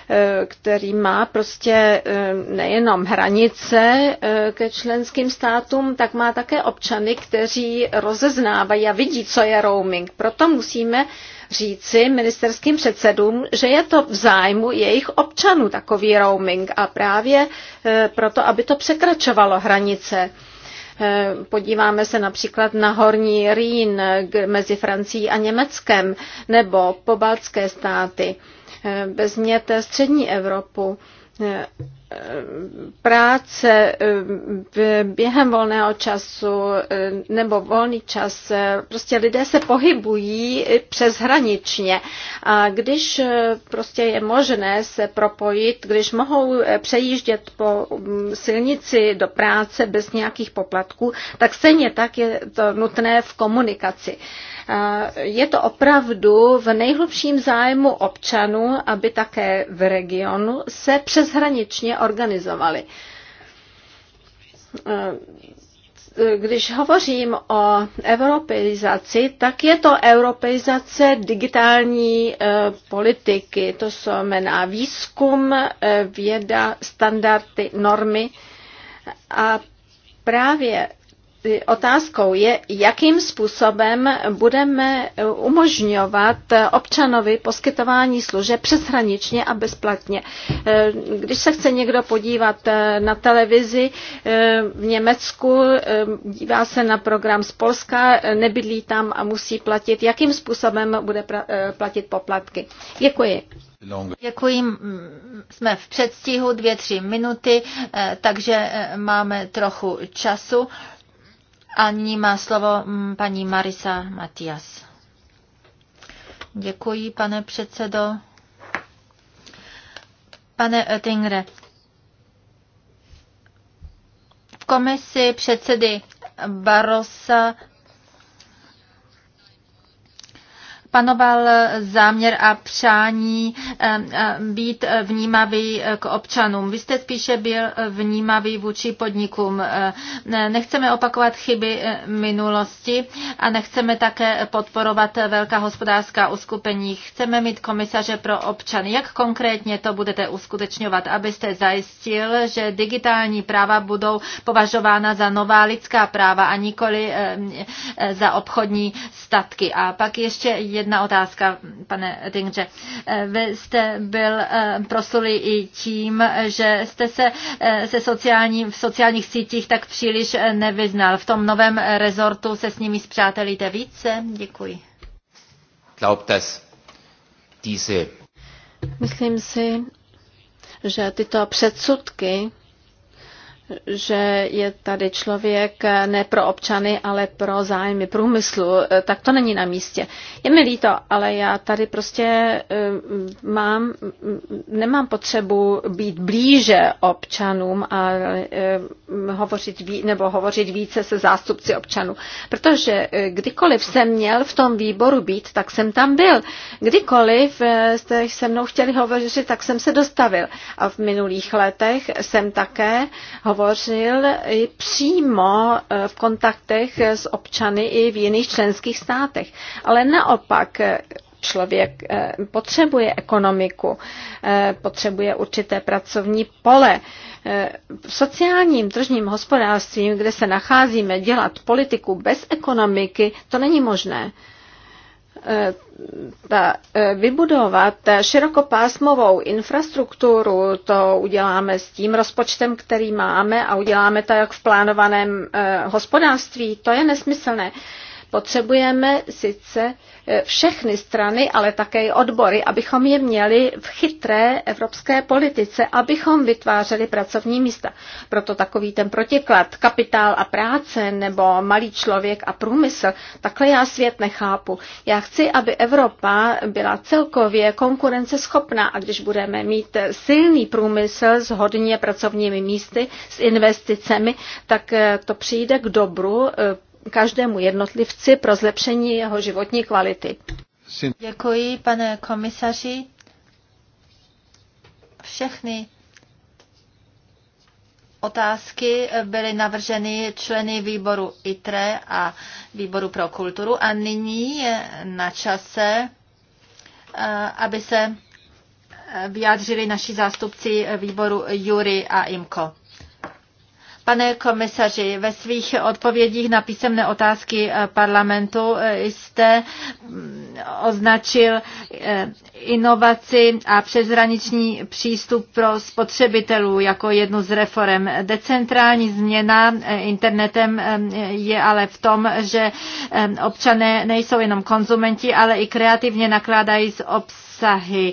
Eh, který má prostě eh, nejenom hranice eh, ke členským státům, tak má také občany, kteří rozeznávají a vidí, co je roaming. Proto musíme říci ministerským předsedům, že je to v zájmu jejich občanů takový roaming a právě proto, aby to překračovalo hranice. Podíváme se například na Horní Rýn mezi Francií a Německem nebo pobaltské státy. Eh, vezměte střední Evropu, eh, práce eh, během volného času eh, nebo volný čas, eh, prostě lidé se pohybují přeshraničně. A když prostě je možné se propojit, když mohou přejíždět po mm, silnici do práce bez nějakých poplatků, tak stejně tak je to nutné v komunikaci. Je to opravdu v nejhlubším zájmu občanů, aby také v regionu se přeshraničně organizovali. Eh, když hovořím o europeizaci, tak je to europeizace digitální eh, politiky. To znamená výzkum, eh, věda, standardy, normy. A právě otázkou je, jakým způsobem budeme umožňovat občanovi poskytování služeb přeshraničně a bezplatně. Eh, když se chce někdo podívat eh, na televizi eh, v Německu, dívá se na program z Polska, nebydlí tam a musí platit, jakým způsobem bude platit poplatky. Děkuji. Děkuji. Jsme v předstihu dvě, tři minuty, takže máme trochu času. A nyní má slovo mm, paní Marisa Matias. Děkuji, pane předsedo. Pane Oettingere, v komisi předsedy Barossa panoval záměr a přání eh, eh, být vnímavý eh, k občanům. Vy jste spíše byl vnímavý vůči podnikům. Nechceme opakovat chyby minulosti a nechceme také podporovat velká hospodářská uskupení. Chceme mít komisaře pro občany. Jak konkrétně to budete uskutečňovat, abyste zajistil, že digitální práva budou považována za nová lidská práva a nikoli za obchodní statky? A pak ještě jedna jedna otázka, pane Dingře. Eh, vy jste byl eh, proslulý i tím, že jste se, eh, se sociální, v sociálních sítích tak příliš nevyznal. V tom novém rezortu se s nimi zpřátelíte více? Děkuji. Glaubt diese Myslím si, že tyto předsudky že je tady člověk eh, ne pro občany, ale pro zájmy průmyslu, eh, tak to není na místě. Je mi líto, ale já tady prostě eh, mám, mm, nemám potřebu být blíže občanům a hovořit, nebo hovořit více se zástupci občanů. Protože kdykoliv jsem měl v tom výboru být, tak jsem tam byl. Kdykoliv jste se mnou chtěli hovořit, tak jsem se dostavil. A v minulých letech jsem také hovořil hovořil i přímo eh, v kontaktech s občany i v jiných členských státech. Ale naopak eh, člověk eh, potřebuje ekonomiku, potřebuje určité pracovní pole. V sociálním tržním hospodářství, kde se nacházíme, dělat politiku bez ekonomiky, to není možné ta, e, vybudovat širokopásmovou infrastrukturu, to uděláme s tím rozpočtem, který máme a uděláme to jak v plánovaném e, hospodářství, to je nesmyslné. Potřebujeme sice eh, všechny strany, ale také i odbory, abychom je měli v chytré evropské politice, abychom vytvářeli pracovní místa. Proto takový ten protiklad kapitál a práce nebo malý člověk a průmysl, takhle já svět nechápu. Já chci, aby Evropa byla celkově konkurenceschopná a když budeme mít silný průmysl s hodně pracovními místy, s investicemi, tak eh, to přijde k dobru eh, každému jednotlivci pro zlepšení jeho životní kvality. Děkuji, pane komisaři. Všechny otázky byly navrženy členy výboru ITRE a výboru pro kulturu a nyní je na čase, eh, aby se vyjádřili naši zástupci výboru Jury a IMKO. Pane komisaři, ve svých odpovědích na písemné otázky eh, parlamentu eh, jste mm, označil eh, inovaci a přeshraniční přístup pro spotřebitelů jako jednu z reform. Decentrální změna internetem je ale v tom, že občané nejsou jenom konzumenti, ale i kreativně nakládají s obsahem obsahy.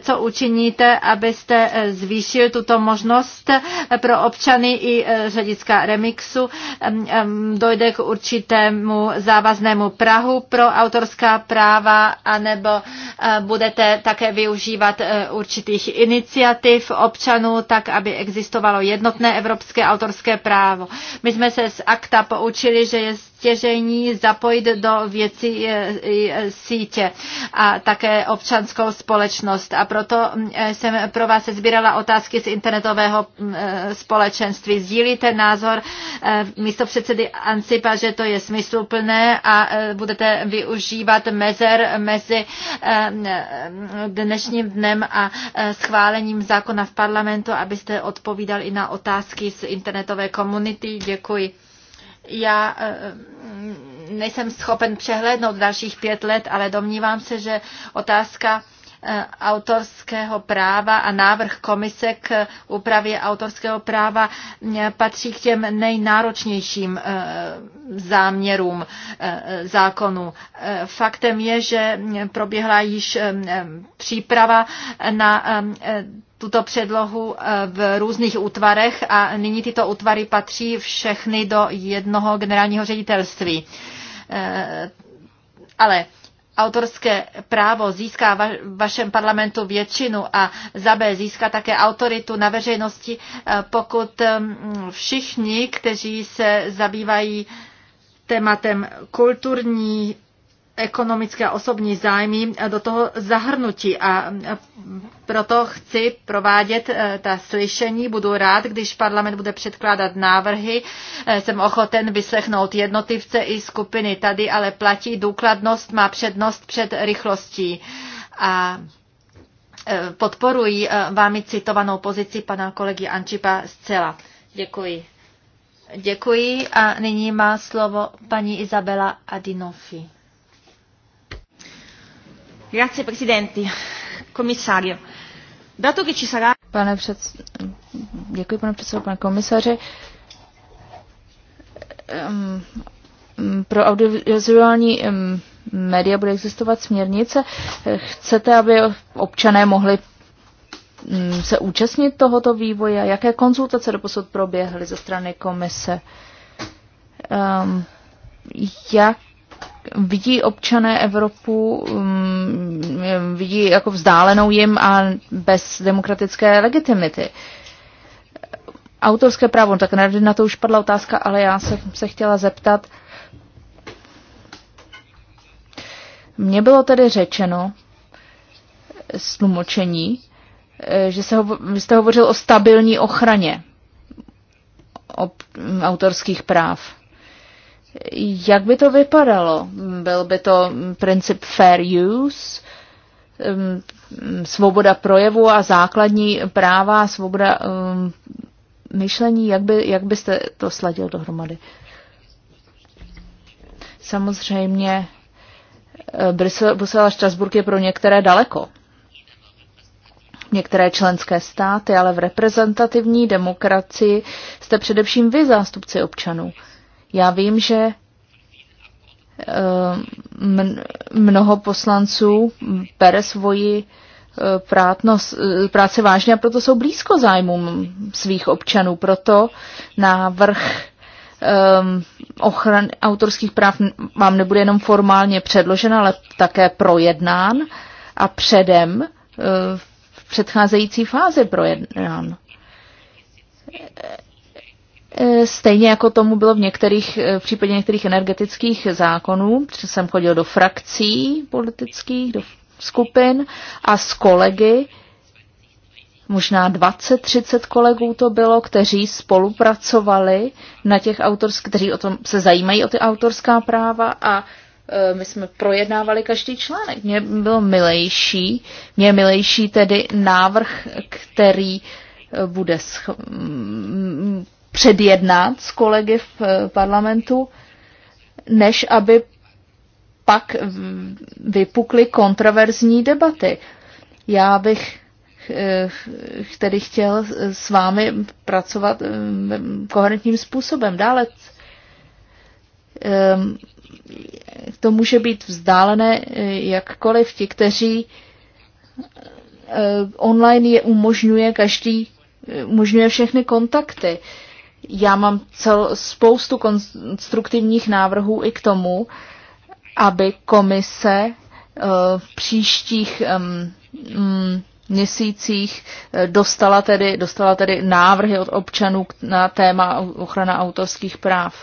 Co učiníte, abyste eh, zvýšil tuto možnost eh, pro občany i ředická eh, remixu? Dojde k určitému závaznému Prahu pro autorská práva, anebo budete také využívat určitých iniciativ občanů, tak aby existovalo jednotné evropské autorské právo. My jsme se z akta poučili, že je stěžení zapojit do věcí eh, eh, sítě a také občanskou společnost. A proto eh, jsem pro vás sbírala otázky z internetového mm, společenství. Sdílíte názor místo předsedy Ancipa, že to je smysluplné a budete využívat mezer mezi dnešním dnem a schválením zákona v parlamentu, abyste odpovídal i na otázky z internetové komunity. Děkuji. Já eh, eh, nejsem schopen přehlédnout dalších pět let, ale domnívám se, že otázka Eh, autorského práva a návrh komise k úpravě autorského práva eh, patří k těm nejnáročnějším eh, záměrům zákonu. Faktem je, že mm, proběhla již příprava na tuto předlohu v různých útvarech a nyní tyto útvary patří všechny do jednoho generálního ředitelství. Ale autorské právo získá va- vašem parlamentu většinu a za B získá také autoritu na veřejnosti, eh, pokud eh, všichni, kteří se zabývají tématem kulturní ekonomické a osobní zájmy do toho zahrnutí a proto chci provádět e, ta slyšení. Budu rád, když parlament bude předkládat návrhy. E, jsem ochoten vyslechnout jednotlivce i skupiny tady, ale platí důkladnost má přednost před rychlostí. A e, podporuji vámi citovanou pozici pana kolegy Ančipa zcela. Děkuji. Děkuji a nyní má slovo paní Izabela Adinofi. Grazie Presidenti. Komisario. Dato che ci sarà... Pane před... Děkuji, pane předsedo, pane komisaři. Um, pro audiovizuální um, média bude existovat směrnice. Chcete, aby občané mohli se účastnit tohoto vývoje? Jaké konzultace doposud proběhly ze strany komise? Um, jak vidí občané Evropu, mm, vidí jako vzdálenou jim a bez demokratické legitimity. Autorské právo, no tak na to už padla otázka, ale já se, se chtěla zeptat. Mně bylo tedy řečeno z tlumočení, že se hovo, vy jste hovořil o stabilní ochraně ob, autorských práv jak by to vypadalo? Byl by to princip fair use, um, svoboda projevu a základní práva, svoboda um, myšlení? Jak, by, jak byste to sladil dohromady? Samozřejmě eh, Brusel, Brusel a Štrasburg je pro některé daleko. Některé členské státy, ale v reprezentativní demokracii jste především vy zástupci občanů. Já vím, že eh, mnoho poslanců bere svoji eh, prátnost, eh, práce vážně a proto jsou blízko zájmům svých občanů. Proto návrh vrch ehm, ochran autorských práv vám nebude jenom formálně předložen, ale také projednán a předem v předcházející fázi projednán. E, stejně jako tomu bylo v, některých, e, v případě některých energetických zákonů, jsem chodil do frakcí politických, do skupin a s kolegy, možná 20-30 kolegů to bylo, kteří spolupracovali na těch autorských, kteří o tom se zajímají o ty autorská práva a e, my jsme projednávali každý článek. Mně byl milejší, mě milejší tedy návrh, který bude předjednat s kolegy v eh, parlamentu, než aby pak vypukly kontroverzní debaty. Já bych eh, tedy chtěl s vámi pracovat eh, koherentním způsobem. Dále to může být vzdálené jakkoliv ti, kteří online je umožňuje každý, umožňuje všechny kontakty já mám cel, spoustu konstruktivních návrhů i k tomu, aby komise eh, v příštích mm, měsících eh, dostala tedy, dostala tedy návrhy od občanů na téma ochrana autorských práv.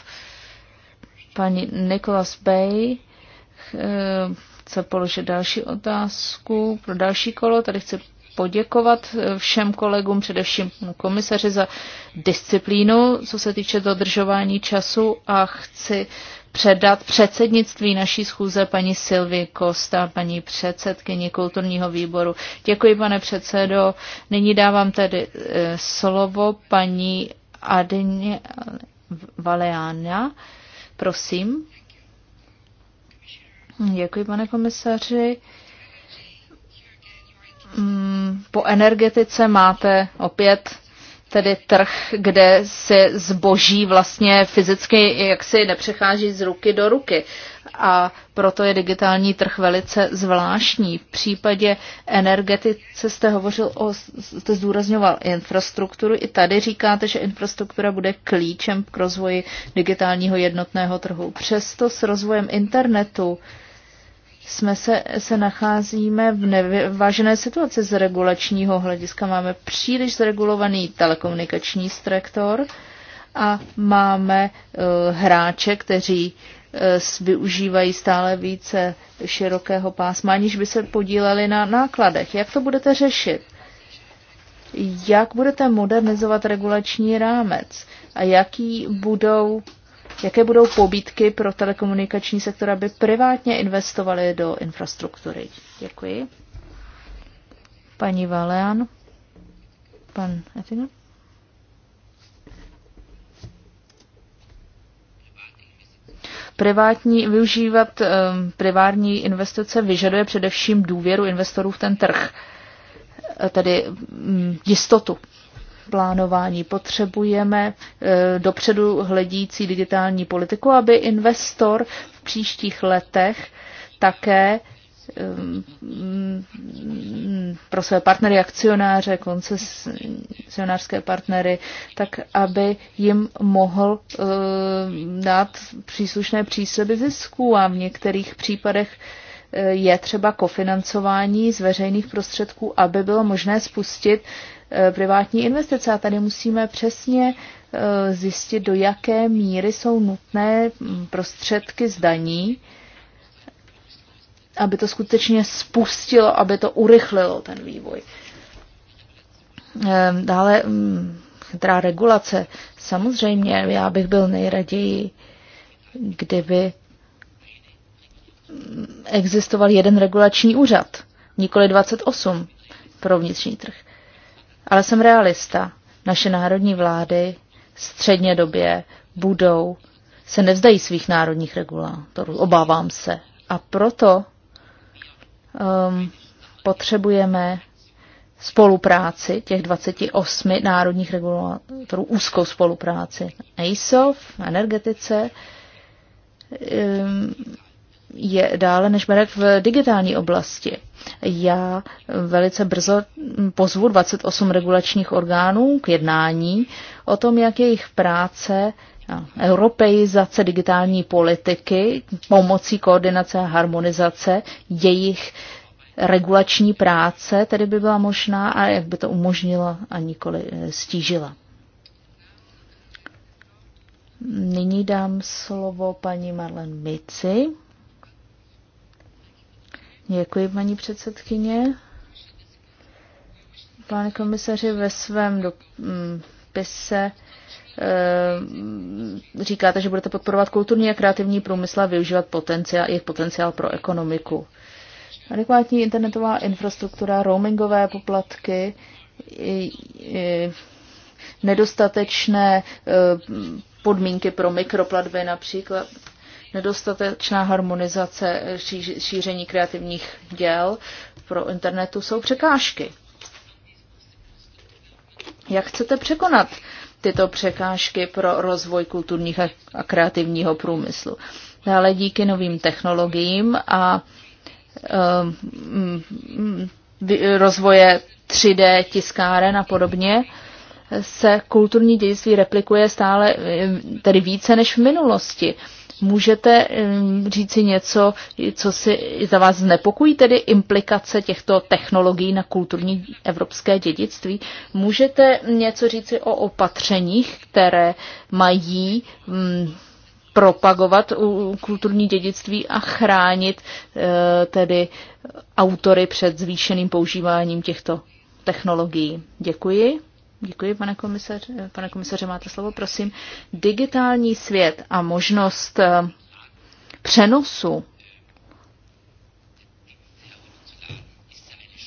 Paní Nicholas Bay eh, chce položit další otázku pro další kolo. Tady chce poděkovat eh, všem kolegům, především komisaři za disciplínu, co se týče dodržování času a chci předat předsednictví naší schůze paní Silvi Kosta, paní předsedkyni kulturního výboru. Děkuji, pane předsedo. Nyní dávám tedy eh, slovo paní Adině Valeána. Prosím. Děkuji, pane komisaři. Mm, po energetice máte opět tedy trh, kde se zboží vlastně fyzicky jaksi nepřechází z ruky do ruky. A proto je digitální trh velice zvláštní. V případě energetice jste hovořil o, jste zdůrazňoval infrastrukturu. I tady říkáte, že infrastruktura bude klíčem k rozvoji digitálního jednotného trhu. Přesto s rozvojem internetu uh, jsme se, se nacházíme v nevážené situaci z regulačního hlediska. Máme příliš zregulovaný telekomunikační strektor a máme uh, hráče, kteří uh, využívají stále více širokého pásma, aniž by se podíleli na nákladech. Jak to budete řešit? Jak budete modernizovat regulační rámec? A jaký budou Jaké budou pobídky pro telekomunikační sektor, aby privátně investovali do infrastruktury? Děkuji. Paní Valean. Pan Etina. Privátní, využívat um, eh, privární investice vyžaduje především důvěru investorů v ten trh, eh, tedy um, jistotu plánování. Potřebujeme e, dopředu hledící digitální politiku, aby investor v příštích letech také e, pro své partnery, akcionáře, koncesionářské partnery, tak aby jim mohl e, dát příslušné přísliby zisků a v některých případech je třeba kofinancování z veřejných prostředků, aby bylo možné spustit Eh, privátní investice. A tady musíme přesně eh, zjistit, do jaké míry jsou nutné mm, prostředky zdaní, aby to skutečně spustilo, aby to urychlilo ten vývoj. Ehm, dále mm, chytrá regulace. Samozřejmě, já bych byl nejraději, kdyby mm, existoval jeden regulační úřad, nikoli 28 pro vnitřní trh. Ale jsem realista. Naše národní vlády středně době budou, se nevzdají svých národních regulátorů, obávám se. A proto um, potřebujeme spolupráci těch 28 národních regulátorů, úzkou spolupráci. ASOF, energetice, um, je dále než Marek v digitální oblasti. Já velice brzo pozvu 28 regulačních orgánů k jednání o tom, jak jejich práce europeizace digitální politiky pomocí koordinace a harmonizace jejich regulační práce tedy by byla možná a jak by to umožnila a nikoli eh, stížila. Nyní dám slovo paní Marlen Mici. Děkuji, paní předsedkyně. Pane komisaři, ve svém dopise mm, eh, říkáte, že budete podporovat kulturní a kreativní průmysl a využívat potenciál, jejich potenciál pro ekonomiku. Adekvátní internetová infrastruktura, roamingové poplatky, nedostatečné eh, podmínky pro mikroplatby například, nedostatečná harmonizace eh, šíření kreativních děl pro internetu jsou překážky. Jak chcete překonat tyto překážky pro rozvoj kulturních a kreativního průmyslu? Dále díky novým technologiím a eh, mm, mm, rozvoje 3D tiskáren a podobně, se kulturní dědictví replikuje stále eh, tedy více než v minulosti. Můžete um, říci něco, co si za vás znepokojí, tedy implikace těchto technologií na kulturní evropské dědictví? Můžete něco říci o opatřeních, které mají um, propagovat kulturní dědictví a chránit eh, tedy autory před zvýšeným používáním těchto technologií. Děkuji. Děkuji, pane komisaře. Pane komisaře, máte slovo, prosím. Digitální svět a možnost eh, přenosu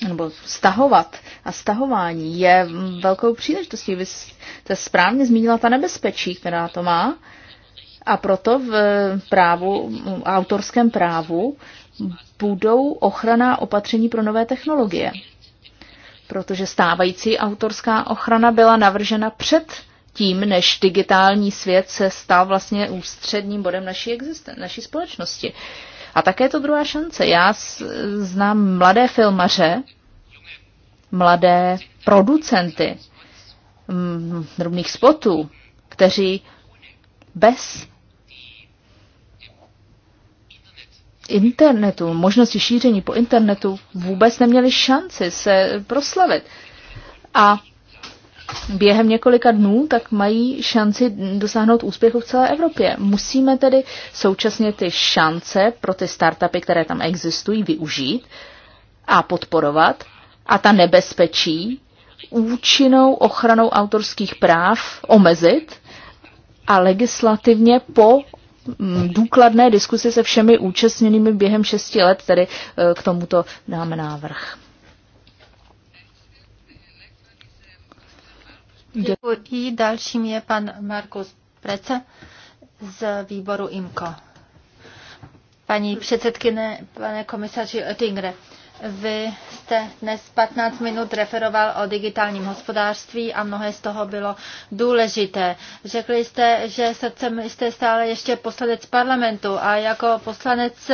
nebo stahovat a stahování je velkou příležitostí. Vy jste správně zmínila ta nebezpečí, která to má a proto v eh, právu, v autorském právu budou ochrana opatření pro nové technologie protože stávající autorská ochrana byla navržena před tím, než digitální svět se stal vlastně ústředním bodem naší, existen- naší společnosti. A také je to druhá šance. Já znám mladé filmaře, mladé producenty drobných spotů, kteří bez internetu, možnosti šíření po internetu vůbec neměli šanci se proslavit. A během několika dnů tak mají šanci dosáhnout úspěchu v celé Evropě. Musíme tedy současně ty šance pro ty startupy, které tam existují, využít a podporovat a ta nebezpečí účinnou ochranou autorských práv omezit a legislativně po Mm, důkladné diskusi se všemi účastněnými během šesti let, tedy eh, k tomuto dáme návrh. Děkuji. Dalším je pan Markus Prece z výboru IMCO. Paní předsedkyně, pane komisaři Oettingere, vy jste dnes 15 minut referoval o digitálním hospodářství a mnohé z toho bylo důležité. Řekli jste, že srdcem jste stále ještě poslanec parlamentu a jako poslanec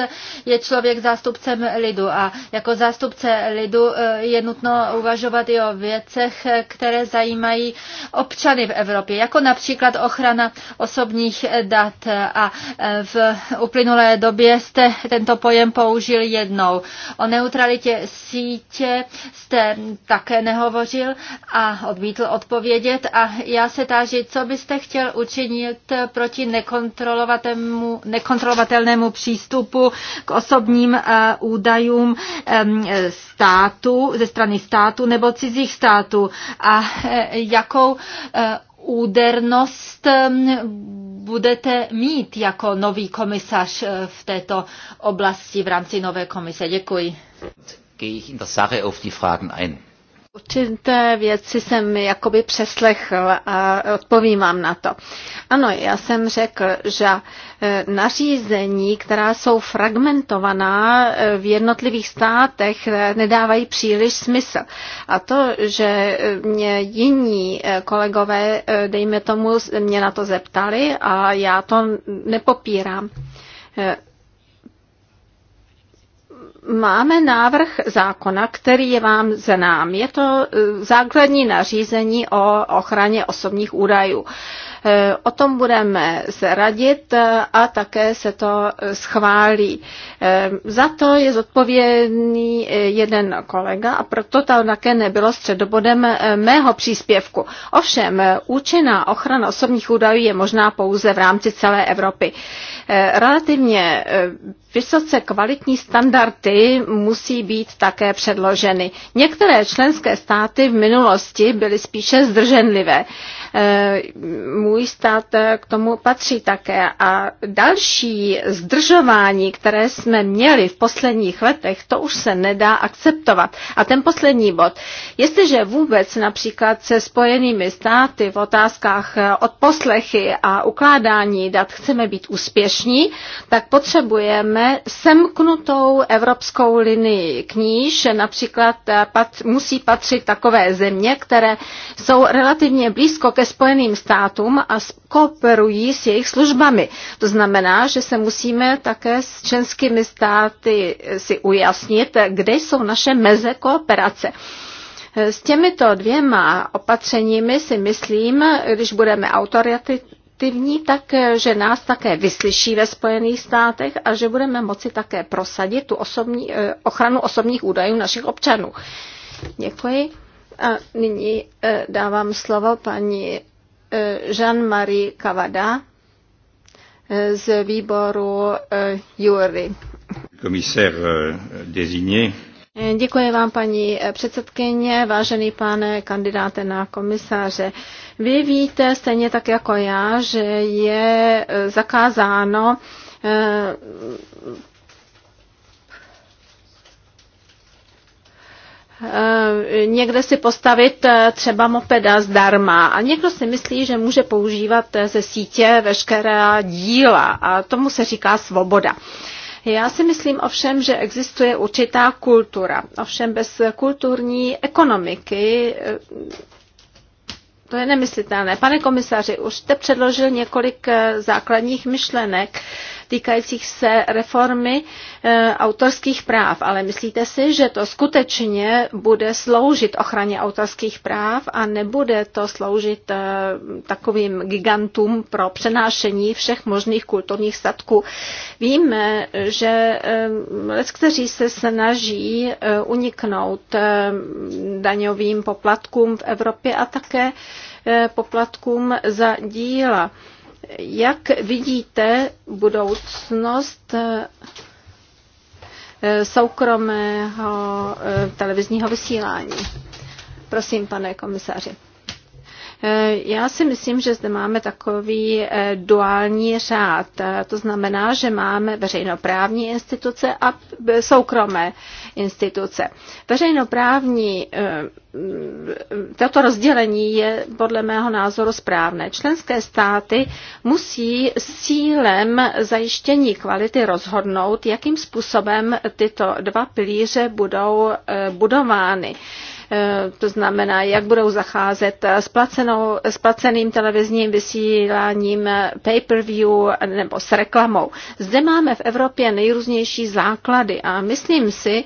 je člověk zástupcem lidu a jako zástupce lidu eh, je nutno uvažovat i o věcech, které zajímají občany v Evropě, jako například ochrana osobních dat a eh, v uplynulé době jste tento pojem použil jednou. O neutralitě světě sítě jste také nehovořil a odmítl odpovědět a já se táži, co byste chtěl učinit proti nekontrolovatelnému, nekontrolovatelnému přístupu k osobním eh, údajům státu, ze strany státu nebo cizích států a eh, jakou eh, údernost budete mít jako nový komisař eh, v této oblasti v rámci nové komise. Děkuji. Gehe ich in der Sache auf die Fragen ein. Určité věci jsem jakoby přeslechl a odpovím vám na to. Ano, já jsem řekl, že e, nařízení, která jsou fragmentovaná e, v jednotlivých státech, e, nedávají příliš smysl. A to, že mě jiní kolegové, dejme tomu, mě na to zeptali a já to nepopírám Máme návrh zákona, který je vám znám. Je to eh, základní nařízení o ochraně osobních údajů. Eh, o tom budeme se radit eh, a také se to schválí. Eh, za to je zodpovědný jeden kolega a proto to také nebylo středobodem mého příspěvku. Ovšem, účinná ochrana osobních údajů je možná pouze v rámci celé Evropy. Relativně vysoce kvalitní standardy musí být také předloženy. Některé členské státy v minulosti byly spíše zdrženlivé. E, můj stát k tomu patří také. A další zdržování, které jsme měli v posledních letech, to už se nedá akceptovat. A ten poslední bod. Jestliže vůbec například se spojenými státy v otázkách od poslechy a ukládání dat chceme být úspěšní, tak potřebujeme semknutou evropskou linii kníž. Například pat, musí patřit takové země, které jsou relativně blízko ke Spojeným státům a kooperují s jejich službami. To znamená, že se musíme také s členskými státy eh, si ujasnit, eh, kde jsou naše meze kooperace. Eh, s těmito dvěma opatřeními si myslím, když budeme autoritativní, tak že nás také vyslyší ve Spojených státech a že budeme moci také prosadit tu osobní, ochranu osobních údajů našich občanů. Děkuji. A nyní e, dávám slovo paní e, Jean-Marie Kavada e, z výboru Jury. Komisér designé. Děkuji vám, paní předsedkyně, vážený pane kandidáte na komisáře. Vy víte stejně tak jako já, že je zakázáno Eh, někde si postavit eh, třeba mopeda zdarma a někdo si myslí, že může používat eh, ze sítě veškerá díla a tomu se říká svoboda. Já si myslím ovšem, že existuje určitá kultura. Ovšem bez kulturní ekonomiky to je nemyslitelné. Pane komisaři, už jste předložil několik základních myšlenek týkajících se reformy eh, autorských práv. Ale myslíte si, že to skutečně bude sloužit ochraně autorských práv a nebude to sloužit eh, takovým gigantům pro přenášení všech možných kulturních statků? Víme, že eh, lidé, kteří se snaží uniknout daňovým poplatkům v Evropě a také poplatkům za díla. Jak vidíte budoucnost eh, eh, soukromého eh, televizního vysílání? Prosím, pane komisaři. Eh, já si myslím, že zde máme takový eh, duální řád. Eh, to znamená, že máme veřejnoprávní instituce a soukromé instituce. Veřejnoprávní mm, toto rozdělení je podle mého názoru správné. Členské státy musí s cílem zajištění kvality rozhodnout, jakým způsobem tyto dva pilíře budou budovány. Eh, to znamená, jak budou zacházet s, placenou, s placeným televizním vysíláním eh, pay-per-view nebo s reklamou. Zde máme v Evropě nejrůznější základy a myslím si,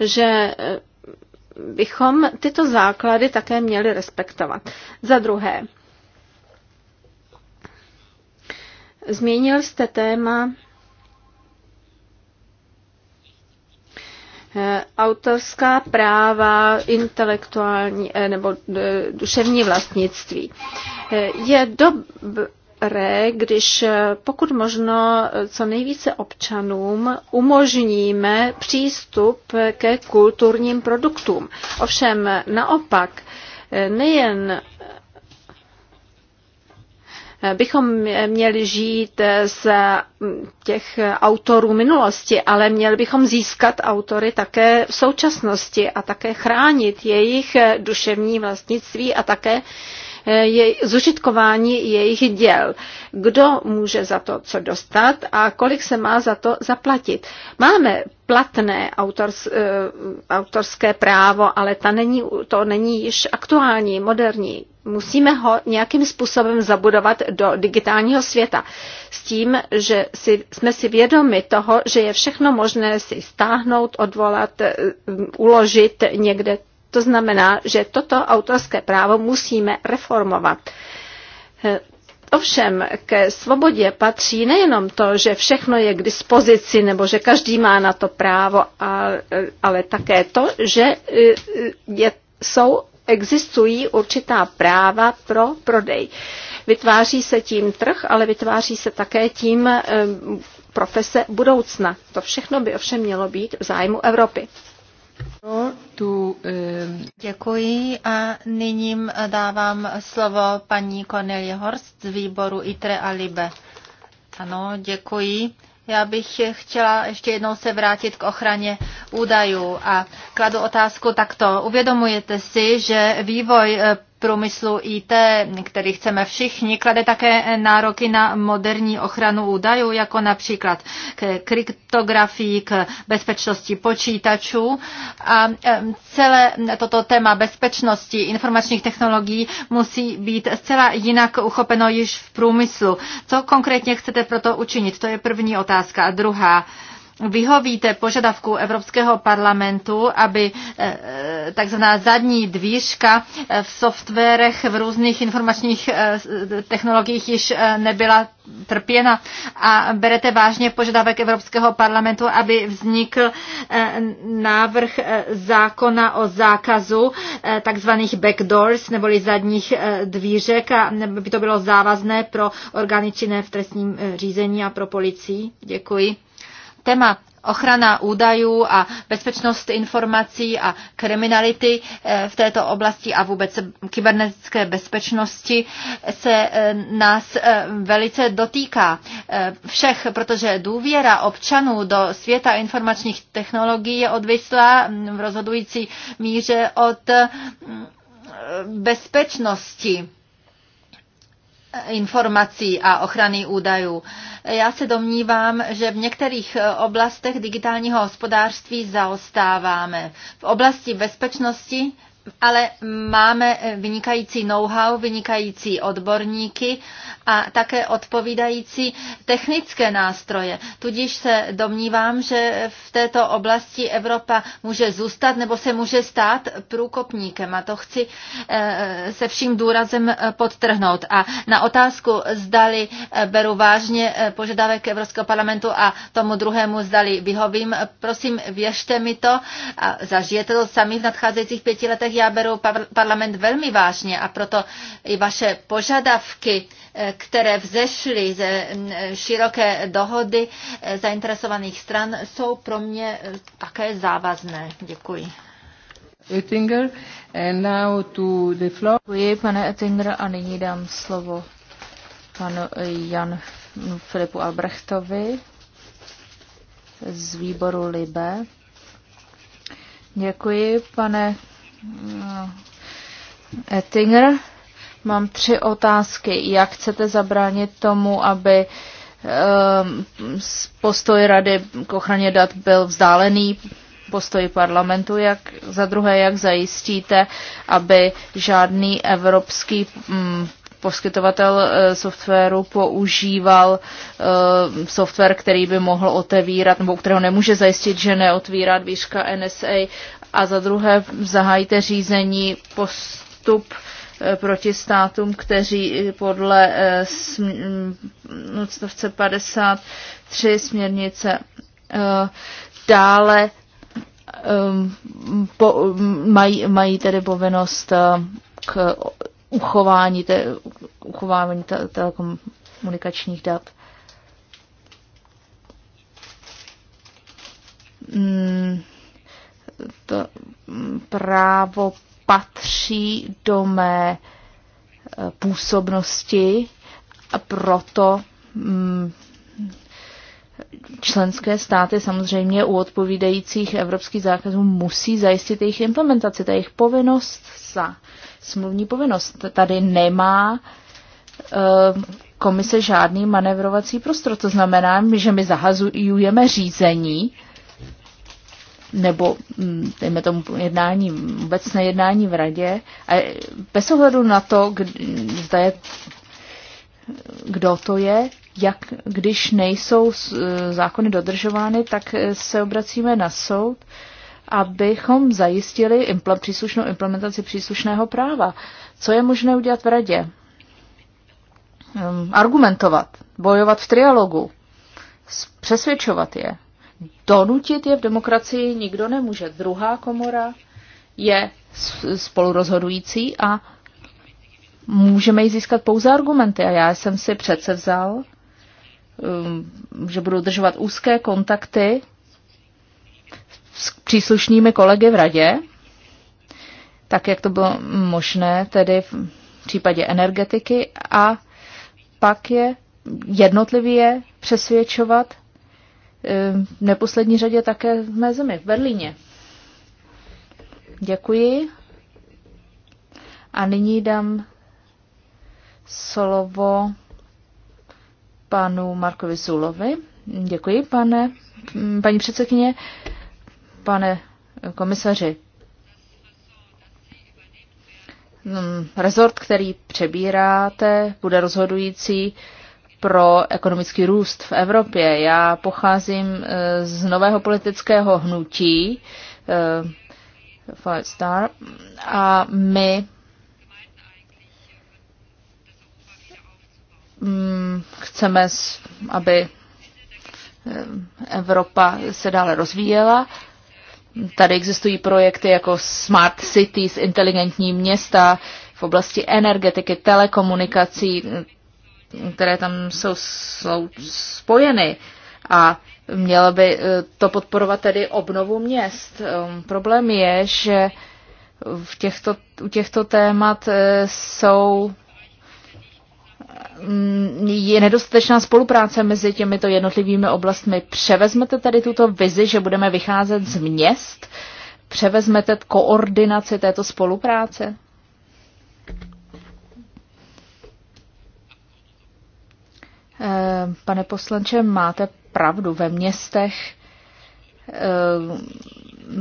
že eh, bychom tyto základy také měli respektovat. Za druhé, zmínil jste téma Eh, autorská práva, intelektuální eh, nebo eh, duševní vlastnictví. Je dobré, když pokud možno co nejvíce občanům umožníme přístup ke kulturním produktům. Ovšem naopak, nejen bychom měli žít z těch autorů minulosti, ale měli bychom získat autory také v současnosti a také chránit jejich duševní vlastnictví a také je zužitkování jejich děl. Kdo může za to co dostat a kolik se má za to zaplatit. Máme platné autors, eh, autorské právo, ale ta není, to není již aktuální, moderní. Musíme ho nějakým způsobem zabudovat do digitálního světa. S tím, že si, jsme si vědomi toho, že je všechno možné si stáhnout, odvolat, eh, uložit někde to znamená, že toto autorské právo musíme reformovat. Eh, ovšem ke svobodě patří nejenom to, že všechno je k dispozici nebo že každý má na to právo, eh, ale také to, že eh, je, jsou, existují určitá práva pro prodej. Vytváří se tím trh, ale vytváří se také tím profese budoucna. To všechno by ovšem mělo být v zájmu Evropy. Eh, děkuji a nyní dávám slovo paní Cornelie Horst z výboru ITRE a LIBE. Ano, děkuji. Já bych chtěla ještě jednou se vrátit k ochraně údajů a kladu otázku takto. Uvědomujete si, že vývoj eh, průmyslu IT, který chceme všichni, klade také nároky na moderní ochranu údajů, jako například k kryptografii, k bezpečnosti počítačů. A celé toto téma bezpečnosti informačních technologií musí být zcela jinak uchopeno již v průmyslu. Co konkrétně chcete proto učinit? To je první otázka. A druhá, vyhovíte požadavku Evropského parlamentu, aby eh, takzvaná zadní dvířka eh, v softwarech v různých informačních eh, technologiích již nebyla trpěna a berete vážně požadavek Evropského parlamentu, aby vznikl návrh zákona o zákazu takzvaných backdoors neboli zadních dvířek a by to bylo závazné pro orgány činné v trestním řízení a pro policii. Děkuji téma ochrana údajů a bezpečnost informací a kriminality eh, v této oblasti a vůbec kybernetické bezpečnosti se eh, nás eh, velice dotýká všech, protože důvěra občanů do světa informačních technologií je odvislá mm, v rozhodující míře od mm, bezpečnosti informací a ochrany údajů. Já se domnívám, že v některých oblastech digitálního hospodářství zaostáváme. V oblasti bezpečnosti ale máme eh, vynikající know-how, vynikající odborníky a také odpovídající technické nástroje. Tudíž se domnívám, že v této oblasti Evropa může zůstat nebo se může stát průkopníkem a to chci eh, se vším důrazem eh, podtrhnout. A na otázku, zdali beru vážně požadavek Evropského parlamentu a tomu druhému zdali vyhovím, prosím věřte mi to a zažijete to sami v nadcházejících pěti letech, já beru parlament velmi vážně a proto i vaše požadavky, eh, které vzešly ze široké dohody eh, zainteresovaných stran, jsou pro mě eh, také závazné. Děkuji. Oettinger, and now to the floor. Děkuji, pane Oettinger, a nyní dám slovo panu Jan mm, Filipu Albrechtovi z výboru Libe. Děkuji, pane Eh, Ettinger. Mám tři otázky. Jak chcete zabránit tomu, aby ehm, postoj Rady k ochraně dat byl vzdálený postoji parlamentu, jak za druhé, jak zajistíte, aby žádný evropský mm, poskytovatel e, softwaru používal e, software, který by mohl otevírat, nebo kterého nemůže zajistit, že neotvírá dvířka NSA a za druhé zahájíte řízení postup eh, proti státům, kteří eh, podle eh, mm, odstavce 53 směrnice dále po, mm, mají, mají tedy povinnost k uchování, te, uchovávání te, telekomunikačních dat. Hmm to mm, právo patří do mé e, působnosti a proto mm, členské státy samozřejmě u odpovídajících evropských zákazů musí zajistit jejich implementaci. To je jejich povinnost za smluvní povinnost. Tady nemá e, komise žádný manevrovací prostor. To znamená, že my zahazujeme řízení nebo mm, dejme tomu jednání, obecné jednání v radě, a bez ohledu na to, kdy, zda je, kdo to je, jak, když nejsou e, zákony dodržovány, tak se obracíme na soud, abychom zajistili impl- příslušnou implementaci příslušného práva. Co je možné udělat v radě? Um, argumentovat, bojovat v trialogu, přesvědčovat je donutit je v demokracii nikdo nemůže. Druhá komora je spolurozhodující a můžeme ji získat pouze argumenty. A já jsem si přece vzal, um, že budu držovat úzké kontakty s příslušnými kolegy v radě, tak jak to bylo možné, tedy v případě energetiky, a pak je jednotlivě přesvědčovat v neposlední řadě také v mé zemi, v Berlíně. Děkuji. A nyní dám slovo panu Markovi Zulovi. Děkuji, pane, paní předsedkyně, pane komisaři. Hmm, rezort, který přebíráte, bude rozhodující pro ekonomický růst v Evropě. Já pocházím eh, z nového politického hnutí eh, Five Star a my mm, chceme, aby eh, Evropa se dále rozvíjela. Tady existují projekty jako Smart Cities, inteligentní města v oblasti energetiky, telekomunikací, které tam jsou spojeny a mělo by eh, to podporovat tedy obnovu měst. Um, problém je, že v těchto, u těchto témat eh, jsou mm, je nedostatečná spolupráce mezi těmito jednotlivými oblastmi. Převezmete tady tuto vizi, že budeme vycházet z měst? Převezmete koordinaci této spolupráce? Eh, pane poslanče, máte pravdu. Ve městech eh,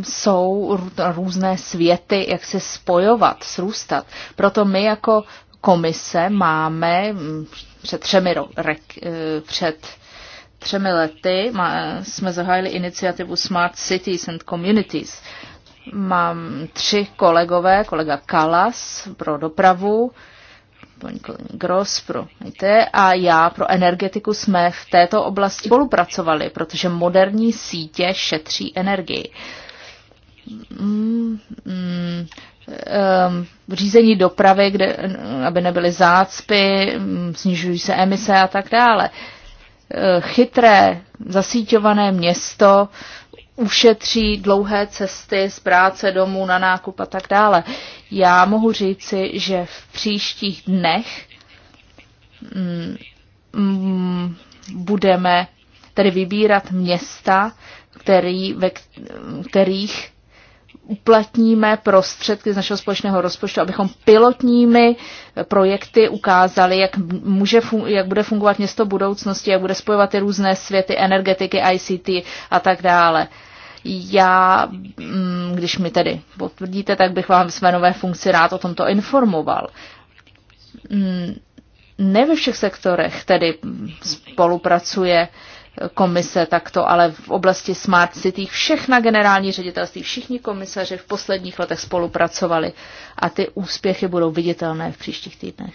jsou různé světy, jak se spojovat, srůstat. Proto my jako komise máme hm, před třemi, ro, re, eh, před třemi lety má, jsme zahájili iniciativu Smart Cities and Communities. Mám tři kolegové, kolega Kalas pro dopravu, paní Gross pro IT a já pro energetiku jsme v této oblasti spolupracovali, protože moderní sítě šetří energii. Mm, mm, mm řízení dopravy, kde, aby nebyly zácpy, mm, snižují se emise a tak dále. Eh, chytré, zasíťované město ušetří dlouhé cesty z práce domů na nákup a tak dále. Já mohu říci, že v příštích dnech mm, mm, budeme tedy vybírat města, který, ve kterých uplatníme prostředky z našeho společného rozpočtu, abychom pilotními projekty ukázali, jak, může jak bude fungovat město budoucnosti, jak bude spojovat ty různé světy, energetiky, ICT a tak dále. Já, mm, když mi tedy potvrdíte, tak bych vám své nové funkci rád o tomto informoval. Mm, ne ve všech sektorech tedy mm, spolupracuje uh, komise takto, ale v oblasti Smart City všechna generální ředitelství, všichni komisaři v posledních letech spolupracovali a ty úspěchy budou viditelné v příštích týdnech.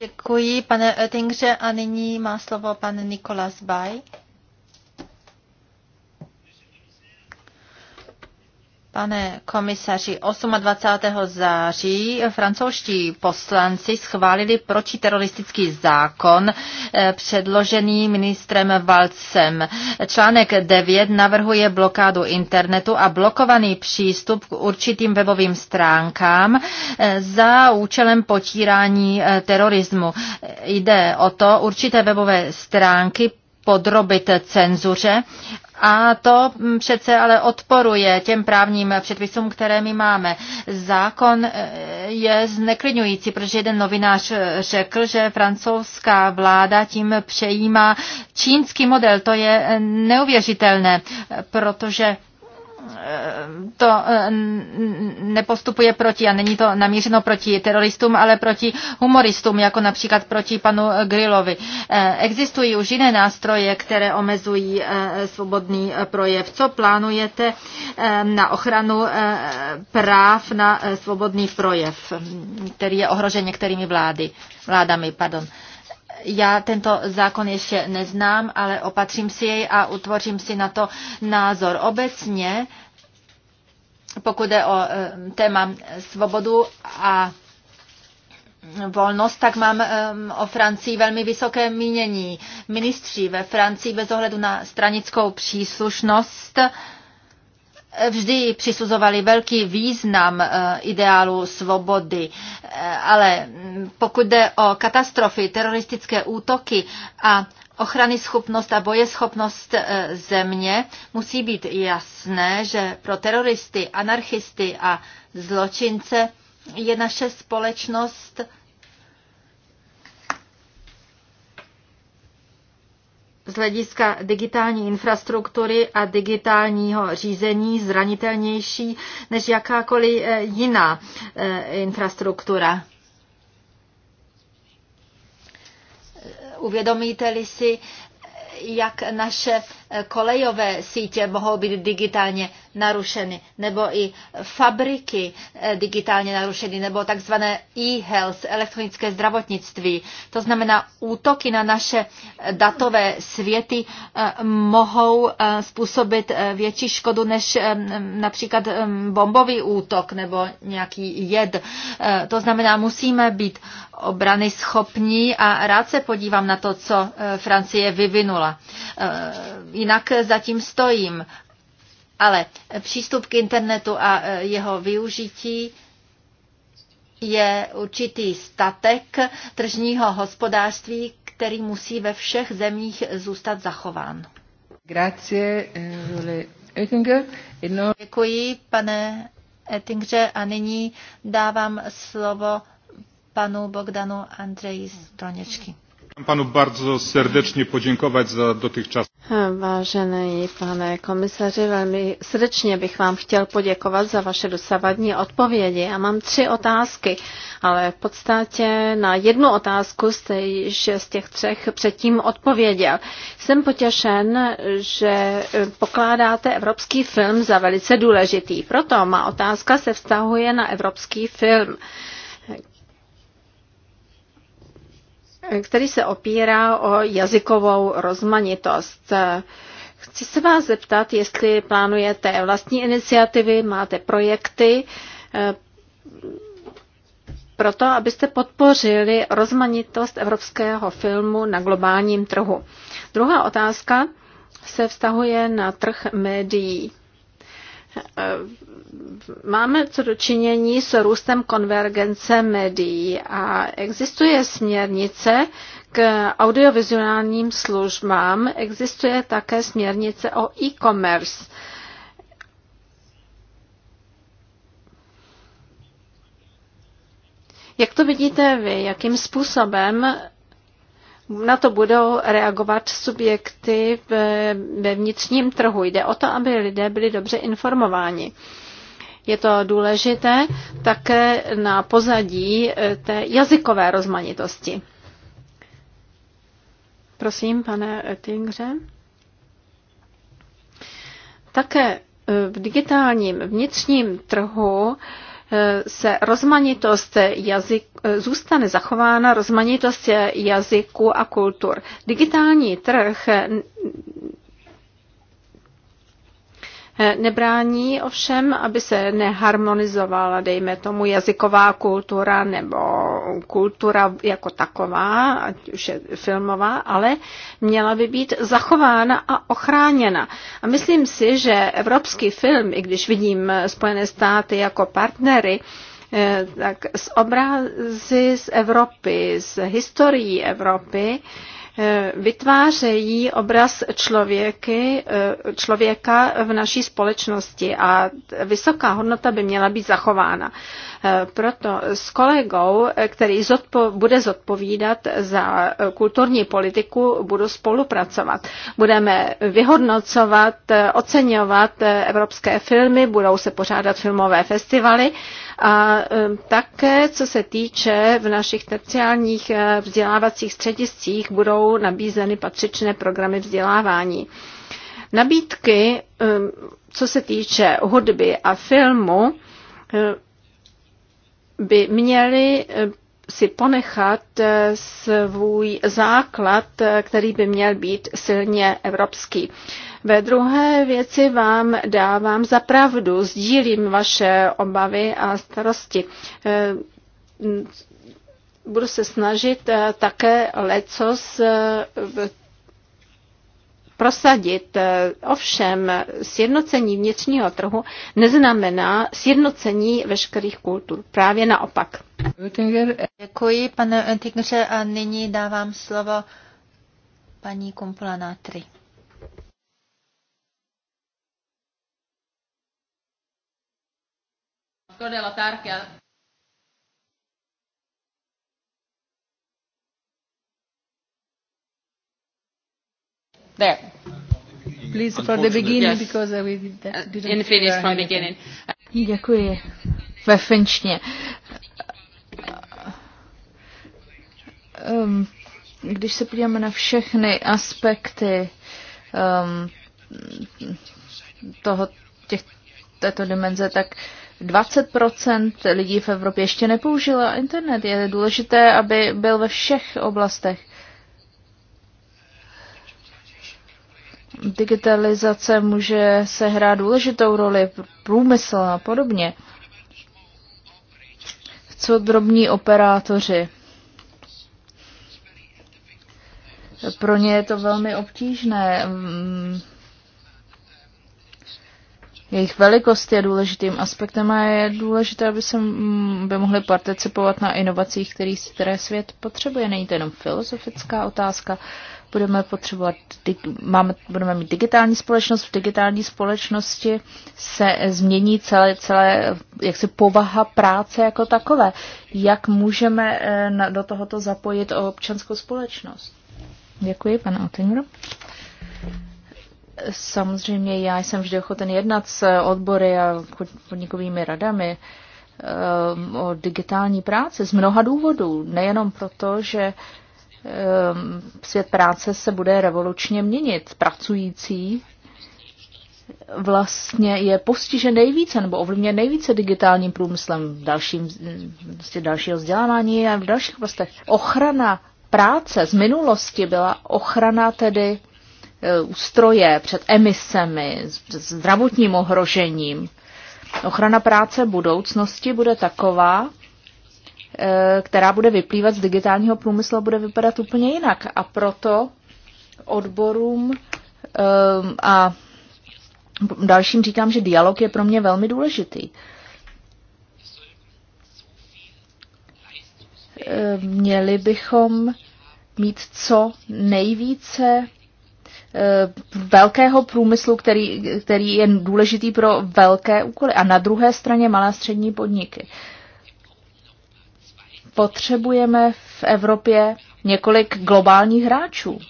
Děkuji, pane Oettinger, a nyní má slovo pan Nikolas Baj. Pane komisaři, 28. září francouzští poslanci schválili protiteroristický zákon eh, předložený ministrem Valcem. Článek 9 navrhuje blokádu internetu a blokovaný přístup k určitým webovým stránkám eh, za účelem potírání eh, terorismu. Jde o to určité webové stránky podrobit cenzuře a to přece ale odporuje těm právním předpisům, které my máme. Zákon eh, je zneklidňující, protože jeden novinář eh, řekl, že francouzská vláda tím přejímá čínský model. To je eh, neuvěřitelné, protože to eh, nepostupuje proti a není to namířeno proti teroristům, ale proti humoristům, jako například proti panu Grillovi. Eh, existují už jiné nástroje, které omezují eh, svobodný projev. Co plánujete na ochranu práv na svobodný projev, který je ohrožen některými vlády, vládami? Pardon. Já tento zákon ještě neznám, ale opatřím si jej a utvořím si na to názor. Obecně, pokud je o eh, téma svobodu a volnost, tak mám eh, o Francii velmi vysoké mínění. Ministři ve Francii bez ohledu na stranickou příslušnost vždy přisuzovali velký význam eh, ideálu svobody. Eh, ale pokud jde o katastrofy, teroristické útoky a ochrany schopnost a bojeschopnost eh, země, musí být jasné, že pro teroristy, anarchisty a zločince je naše společnost z hlediska digitální infrastruktury a digitálního řízení zranitelnější než jakákoliv eh, jiná eh, infrastruktura. Eh, uvědomíte-li si, jak naše kolejové sítě mohou být digitálně narušeny, nebo i fabriky eh, digitálně narušeny, nebo takzvané e-health, elektronické zdravotnictví. To znamená, útoky na naše eh, datové světy eh, mohou způsobit větší škodu než například bombový útok nebo nějaký jed. To znamená, musíme být obrany schopní a rád se podívám na to, co Francie vyvinula jinak zatím stojím. Ale přístup k internetu a e, jeho využití je určitý statek tržního hospodářství, který musí ve všech zemích zůstat zachován. Eh, Děkuji, pane Ettingře, a nyní dávám slovo panu Bogdanu Andreji Stroněčky panu bardzo serdecznie poděkovat za dotychczas. Vážený pane komisaři, velmi srdečně bych vám chtěl poděkovat za vaše dosavadní odpovědi. Já mám tři otázky, ale v podstatě na jednu otázku jste již z těch třech předtím odpověděl. Jsem potěšen, že pokládáte evropský film za velice důležitý. Proto má otázka se vztahuje na evropský film. který se opírá o jazykovou rozmanitost. Chci se vás zeptat, jestli plánujete vlastní iniciativy, máte projekty eh, pro to, abyste podpořili rozmanitost evropského filmu na globálním trhu. Druhá otázka se vztahuje na trh médií. Eh, máme co dočinění s růstem konvergence médií a existuje směrnice k audiovizuálním službám, existuje také směrnice o e-commerce. Jak to vidíte vy? Jakým způsobem na to budou reagovat subjekty ve vnitřním trhu. Jde o to, aby lidé byli dobře informováni. Je to důležité také na pozadí eh, té jazykové rozmanitosti. Prosím, pane Tingře. Také eh, v digitálním vnitřním trhu Eh, se rozmanitost jazyk, eh, zůstane zachována rozmanitost jazyků a kultur. Digitální trh Nebrání ovšem, aby se neharmonizovala, dejme tomu, jazyková kultura nebo kultura jako taková, ať už je filmová, ale měla by být zachována a ochráněna. A myslím si, že evropský film, i když vidím Spojené státy jako partnery, eh, tak z obrazy z Evropy, z historií Evropy, Eh, vytvářejí obraz člověky, eh, člověka v naší společnosti a vysoká hodnota by měla být zachována. Eh, proto s kolegou, který zodpo, bude zodpovídat za kulturní politiku, budu spolupracovat. Budeme vyhodnocovat, oceňovat evropské filmy, budou se pořádat filmové festivaly a také, co se týče v našich terciálních vzdělávacích střediscích, budou jsou nabízeny patřičné programy vzdělávání. Nabídky, um, co se týče hudby a filmu, um, by měly um, si ponechat uh, svůj základ, uh, který by měl být silně evropský. Ve druhé věci vám dávám za pravdu, sdílím vaše obavy a starosti uh, budu se snažit eh, také lecos eh, prosadit. Eh, ovšem, sjednocení vnitřního trhu neznamená sjednocení veškerých kultur. Právě naopak. Děkuji, pane Oettingerře, a nyní dávám slovo paní Kumpulanátry. Todella tärkeä There. Please from the beginning, yes. because we didn't uh, In Finnish from beginning. Děkuji. Ve finčně. Um, když se podíváme na všechny aspekty um, toho, těch, této dimenze, tak 20% lidí v Evropě ještě nepoužilo internet. Je důležité, aby byl ve všech oblastech Digitalizace může sehrát důležitou roli, průmysl a podobně. Co drobní operátoři? Pro ně je to velmi obtížné. Mm, jejich velikost je důležitým aspektem a je důležité, aby se mm, by mohli participovat na inovacích, které svět potřebuje. Není to jenom filozofická otázka, budeme potřebovat, máme, budeme mít digitální společnost, v digitální společnosti se změní celé, celé jaksi povaha práce jako takové. Jak můžeme eh, do tohoto zapojit občanskou společnost? Děkuji, pane Otinro. Samozřejmě já jsem vždy ochoten jednat s odbory a podnikovými radami eh, o digitální práci z mnoha důvodů. Nejenom proto, že Ehm, svět práce se bude revolučně měnit. Pracující vlastně je postižen nejvíce nebo ovlivněn nejvíce digitálním průmyslem v dalším, vlastně dalšího vzdělávání a v dalších vlastech. Ochrana práce z minulosti byla ochrana tedy e, ústroje před emisemi, zdravotním ohrožením. Ochrana práce budoucnosti bude taková, Eh, která bude vyplývat z digitálního průmyslu, bude vypadat úplně jinak. A proto odborům eh, a dalším říkám, že dialog je pro mě velmi důležitý. Eh, měli bychom mít co nejvíce velkého průmyslu, který, který je důležitý pro velké úkoly a na druhé straně malá střední podniky potřebujeme v Evropě několik globálních hráčů.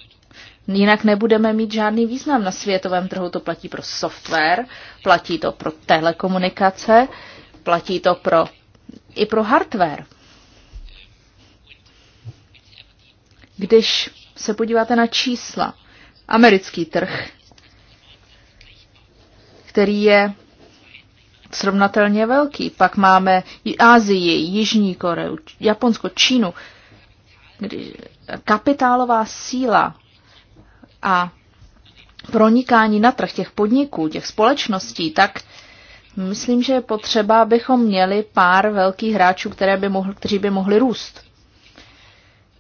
Jinak nebudeme mít žádný význam na světovém trhu. To platí pro software, platí to pro telekomunikace, platí to pro, i pro hardware. Když se podíváte na čísla, americký trh, který je srovnatelně velký. Pak máme Asii, Jižní Koreu, Japonsko, Čínu. kapitálová síla a pronikání na trh těch podniků, těch společností, tak myslím, že je potřeba, abychom měli pár velkých hráčů, které by mohli, kteří by mohli růst.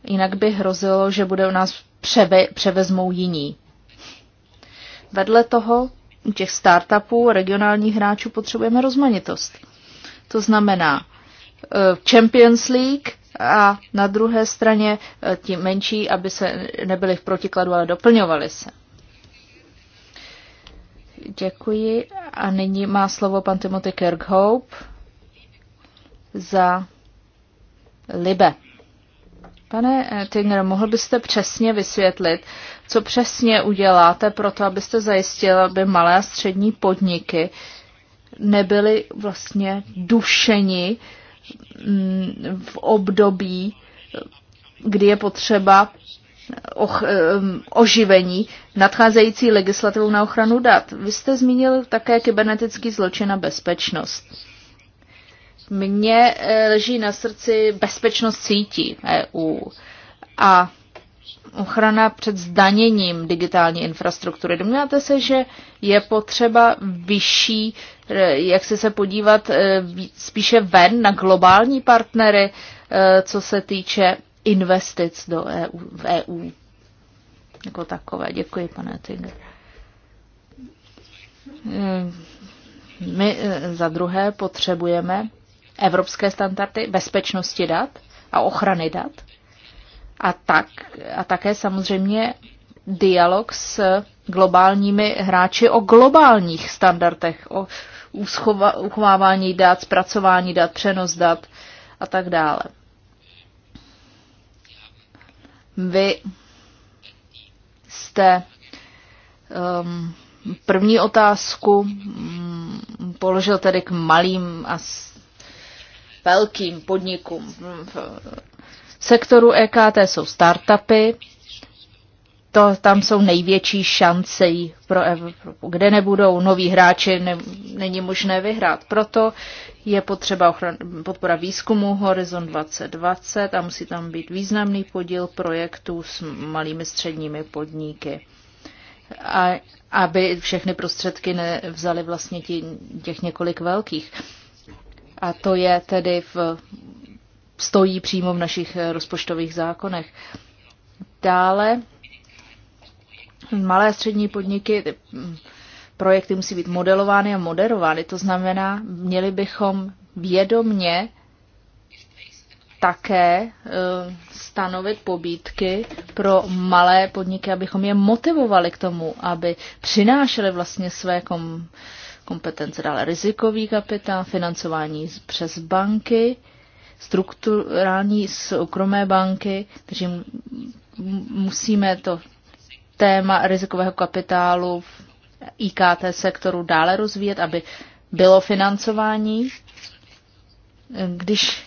Jinak by hrozilo, že bude u nás převe, převezmou jiní. Vedle toho těch startupů, regionálních hráčů potřebujeme rozmanitost. To znamená eh, Champions League a na druhé straně eh, ti menší, aby se nebyli v protikladu, ale doplňovali se. Děkuji. A nyní má slovo pan Timothy Kirkhope za Libe. Pane eh, Tinger, mohl byste přesně vysvětlit, co přesně uděláte pro to, abyste zajistili, aby malé a střední podniky nebyly vlastně dušeni mm, v období, kdy je potřeba oživení nadcházející legislativou na ochranu dat. Vy jste zmínil také kybernetický zločin a bezpečnost. Mně eh, leží na srdci bezpečnost sítí EU a ochrana před zdaněním digitální infrastruktury. Domníváte se, že je potřeba vyšší, eh, jak se se podívat eh, spíše ven na globální partnery, eh, co se týče investic do EU, v EU jako takové. Děkuji, pane Tinger. My za druhé potřebujeme evropské standardy bezpečnosti dat a ochrany dat a, tak, a také samozřejmě dialog s globálními hráči o globálních standardech, o uchovávání dat, zpracování dat, přenos dat a tak dále. Vy jste um, první otázku um, položil tedy k malým a velkým podnikům v sektoru EKT jsou startupy, to, tam jsou největší šance pro Evropu. Kde nebudou noví hráči, ne, není možné vyhrát. Proto je potřeba ochran, podpora výzkumu Horizon 2020 a musí tam být významný podíl projektů s malými středními podniky. A, aby všechny prostředky nevzali vlastně tě, těch několik velkých. A to je tedy v stojí přímo v našich eh, rozpočtových zákonech. Dále malé a střední podniky, ty hm, projekty musí být modelovány a moderovány. To znamená, měli bychom vědomně také eh, stanovit pobídky pro malé podniky, abychom je motivovali k tomu, aby přinášeli vlastně své kom, kompetence dále rizikový kapitál, financování přes banky, strukturální soukromé banky, takže musíme to téma rizikového kapitálu v IKT sektoru dále rozvíjet, aby bylo financování. Když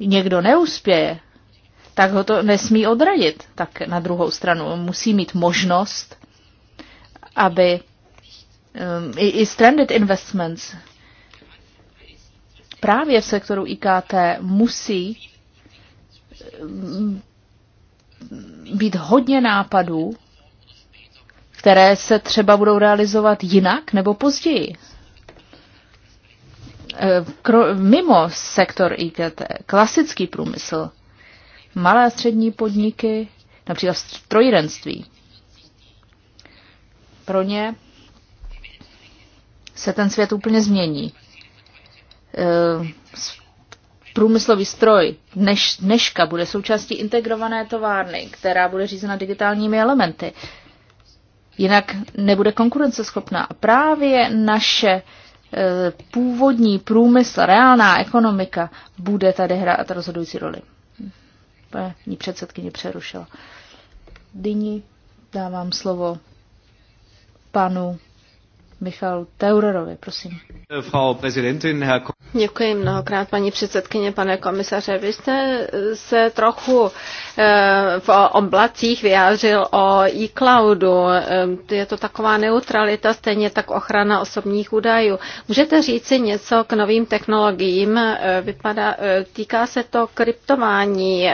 někdo neuspěje, tak ho to nesmí odradit. Tak na druhou stranu musí mít možnost, aby um, i, i stranded investments právě v sektoru IKT musí mm, být hodně nápadů, které se třeba budou realizovat jinak nebo později. E, mimo sektor IKT, klasický průmysl, malé a střední podniky, například strojírenství. Pro ně se ten svět úplně změní. Eh, průmyslový stroj dneš, dneška bude součástí integrované továrny, která bude řízena digitálními elementy. Jinak nebude konkurenceschopná. A právě naše eh, původní průmysl, reálná ekonomika bude tady hrát rozhodující roli. Paní předsedkyně přerušila. Dyní dávám slovo panu Michal Teurerovi, prosím. Děkuji mnohokrát, paní předsedkyně, pane komisaře. Vy jste se trochu eh, v oblacích vyjádřil o e-cloudu. Eh, je to taková neutralita, stejně tak ochrana osobních údajů. Můžete říci něco k novým technologiím? Eh, vypadá, týká se to kryptování,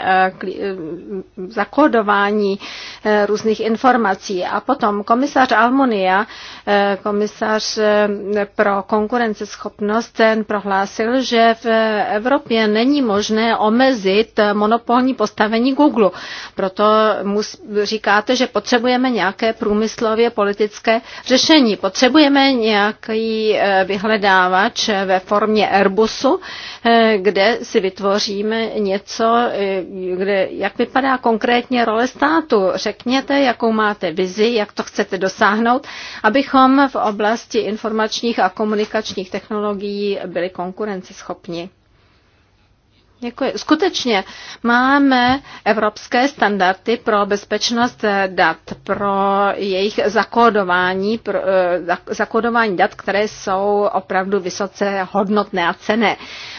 zakódování různých informací. A potom komisař Almunia, komisař komisař eh, pro konkurenceschopnost ten prohlásil, že v Evropě není možné omezit monopolní postavení Google. Proto říkáte, že potřebujeme nějaké průmyslově politické řešení. Potřebujeme nějaký eh, vyhledávač ve formě Airbusu, eh, kde si vytvoříme něco, kde, jak vypadá konkrétně role státu. Řekněte, jakou máte vizi, jak to chcete dosáhnout, abychom v oblasti oblasti informačních a komunikačních technologií byli konkurenceschopni. Děkuji. Skutečně máme evropské standardy pro bezpečnost dat, pro jejich zakódování, pro, eh, zakódování dat, které jsou opravdu vysoce hodnotné a cené.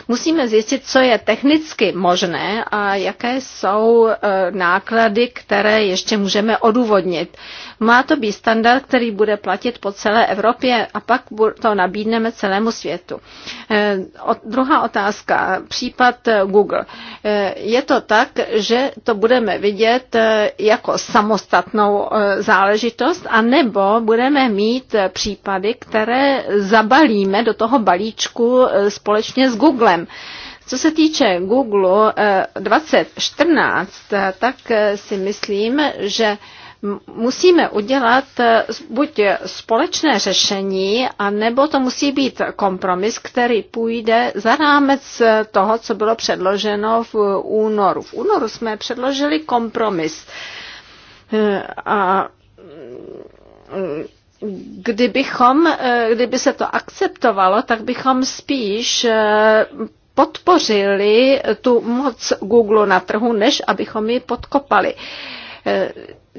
Musíme zjistit, co je technicky možné a jaké jsou eh, náklady, které ještě můžeme odůvodnit. Má to být standard, který bude platit po celé Evropě a pak to nabídneme celému světu. Eh, druhá otázka, případ eh, Google. Eh, je to tak, že to budeme vidět jako samostatnou záležitost, anebo budeme mít případy, které zabalíme do toho balíčku společně s Googlem. Co se týče Google 2014, tak si myslím, že musíme udělat e, buď společné řešení, anebo to musí být kompromis, který půjde za rámec e, toho, co bylo předloženo v únoru. V únoru jsme předložili kompromis. E, a mm, kdybychom, kdyby se to akceptovalo, tak bychom spíš podpořili tu moc Google na trhu, než abychom ji podkopali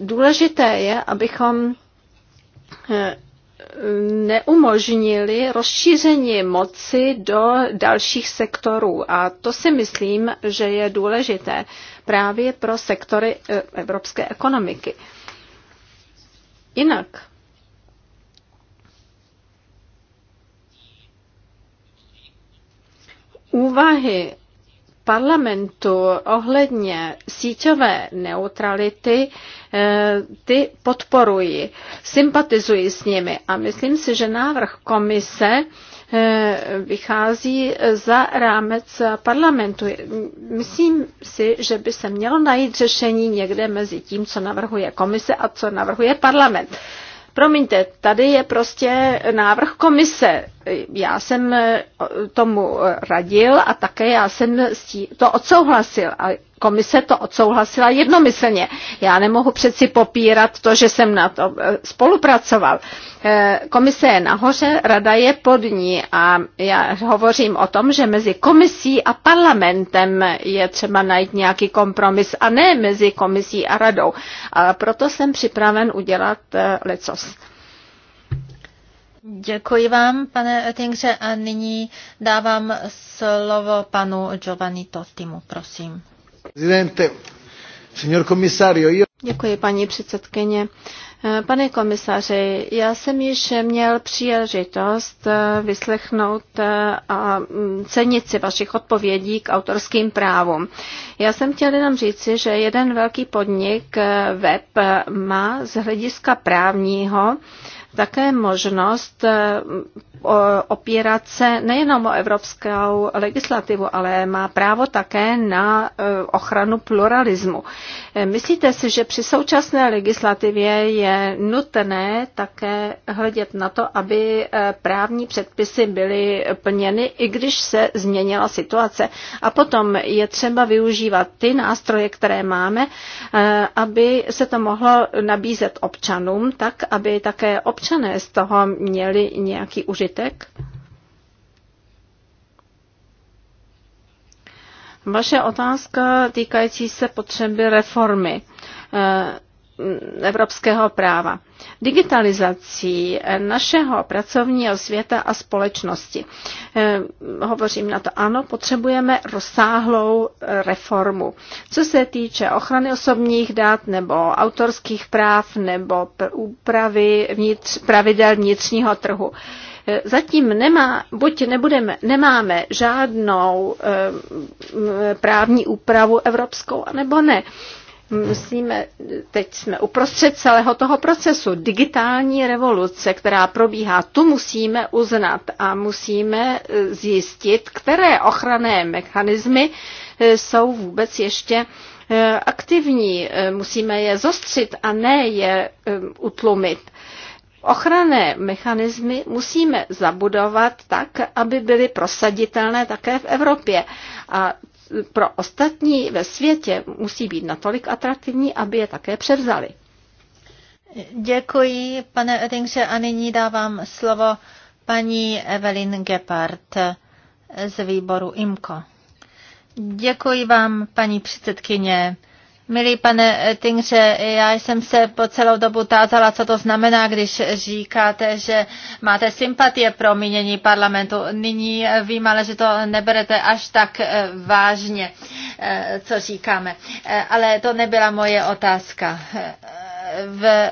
Důležité je, abychom eh, neumožnili rozšíření moci do dalších sektorů. A to si myslím, že je důležité právě pro sektory eh, evropské ekonomiky. Jinak úvahy parlamentu ohledně síťové neutrality Eh, ty podporuji, sympatizuji s nimi a myslím si, že návrh komise eh, vychází za rámec parlamentu. Myslím si, že by se mělo najít řešení někde mezi tím, co navrhuje komise a co navrhuje parlament. Promiňte, tady je prostě návrh komise. Já jsem eh, tomu radil a také já jsem to odsouhlasil. A komise to odsouhlasila jednomyslně. Já nemohu přeci popírat to, že jsem na to eh, spolupracoval. Eh, komise je nahoře, rada je pod ní a já hovořím o tom, že mezi komisí a parlamentem je třeba najít nějaký kompromis a ne mezi komisí a radou. A proto jsem připraven udělat eh, lecos. Děkuji vám, pane Oettingře, a nyní dávám slovo panu Giovanni Tottimu, prosím paní předsedkyně. Eh, pane komisaři, já jsem již měl příležitost eh, vyslechnout eh, a mm, cenit si vašich odpovědí k autorským právům. Já jsem chtěl jenom říci, že jeden velký podnik web má z hlediska právního také možnost opírat se nejenom o evropskou legislativu, ale má právo také na e, ochranu pluralismu. E, myslíte si, že při současné legislativě je nutné také hledět na to, aby e, právní předpisy byly plněny, i když se změnila situace. A potom je třeba využívat ty nástroje, které máme, aby se to mohlo nabízet občanům, tak aby také občané z toho měli nějaký užitek zbytek. Vaše otázka týkající se potřeby reformy eh, evropského práva. Digitalizací eh, našeho pracovního světa a společnosti. Eh, hovořím na to, ano, potřebujeme rozsáhlou reformu. Co se týče ochrany osobních dat nebo autorských práv nebo úpravy vnitř, pravidel vnitřního trhu. Eh, zatím nemá, buď nebudeme, nemáme žádnou eh, právní úpravu evropskou, anebo ne. Musíme, teď jsme uprostřed celého toho procesu digitální revoluce, která probíhá, tu musíme uznat a musíme eh, zjistit, které ochranné mechanismy jsou vůbec ještě aktivní. Musíme je zostřit a ne je utlumit ochranné mechanismy musíme zabudovat tak, aby byly prosaditelné také v Evropě. A pro ostatní ve světě musí být natolik atraktivní, aby je také převzali. Děkuji, pane Oettingře, a nyní dávám slovo paní Evelyn Gepard z výboru IMCO. Děkuji vám, paní předsedkyně. Milý pane Tingře, já jsem se po celou dobu tázala, co to znamená, když říkáte, že máte sympatie pro mínění parlamentu. Nyní vím ale, že to neberete až tak eh, vážně, eh, co říkáme. Eh, ale to nebyla moje otázka. V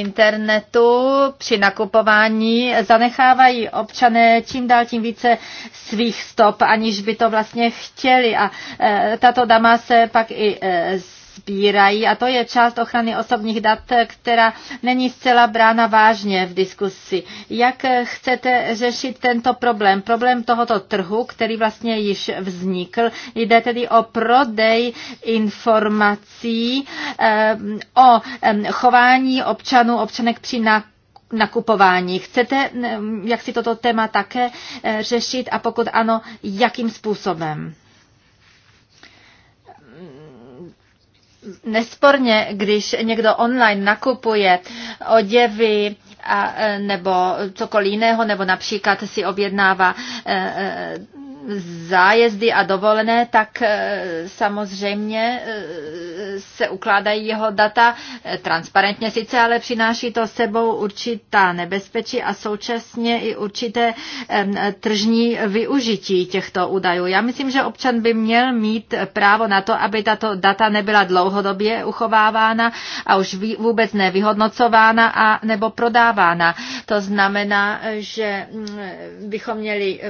internetu při nakupování zanechávají občané čím dál tím více svých stop, aniž by to vlastně chtěli. A e, tato dama se pak i e, sbírají a to je část ochrany osobních dat, která není zcela brána vážně v diskusi. Jak chcete řešit tento problém? Problém tohoto trhu, který vlastně již vznikl, jde tedy o prodej informací eh, o chování občanů, občanek při nakupování. Chcete, jak si toto téma také eh, řešit a pokud ano, jakým způsobem? nesporně, když někdo online nakupuje oděvy, a, e, nebo cokoliv jiného, nebo například si objednává e, e, zájezdy a dovolené, tak eh, samozřejmě eh, se ukládají jeho data eh, transparentně sice, ale přináší to sebou určitá nebezpečí a současně i určité tržní využití těchto údajů. Já myslím, že občan by měl mít právo na to, aby tato data nebyla dlouhodobě uchovávána a už vůbec nevyhodnocována a nebo prodávána. To znamená, že mm, bychom měli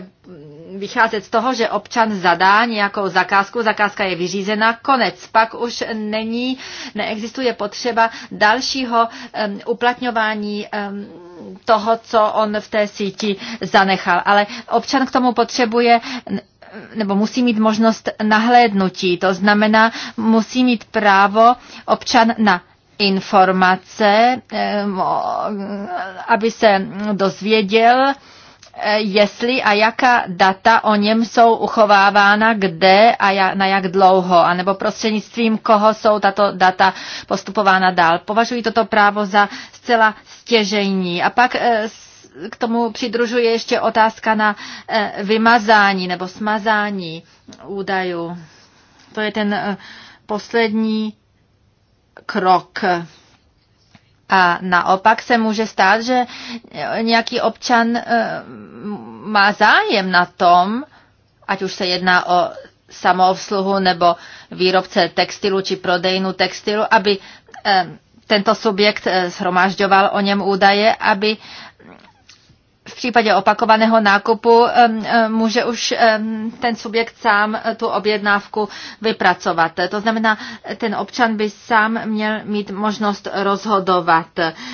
vycházet z toho, že občan zadá nějakou zakázku, zakázka je vyřízena, konec. Pak už není, neexistuje potřeba dalšího um, uplatňování um, toho, co on v té síti zanechal. Ale občan k tomu potřebuje nebo musí mít možnost nahlédnutí. To znamená, musí mít právo občan na informace, aby se dozvěděl, Eh, jestli a jaká data o něm jsou uchovávána, kde a jak, na jak dlouho, anebo prostřednictvím koho jsou tato data postupována dál. Považuji toto právo za zcela stěžejní. A pak eh, k tomu přidružuje ještě otázka na eh, vymazání nebo smazání údajů. To je ten poslední krok a naopak se může stát, že nějaký občan eh, má zájem na tom, ať už se jedná o samoobsluhu nebo výrobce textilu či prodejnu textilu, aby eh, tento subjekt eh, shromažďoval o něm údaje, aby v případě opakovaného nákupu může už ten subjekt sám eh, tu objednávku vypracovat. To znamená, ten občan by sám měl mít možnost rozhodovat,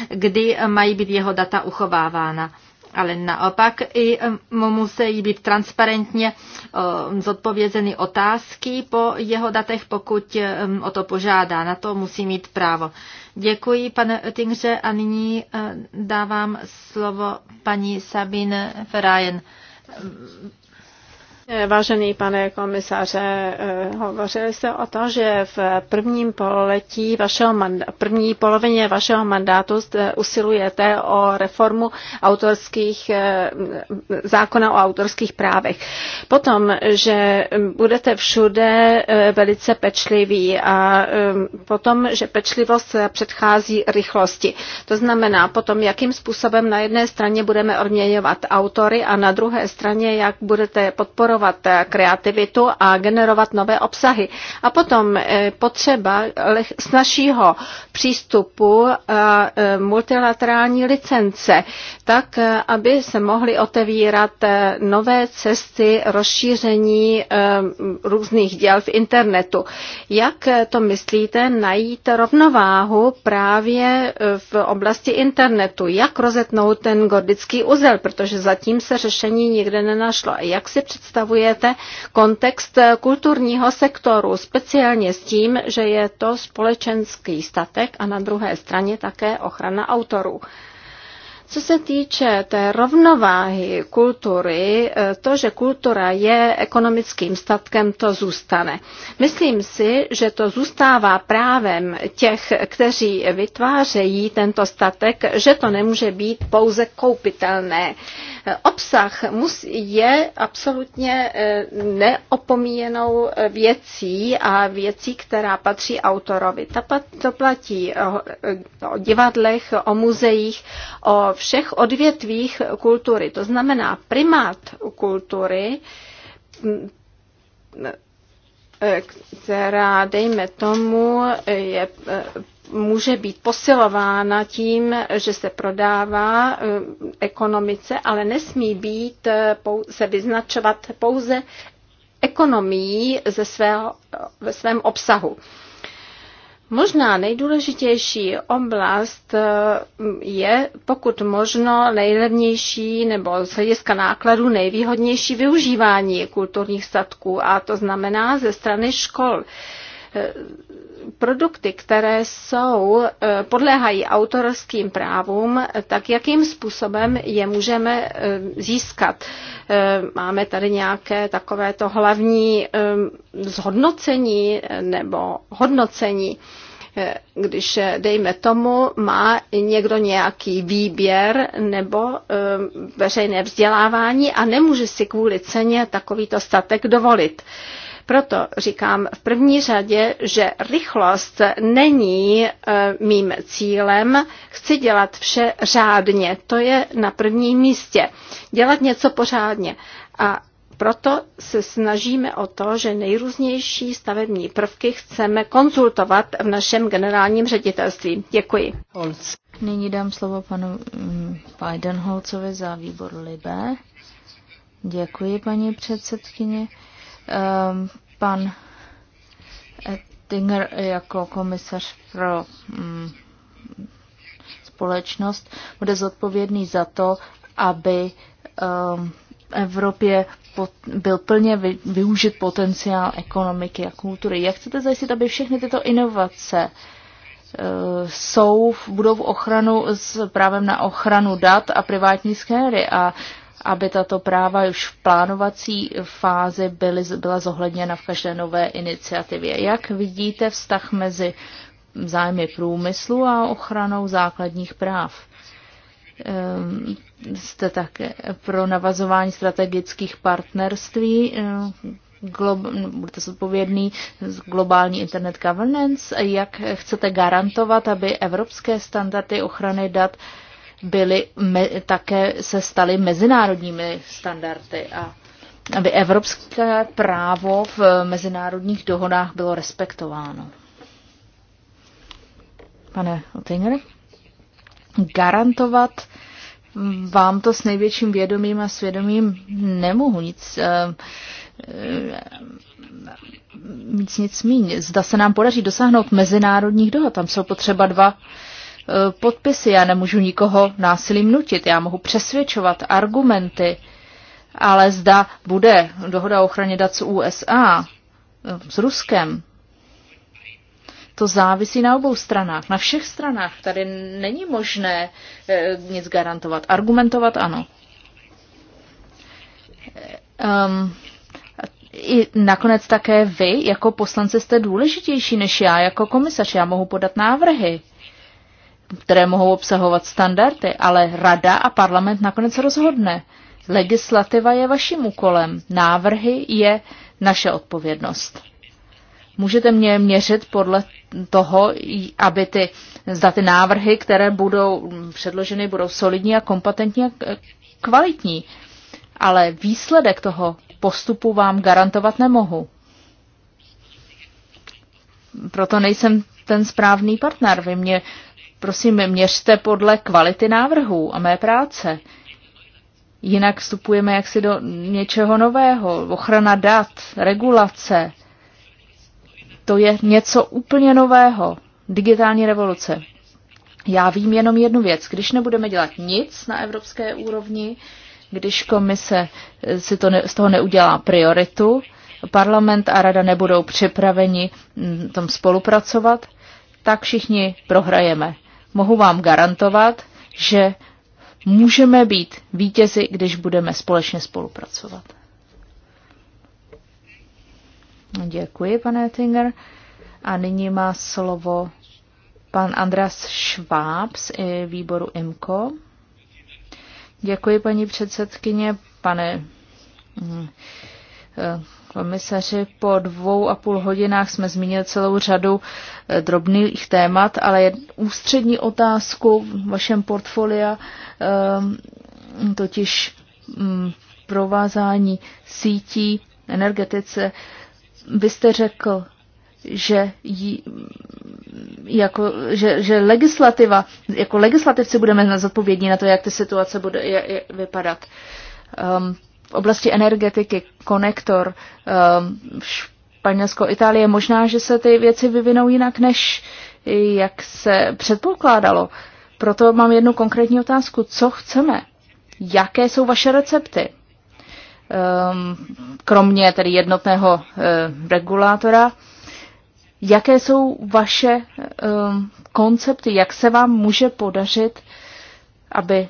kdy mají být jeho data uchovávána ale naopak i musí být transparentně eh, zodpovězeny otázky po jeho datech, pokud o to požádá. Na to musí mít právo. Děkuji, pane Oettingře, a nyní eh, dávám slovo paní Sabine Ferajen. Vážený pane komisaře, eh, hovořili jste o tom, že v prvním pololetí vašeho manda- první polovině vašeho mandátu usilujete o reformu autorských eh, zákona o autorských právech. Potom, že budete všude eh, velice pečliví a potom, že pečlivost předchází rychlosti. To znamená potom, jakým způsobem na jedné straně budeme odměňovat autory a na druhé straně, jak budete podporovat podporovat eh, kreativitu a generovat nové obsahy. A potom eh, potřeba snažšího přístupu eh, multilaterální licence tak eh, aby se mohly otevírat eh, nové cesty rozšíření eh, různých děl v internetu. Jak to myslíte najít rovnováhu právě v oblasti internetu? Jak rozetnout ten gordický uzel, protože zatím se řešení nikde nenašlo. A Jak si představujete kontext kulturního sektoru, speciálně s tím, že je to společenský statek a na druhé straně také ochrana autorů? Co se týče té rovnováhy kultury, eh, to, že kultura je ekonomickým statkem, to zůstane. Myslím si, že to zůstává právem těch, kteří vytvářejí tento statek, že to nemůže být pouze koupitelné. Uh, Obsah je absolutně eh, neopomíjenou eh, věcí a věcí, která patří autorovi. To platí eh, o divadlech, o muzeích, o všech odvětvích kultury. To znamená, primát kultury která, dejme tomu, je může být posilována tím, že se prodává e, ekonomice, ale nesmí být e, se vyznačovat pouze ekonomií ze svého, ve svém obsahu. Možná nejdůležitější oblast e, je, pokud možno, nejlevnější nebo z hlediska nákladu nejvýhodnější využívání kulturních statků, a to znamená ze strany škol produkty, které jsou, eh, podléhají autorským právům, tak jakým způsobem je můžeme eh, získat? Eh, máme tady nějaké takovéto hlavní zhodnocení nebo hodnocení když dejme tomu, má někdo nějaký výběr nebo veřejné vzdělávání a nemůže si kvůli ceně takovýto statek dovolit. Proto říkám v první řadě, že rychlost není eh, mým cílem, chci dělat vše řádně, to je na prvním místě. Dělat něco pořádně. A proto se snažíme o to, že nejrůznější stavební prvky chceme konzultovat v našem generálním ředitelství. Děkuji. Holc. Nyní dám slovo panu Bidenholcovi mm, za výbor Libe. Děkuji, paní předsedkyně. Ehm, pan Ettinger jako komisař pro mm, společnost bude zodpovědný za to, aby um, Evropě pot, byl plně vy, využit potenciál ekonomiky a kultury. Jak chcete zajistit, aby všechny tyto inovace uh, jsou, budou v ochranu s právem na ochranu dat a privátní sféry a aby tato práva už v plánovací fázi byly, byla zohledněna v každé nové iniciativě. Jak vidíte vztah mezi zájmy průmyslu a ochranou základních práv? Ehm, jste také pro navazování strategických partnerství, ehm, budete zodpovědný z globální internet governance, jak chcete garantovat, aby evropské standardy ochrany dat byly me, také se staly mezinárodními standardy a aby evropské právo v mezinárodních dohodách bylo respektováno. Pane Otingere, garantovat vám to s největším vědomím a svědomím nemohu nic, eh, eh, nic, nic míň. Zda se nám podaří dosáhnout mezinárodních dohod. Tam jsou potřeba dva Eh, podpisy. Já nemůžu nikoho násilím nutit, já mohu přesvědčovat argumenty, ale zda bude dohoda o ochraně dat s USA, eh, s Ruskem, to závisí na obou stranách, na všech stranách. Tady není možné eh, nic garantovat. Argumentovat ano. Um, i nakonec také vy jako poslanci jste důležitější než já jako komisař. Já mohu podat návrhy které mohou obsahovat standardy, ale rada a parlament nakonec rozhodne. Legislativa je vaším úkolem, návrhy je naše odpovědnost. Můžete mě měřit podle toho, aby ty, zda ty návrhy, které budou předloženy, budou solidní a kompetentní a kvalitní. Ale výsledek toho postupu vám garantovat nemohu. Proto nejsem ten správný partner. Vy mě Prosím, měřte podle kvality návrhů a mé práce. Jinak vstupujeme jaksi do něčeho nového. Ochrana dat, regulace. To je něco úplně nového. Digitální revoluce. Já vím jenom jednu věc. Když nebudeme dělat nic na evropské úrovni, když komise eh, si to ne, z toho neudělá prioritu, parlament a rada nebudou připraveni mm, tom spolupracovat, tak všichni prohrajeme mohu vám garantovat, že můžeme být vítězi, když budeme společně spolupracovat. Děkuji, pane Ettinger. A nyní má slovo pan Andras Šváb z výboru IMCO. Děkuji, paní předsedkyně, pane mm, eh, komisaři, po dvou a půl hodinách jsme zmínili celou řadu eh, drobných témat, ale ústřední otázku v vašem portfolia, ehm, totiž mm, provázání sítí energetice, byste řekl, že, jí, mm, jako, že, že legislativa, jako legislativci budeme zodpovědní na to, jak ta situace bude je, je, vypadat. Um, v oblasti energetiky, konektor, ehm, Španělsko, Itálie, možná, že se ty věci vyvinou jinak, než jak se předpokládalo. Proto mám jednu konkrétní otázku. Co chceme? Jaké jsou vaše recepty? Ehm, kromě tedy jednotného eh, regulátora, jaké jsou vaše ehm, koncepty? Jak se vám může podařit, aby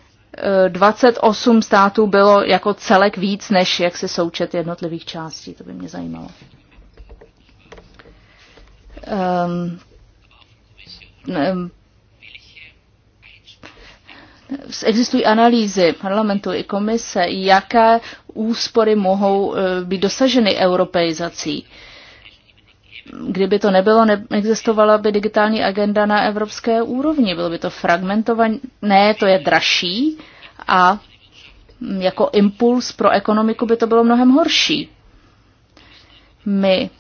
28 států bylo jako celek víc než jak se součet jednotlivých částí. To by mě zajímalo. Um, Existují analýzy parlamentu i komise, jaké úspory mohou eh, být dosaženy europeizací. Uh, Kdyby to nebylo, neexistovala by digitální agenda na evropské úrovni. Bylo by to fragmentované, to je dražší a jako impuls pro ekonomiku by to bylo mnohem horší. My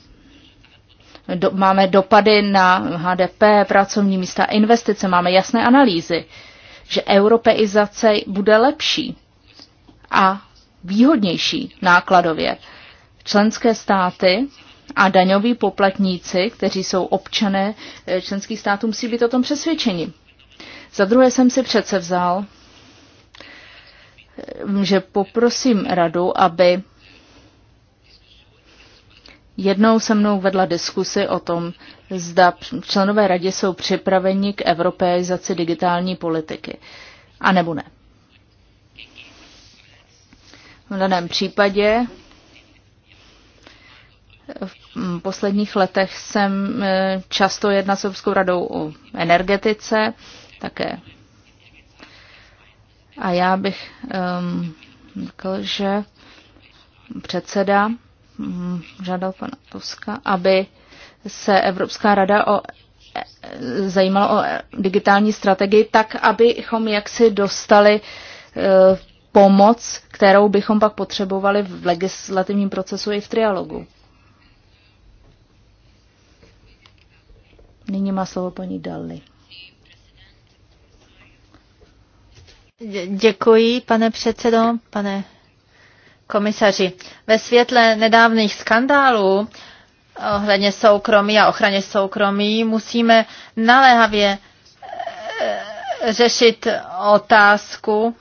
do, máme dopady na HDP, pracovní místa, investice, máme jasné analýzy, že europeizace bude lepší a výhodnější nákladově. Členské státy a daňoví poplatníci, kteří jsou občané eh, členských států, musí být o tom přesvědčeni. Za druhé jsem si přece vzal, eh, že poprosím radu, aby jednou se mnou vedla diskusy o tom, zda členové radě jsou připraveni k europeizaci digitální politiky, a nebo ne. V daném případě v posledních letech jsem e, často jedna s Evropskou radou o energetice také. A já bych um, řekl, že předseda um, žádal pana Tuska, aby se Evropská rada o e, zajímala o digitální strategii, tak abychom jaksi dostali e, pomoc, kterou bychom pak potřebovali v legislativním procesu i v trialogu. Nyní má slovo paní Dalli. Děkuji, pane předsedo, pane komisaři. Ve světle nedávných skandálů ohledně soukromí a ochraně soukromí musíme naléhavě eh, řešit otázku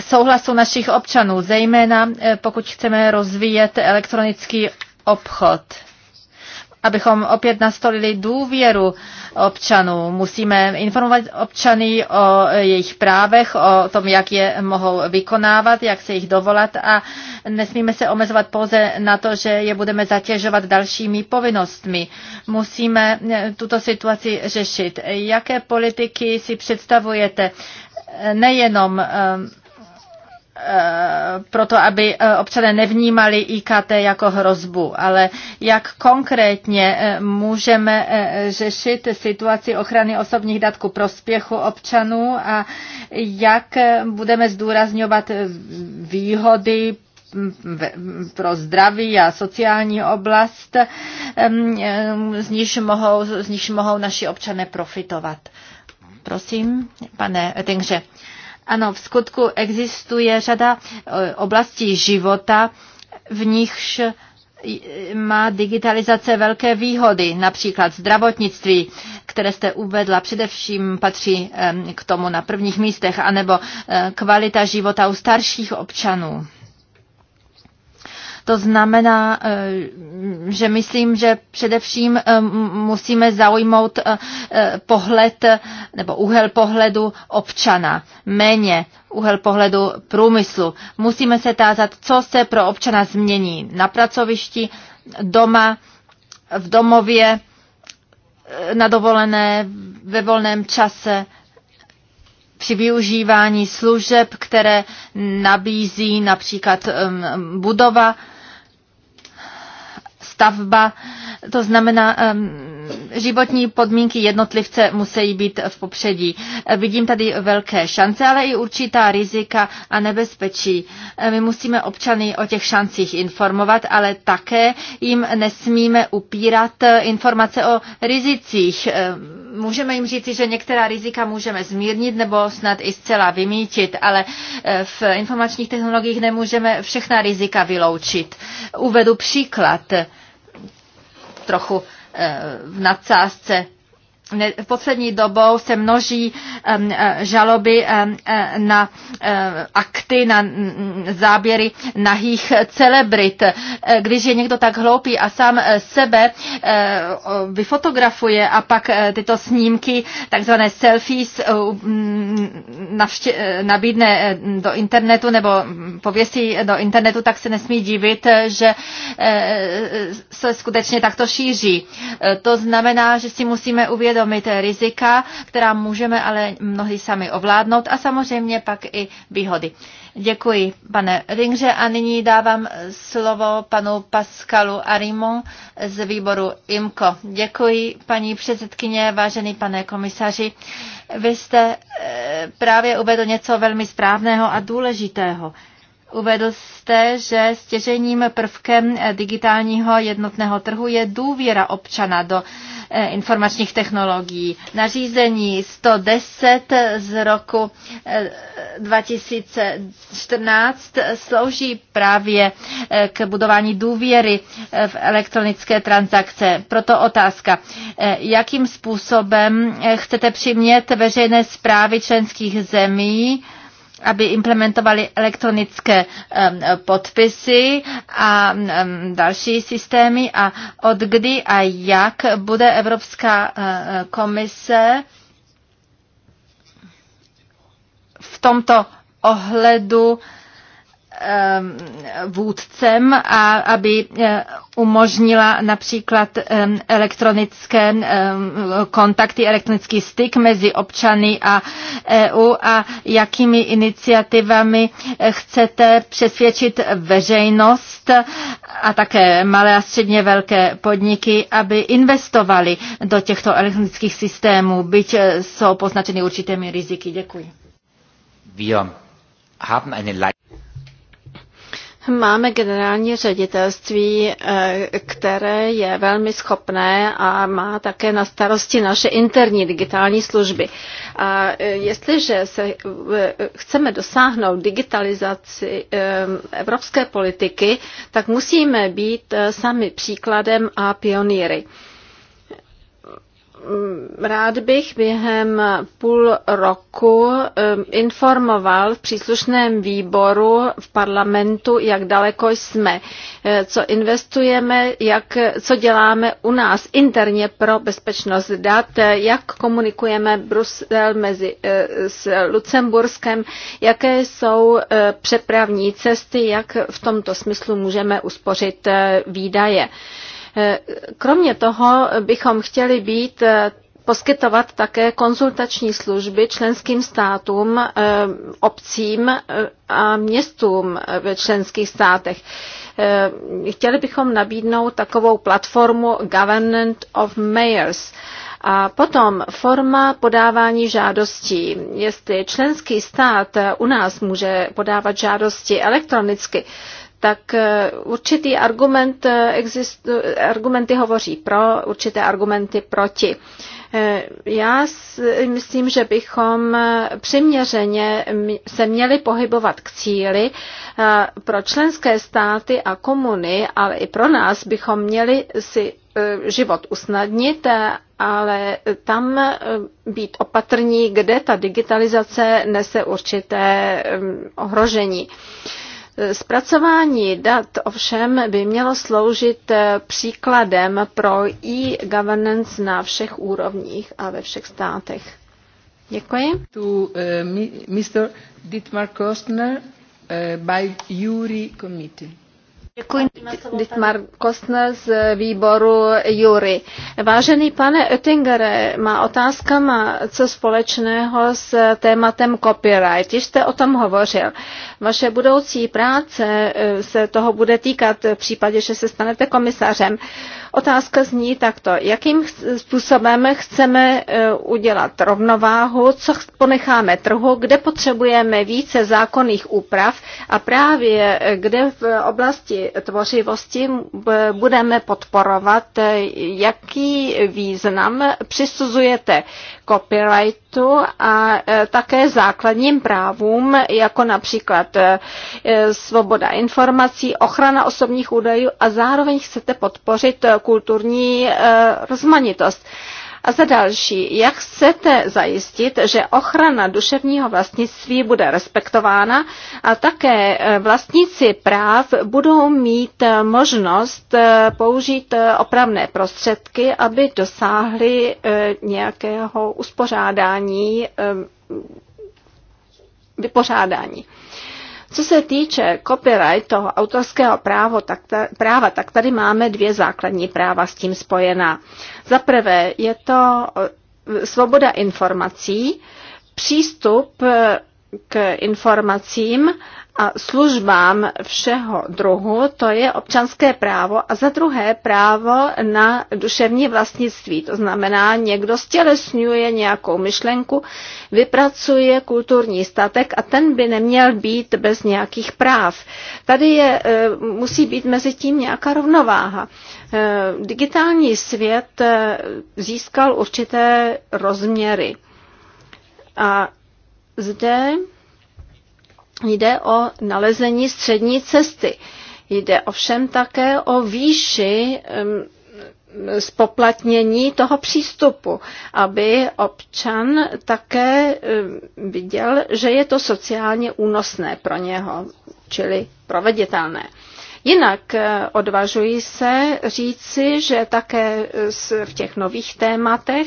souhlasu našich občanů, zejména eh, pokud chceme rozvíjet elektronický obchod abychom opět nastolili důvěru občanů. Musíme informovat občany o jejich právech, o tom, jak je mohou vykonávat, jak se jich dovolat a nesmíme se omezovat pouze na to, že je budeme zatěžovat dalšími povinnostmi. Musíme eh, tuto situaci řešit. Jaké politiky si představujete? Nejenom eh, proto, aby eh, občané nevnímali IKT jako hrozbu, ale jak konkrétně eh, můžeme eh, řešit situaci ochrany osobních dat ku prospěchu občanů a jak budeme zdůrazňovat výhody pro zdraví a sociální oblast, z níž mohou, z níž mohou naši občané profitovat. Prosím, pane Tengře. Ano, v skutku existuje řada e, oblastí života, v nichž e, má digitalizace velké výhody, například zdravotnictví, které jste uvedla, především patří k tomu na prvních místech, anebo e, kvalita života u starších občanů. To znamená, eh, že myslím, že především eh, musíme zaujmout eh, pohled nebo úhel pohledu občana, méně úhel pohledu průmyslu. Musíme se tázat, co se pro občana změní na pracovišti, doma, v domově, na dovolené, ve volném čase, při využívání služeb, které nabízí například budova stavba. To znamená, životní podmínky jednotlivce musí být v popředí. Vidím tady velké šance, ale i určitá rizika a nebezpečí. My musíme občany o těch šancích informovat, ale také jim nesmíme upírat informace o rizicích. Můžeme jim říci, že některá rizika můžeme zmírnit nebo snad i zcela vymítit, ale eh, v informačních technologiích nemůžeme všechna rizika vyloučit. Uvedu příklad trochu eh, v nadsázce v poslední dobou se množí e, žaloby e, na e, akty, na záběry nahých celebrit. Když je někdo tak hloupý a sám sebe vyfotografuje a pak tyto snímky, takzvané selfies, nabídne do internetu nebo pověsí do internetu, tak se nesmí divit, že se skutečně takto šíří. To znamená, že si musíme uvědomit, uvědomit rizika, která můžeme ale mnohdy sami ovládnout a samozřejmě pak i výhody. Děkuji, pane Ringře, a nyní dávám slovo panu Pascalu Arimon z výboru IMCO. Děkuji, paní předsedkyně, vážený pane komisaři. Vy jste eh, právě uvedl něco velmi správného a důležitého. Uvedl jste, že stěžením prvkem eh, digitálního jednotného trhu je důvěra občana do eh, informačních technologií. Nařízení 110 z roku 2014 eh, slouží právě k budování důvěry v elektronické transakce. Proto otázka, jakým způsobem chcete přimět veřejné zprávy členských zemí, aby implementovali elektronické podpisy a další systémy a od kdy a jak bude Evropská eh, komise v tomto ohledu Eh, vůdcem a aby eh, umožnila například eh, elektronické kontakty, elektronický styk mezi občany a EU a jakými iniciativami chcete přesvědčit veřejnost a také malé a středně velké podniky, aby investovali do těchto elektronických systémů, byť jsou poznačeny určitými riziky. Děkuji. Wir haben eine Máme generální ředitelství, eh, které je velmi schopné a má také na starosti naše interní digitální služby. A eh, jestliže se eh, chceme dosáhnout digitalizaci evropské politiky, tak musíme být sami příkladem a pionýry. Mm, rád bych během půl roku mm, informoval v příslušném výboru v parlamentu, jak daleko jsme, eh, co investujeme, jak, co děláme u nás interně pro bezpečnost dat, eh, jak komunikujeme Brusel mezi, eh, s Lucemburskem, jaké jsou přepravní cesty, jak v tomto smyslu můžeme uspořit výdaje. Eh, kromě toho bychom chtěli být eh, poskytovat také konzultační služby členským státům, eh, obcím a městům ve členských státech. Chtěli bychom nabídnout takovou platformu Government of Mayors. A potom forma podávání žádostí. Jestli členský stát u nás může podávat žádosti elektronicky, tak eh, určitý argument eh, existu, argumenty hovoří pro, určité argumenty proti. Eh, já myslím, že bychom přiměřeně se měli pohybovat k cíli. Pro členské státy a komuny, ale i pro nás bychom měli si život usnadnit, ale tam být opatrní, kde ta digitalizace nese určité ohrožení. Zpracování dat ovšem by mělo sloužit eh, příkladem pro e-governance na všech úrovních a ve všech státech. Děkuji. To uh, eh, Mr. Dietmar Kostner uh, by Jury Committee. Děkuji, Dietmar Kostner z výboru Jury. Vážený pane Oettingere, má otázka má co společného s tématem copyright. Již jste o tom hovořil. Vaše budoucí práce eh, se toho bude týkat v případě, že se stanete komisařem. Otázka zní takto, jakým způsobem chceme e, udělat rovnováhu, co ponecháme trhu, kde potřebujeme více zákonných úprav a právě e, kde v oblasti tvořivosti budeme podporovat, e, jaký význam přisuzujete copyrightu a e, také základním právům, jako například e, e, svoboda informací, ochrana osobních údajů a zároveň chcete podpořit kulturní rozmanitost. A za další, jak chcete zajistit, že ochrana duševního vlastnictví bude respektována a také eh, vlastníci práv budou mít eh, možnost eh, použít opravné prostředky, aby dosáhli nějakého uspořádání vypořádání. Co se týče copyright, toho autorského právo, tak ta, práva, tak tady máme dvě základní práva s tím spojená. Za prvé je to eh, svoboda informací, přístup eh, k informacím a službám všeho druhu, to je občanské právo a za druhé právo na duševní vlastnictví. To znamená, někdo stělesňuje nějakou myšlenku, vypracuje kulturní statek a ten by neměl být bez nějakých práv. Tady je, e, musí být mezi tím nějaká rovnováha. E, digitální svět e, získal určité rozměry. A zde jde o nalezení střední cesty. Jde ovšem také o výši spoplatnění toho přístupu, aby občan také viděl, že je to sociálně únosné pro něho, čili proveditelné. Jinak eh, odvažuji se říci, že také eh, v těch nových tématech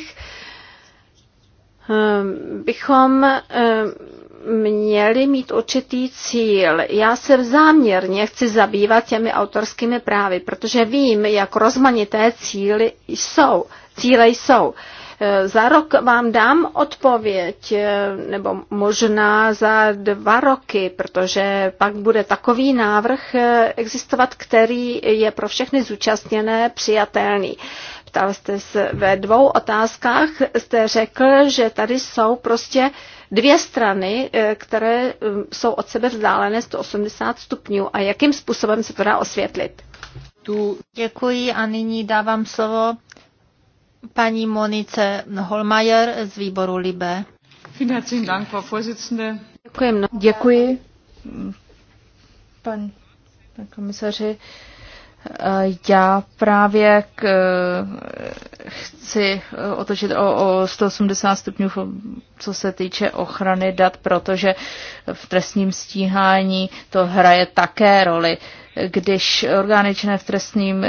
bychom měli mít určitý cíl. Já se záměrně chci zabývat těmi autorskými právy, protože vím, jak rozmanité cíly jsou. Cíle jsou. E, za rok vám dám odpověď, e, nebo možná za dva roky, protože pak bude takový návrh e, existovat, který je pro všechny zúčastněné přijatelný. Ptal jste se ve dvou otázkách, jste řekl, že tady jsou prostě uh, dvě strany, eh, které eh, jsou od sebe vzdálené 180 stupňů a jakým způsobem se to dá osvětlit. Tu... Děkuji a nyní dávám slovo paní Monice Holmajer z výboru Libe. Děkuji. Děkuji. Pan, pan komisaři, Eh, já právě k, eh, chci eh, otočit o, o 180 stupňů, co se týče ochrany dat, protože v trestním stíhání to hraje také roli. Když orgány činné v trestním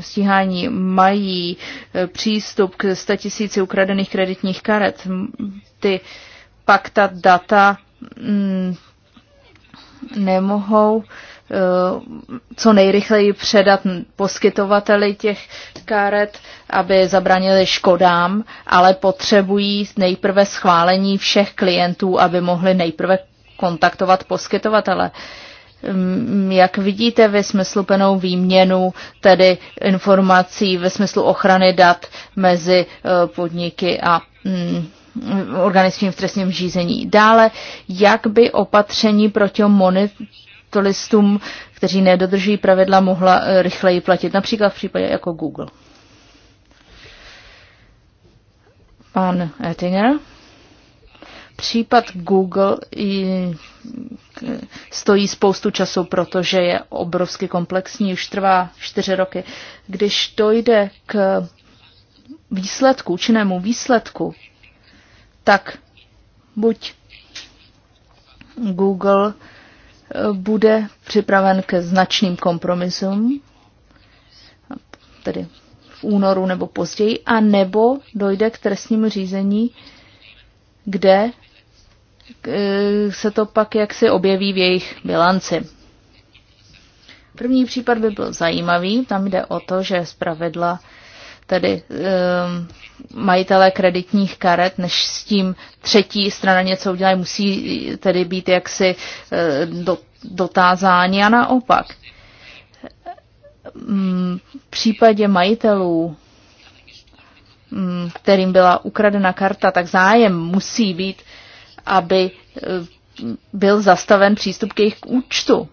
stíhání mají přístup k 100 000 ukradených kreditních karet, ty pak ta data mm, nemohou uh, Eh, co nejrychleji předat poskytovateli těch karet, aby zabranili škodám, ale potřebují nejprve schválení všech klientů, aby mohli nejprve kontaktovat poskytovatele. Mm, jak vidíte ve smyslu penou výměnu, tedy informací ve smyslu ochrany dat mezi eh, podniky a mm, organickým v trestním řízení. Dále, jak by opatření proti monopolistům, kteří nedodržují pravidla, mohla eh, rychleji platit, například v případě jako Google. Pan Ettinger. Případ Google eh, stojí spoustu času, protože je obrovsky komplexní, už trvá čtyři roky. Když dojde k výsledku, činnému výsledku, tak buď Google bude připraven ke značným kompromisům, tedy v únoru nebo později, a nebo dojde k trestnímu řízení, kde e, se to pak jaksi objeví v jejich bilanci. První případ by byl zajímavý, tam jde o to, že zpravidla tedy um, majitelé kreditních karet, než s tím třetí strana něco udělá, musí tedy být jaksi uh, do, dotázáni a naopak. Um, v případě majitelů, um, kterým byla ukradena karta, tak zájem musí být, aby uh, byl zastaven přístup k jejich účtu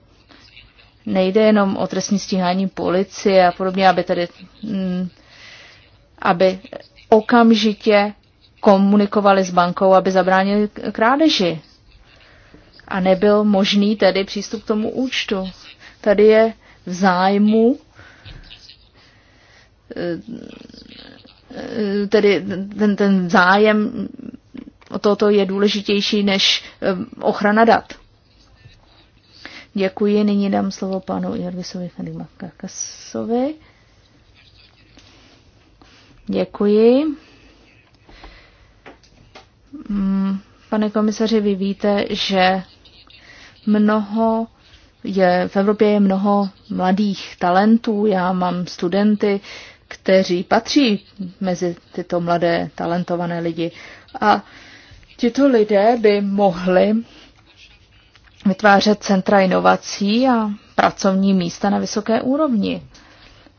nejde jenom o trestní stíhání policie a podobně, aby tedy mm, aby okamžitě komunikovali s bankou, aby zabránili krádeži. A nebyl možný tedy přístup k tomu účtu. Tady je v zájmu eh, tedy ten, ten zájem o toto je důležitější než eh, ochrana dat. Děkuji, nyní dám slovo panu Jarvisovi Fenimakasovi. Děkuji. Mm, pane komisaři, vy víte, že mnoho je, v Evropě je mnoho mladých talentů. Já mám studenty, kteří patří mezi tyto mladé talentované lidi. A tito lidé by mohli vytvářet centra inovací a pracovní místa na vysoké úrovni.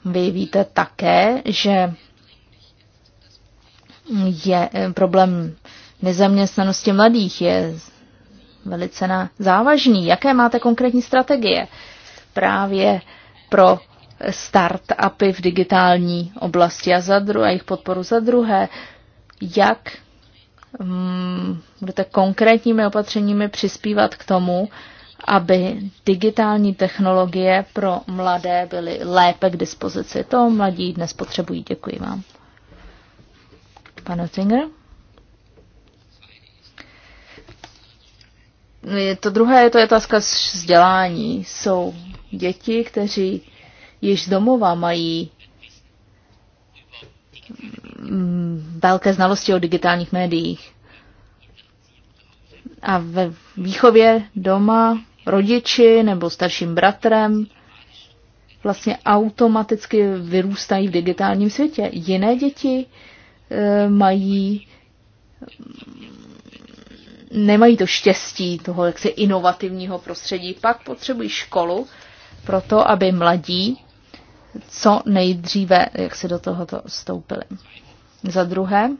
Vy víte také, že je eh, problém nezaměstnanosti mladých je velice na, závažný. Jaké máte konkrétní strategie právě pro start-upy v digitální oblasti a, za a jejich podporu za druhé? Jak um, budete konkrétními opatřeními přispívat k tomu, aby digitální technologie pro mladé byly lépe k dispozici. To mladí dnes potřebují. Děkuji vám panu Zinger. to druhé je to otázka vzdělání. Jsou děti, kteří již z domova mají mm, velké znalosti o digitálních médiích. A ve výchově doma rodiči nebo starším bratrem vlastně automaticky vyrůstají v digitálním světě. Jiné děti Eh, mají nemají to štěstí toho jaksi inovativního prostředí. Pak potřebují školu pro to, aby mladí co nejdříve jak se do tohoto vstoupili. Za druhé,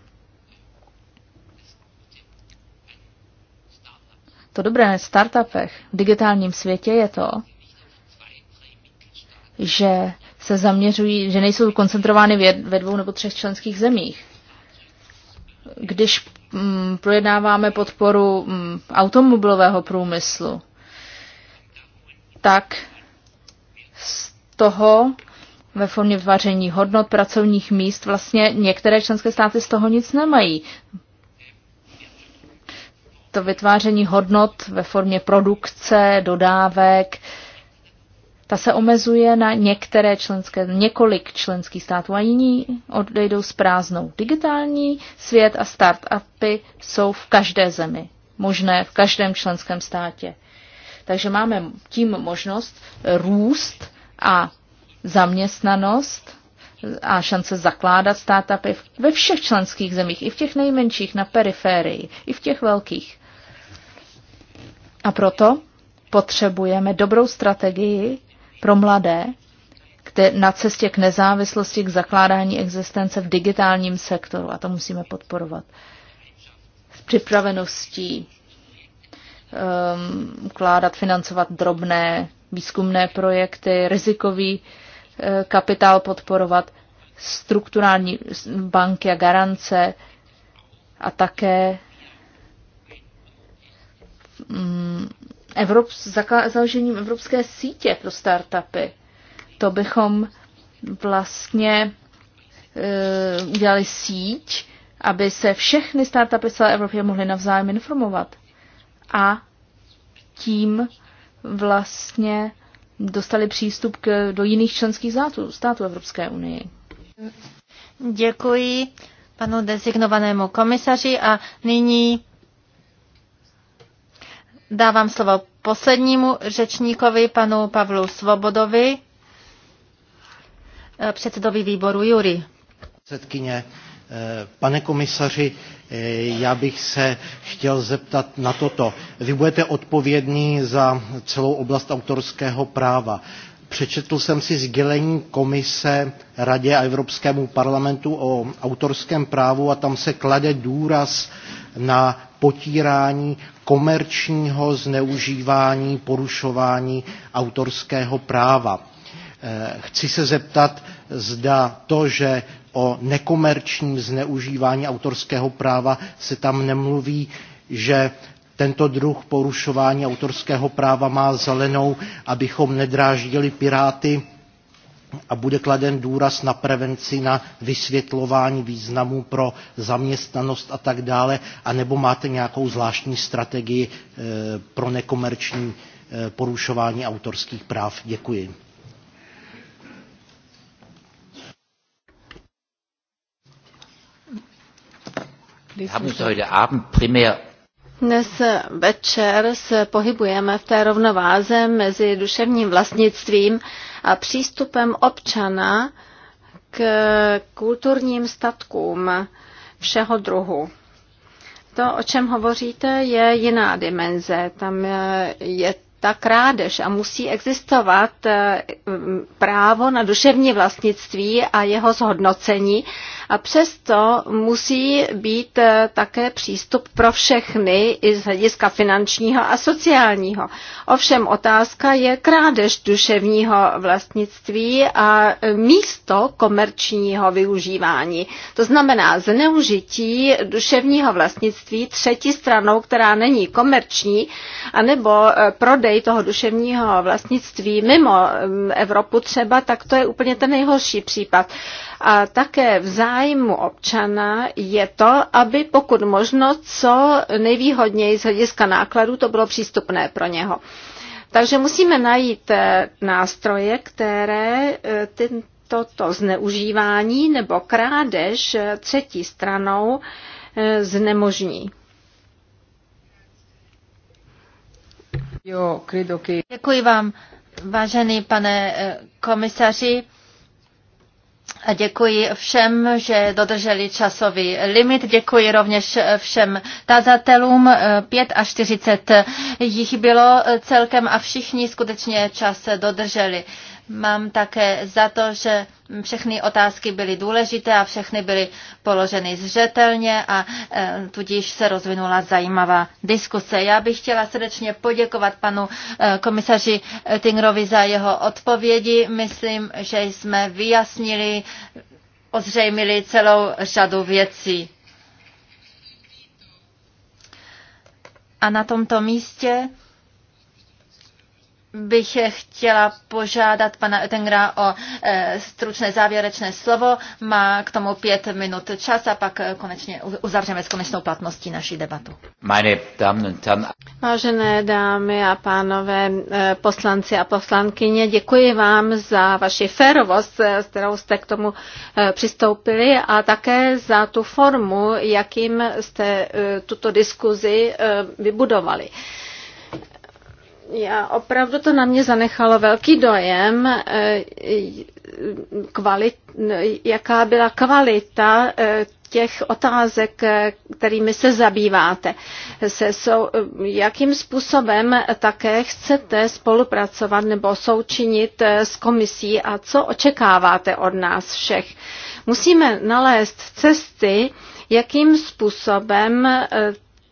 to dobré na startupech v digitálním světě je to, že se zaměřují, že nejsou koncentrovány ve dvou nebo třech členských zemích když mm, projednáváme podporu mm, automobilového průmyslu, tak z toho ve formě vytváření hodnot pracovních míst vlastně některé členské státy z toho nic nemají. To vytváření hodnot ve formě produkce, dodávek, ta se omezuje na některé členské, několik členských států a jiní odejdou s prázdnou. Digitální svět a startupy jsou v každé zemi, možné v každém členském státě. Takže máme tím možnost růst a zaměstnanost a šance zakládat startupy ve všech členských zemích, i v těch nejmenších, na periférii, i v těch velkých. A proto potřebujeme dobrou strategii, pro mladé na cestě k nezávislosti, k zakládání existence v digitálním sektoru a to musíme podporovat. S připraveností um, ukládat, financovat drobné výzkumné projekty, rizikový uh, kapitál podporovat, strukturální banky a garance a také mm, Evrop, založením evropské sítě pro startupy. To bychom vlastně e, udělali síť, aby se všechny startupy celé Evropy mohly navzájem informovat. A tím vlastně dostali přístup k, do jiných členských států, států Evropské unie. Děkuji panu designovanému komisaři a nyní dávám slovo poslednímu řečníkovi, panu Pavlu Svobodovi, eh, předsedovi výboru Jury. Předsedkyně, eh, pane komisaři, eh, já bych se chtěl zeptat na toto. Vy budete odpovědný za celou oblast autorského práva Přečetl jsem si sdělení komise Radě a Evropskému parlamentu o autorském právu a tam se klade důraz na potírání komerčního zneužívání, porušování autorského práva. Eh, chci se zeptat, zda to, že o nekomerčním zneužívání autorského práva se tam nemluví, že tento druh porušování autorského práva má zelenou, abychom nedráždili piráty a bude kladen důraz na prevenci, na vysvětlování významu pro zaměstnanost a tak dále, anebo máte nějakou zvláštní strategii eh, pro nekomerční eh, porušování autorských práv. Děkuji. Wir haben uns heute Abend primär dnes večer se pohybujeme v té rovnováze mezi duševním vlastnictvím a přístupem občana k kulturním statkům všeho druhu. To, o čem hovoříte, je jiná dimenze. Tam je ta krádež a musí existovat eh, právo na duševní vlastnictví a jeho zhodnocení a přesto musí být eh, také přístup pro všechny i z hlediska finančního a sociálního. Ovšem otázka je krádež duševního vlastnictví a místo komerčního využívání. To znamená zneužití duševního vlastnictví třetí stranou, která není komerční, anebo eh, prodej prodeji toho duševního vlastnictví mimo mm, Evropu třeba, tak to je úplně ten nejhorší případ. A také v zájmu občana je to, aby pokud možno co nejvýhodněji z hlediska nákladů to bylo přístupné pro něho. Takže musíme najít eh, nástroje, které eh, toto zneužívání nebo krádež eh, třetí stranou znemožní. Děkuji vám, vážený pane eh, komisaři. A děkuji všem, že dodrželi časový limit. Děkuji rovněž eh, všem tazatelům. 5 eh, a 40 jich bylo celkem a všichni skutečně čas dodrželi. Mám také za to, že všechny otázky byly důležité a všechny byly položeny zřetelně a e, tudíž se rozvinula zajímavá diskuse. Já bych chtěla srdečně poděkovat panu e, komisaři Tingrovi za jeho odpovědi. Myslím, že jsme vyjasnili, ozřejmili celou řadu věcí. A na tomto místě bych chtěla požádat pana Oettingera o eh, stručné závěrečné slovo. Má k tomu pět minut čas a pak konečně uzavřeme s konečnou platností naší debatu. Vážené dámy a pánové, eh, poslanci a poslankyně, děkuji vám za vaši férovost, eh, s kterou jste k tomu přistoupili a také za tu formu, jakým jste tuto diskuzi vybudovali. Já opravdu to na mě zanechalo velký dojem, eh, kvalit, jaká byla kvalita eh, těch otázek, eh, kterými se zabýváte. Se sou, jakým způsobem také chcete spolupracovat nebo součinit s komisí a co očekáváte od nás všech? Musíme nalézt cesty, jakým způsobem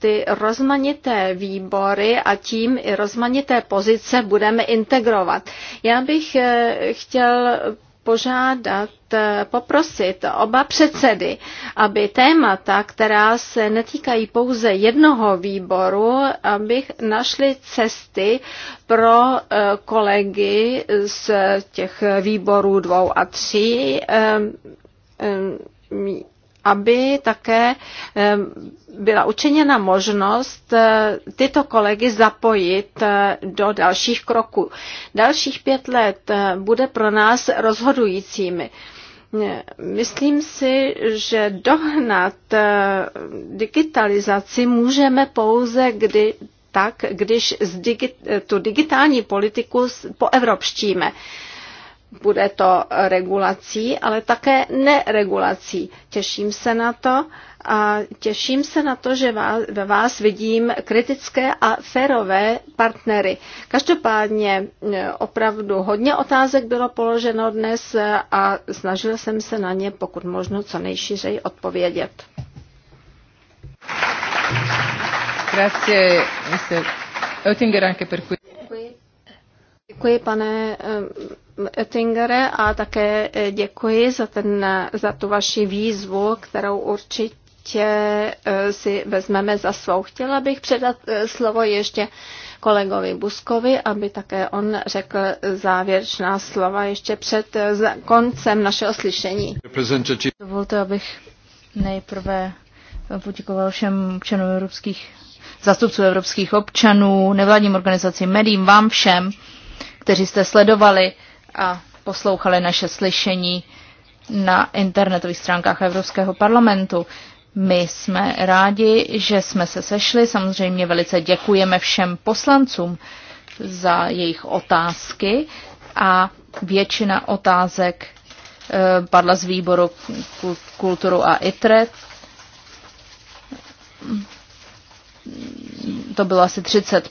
ty rozmanité výbory a tím i rozmanité pozice budeme integrovat. Já bych eh, chtěl požádat, eh, poprosit oba předsedy, aby témata, která se netýkají pouze jednoho výboru, abych našli cesty pro eh, kolegy z těch výborů dvou a tří aby také byla učiněna možnost eh, tyto kolegy zapojit eh, do dalších kroků. Dalších pět let eh, bude pro nás rozhodujícími. Myslím si, že dohnat digitalizaci můžeme pouze, kdy tak, když tu digitální politiku poevropštíme. evropštíme bude to regulací, ale také neregulací. Těším se na to a těším se na to, že vás, ve vás vidím kritické a férové partnery. Každopádně eh, opravdu hodně otázek bylo položeno dnes a snažil jsem se na ně pokud možno co nejšířej odpovědět. Grazie, Oettinger, anche per Děkuji, pane eh, Oettingere, a také eh, děkuji za, ten, eh, za tu vaši výzvu, kterou určitě si vezmeme za svou. Chtěla bych předat slovo ještě kolegovi Buskovi, aby také on řekl závěrečná slova ještě před koncem našeho slyšení. Dovolte, abych nejprve poděkoval všem občanům evropských, zastupců evropských občanů, nevládním organizacím, médiím, vám všem kteří jste sledovali a poslouchali naše slyšení na internetových stránkách Evropského parlamentu. My jsme rádi, že jsme se sešli. Samozřejmě velice děkujeme všem poslancům za jejich otázky a většina otázek eh, padla z výboru kulturu a ITRE. To bylo asi 30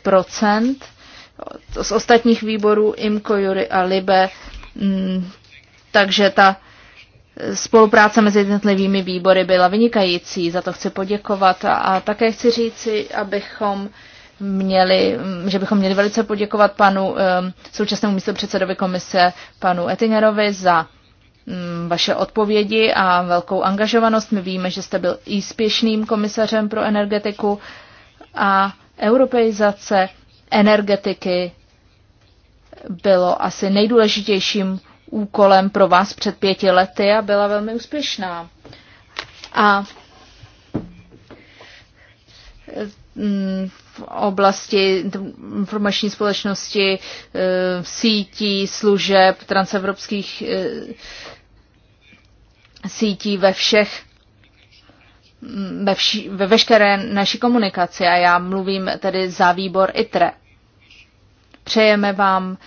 z ostatních výborů Imko, Jury a Libe, mm, takže ta spolupráce mezi jednotlivými výbory byla vynikající, za to chci poděkovat a, a také chci říci, abychom měli, mm, že bychom měli velice poděkovat panu současnému místopředsedovi komise, panu Ettingerovi, za mm, vaše odpovědi a velkou angažovanost. My víme, že jste byl i spěšným komisařem pro energetiku a europeizace energetiky bylo asi nejdůležitějším úkolem pro vás před pěti lety a byla velmi úspěšná. A mm, v oblasti informační společnosti, e, sítí, služeb, transevropských e, sítí ve všech mm, ve, vši, ve veškeré naší komunikaci a já mluvím tedy za výbor ITRE. Přejeme vám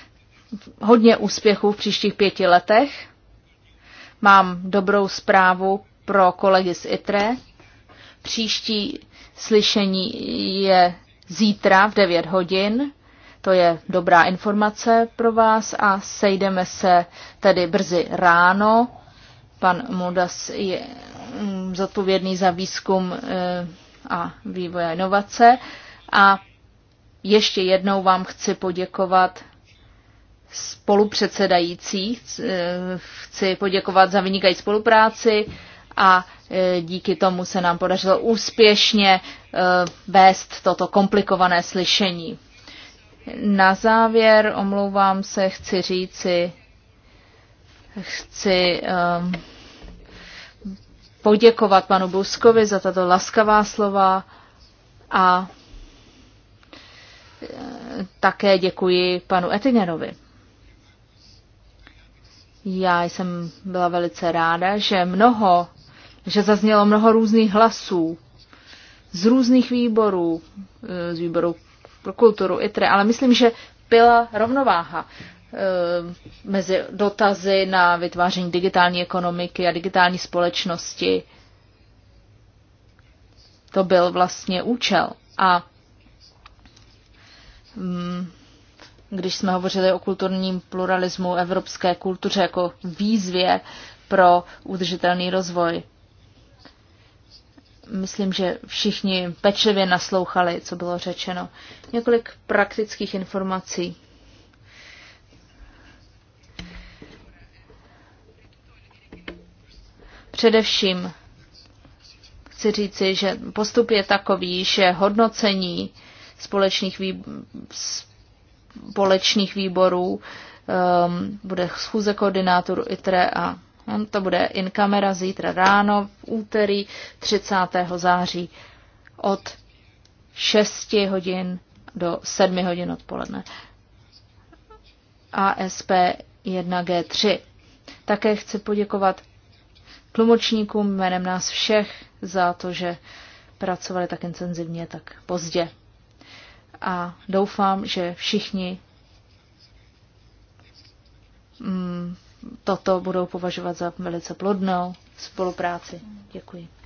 hodně úspěchů v příštích pěti letech. Mám dobrou zprávu pro kolegy z ITRE. Příští slyšení je zítra v 9 hodin. To je dobrá informace pro vás a sejdeme se tedy brzy ráno. Pan Mudas je mm, zodpovědný za výzkum eh, a vývoj a inovace a ještě jednou vám chci poděkovat spolupředsedající, chci eh, poděkovat za vynikající spolupráci a eh, díky tomu se nám podařilo úspěšně eh, vést toto komplikované slyšení. Na závěr, omlouvám se, chci říci, chci um, poděkovat panu Buskovi za tato laskavá slova a také děkuji panu Etinerovi. Já jsem byla velice ráda, že mnoho, že zaznělo mnoho různých hlasů z různých výborů, z výboru pro kulturu, ITRE, ale myslím, že byla rovnováha eh, mezi dotazy na vytváření digitální ekonomiky a digitální společnosti. To byl vlastně účel. A Mm, když jsme hovořili o kulturním pluralismu, evropské kultuře jako výzvě pro udržitelný rozvoj. Myslím, že všichni pečlivě naslouchali, co bylo řečeno. Několik praktických informací. Především chci říci, že postup je takový, že hodnocení společných, vý, společných výborů. Um, bude schůze koordinátoru ITRE a on no, to bude in kamera zítra ráno v úterý 30. září od 6 hodin do 7 hodin odpoledne. ASP 1G3. Také chci poděkovat tlumočníkům jménem nás všech za to, že pracovali tak intenzivně, tak pozdě a doufám, že všichni mm, toto budou považovat za velice plodnou spolupráci. Děkuji.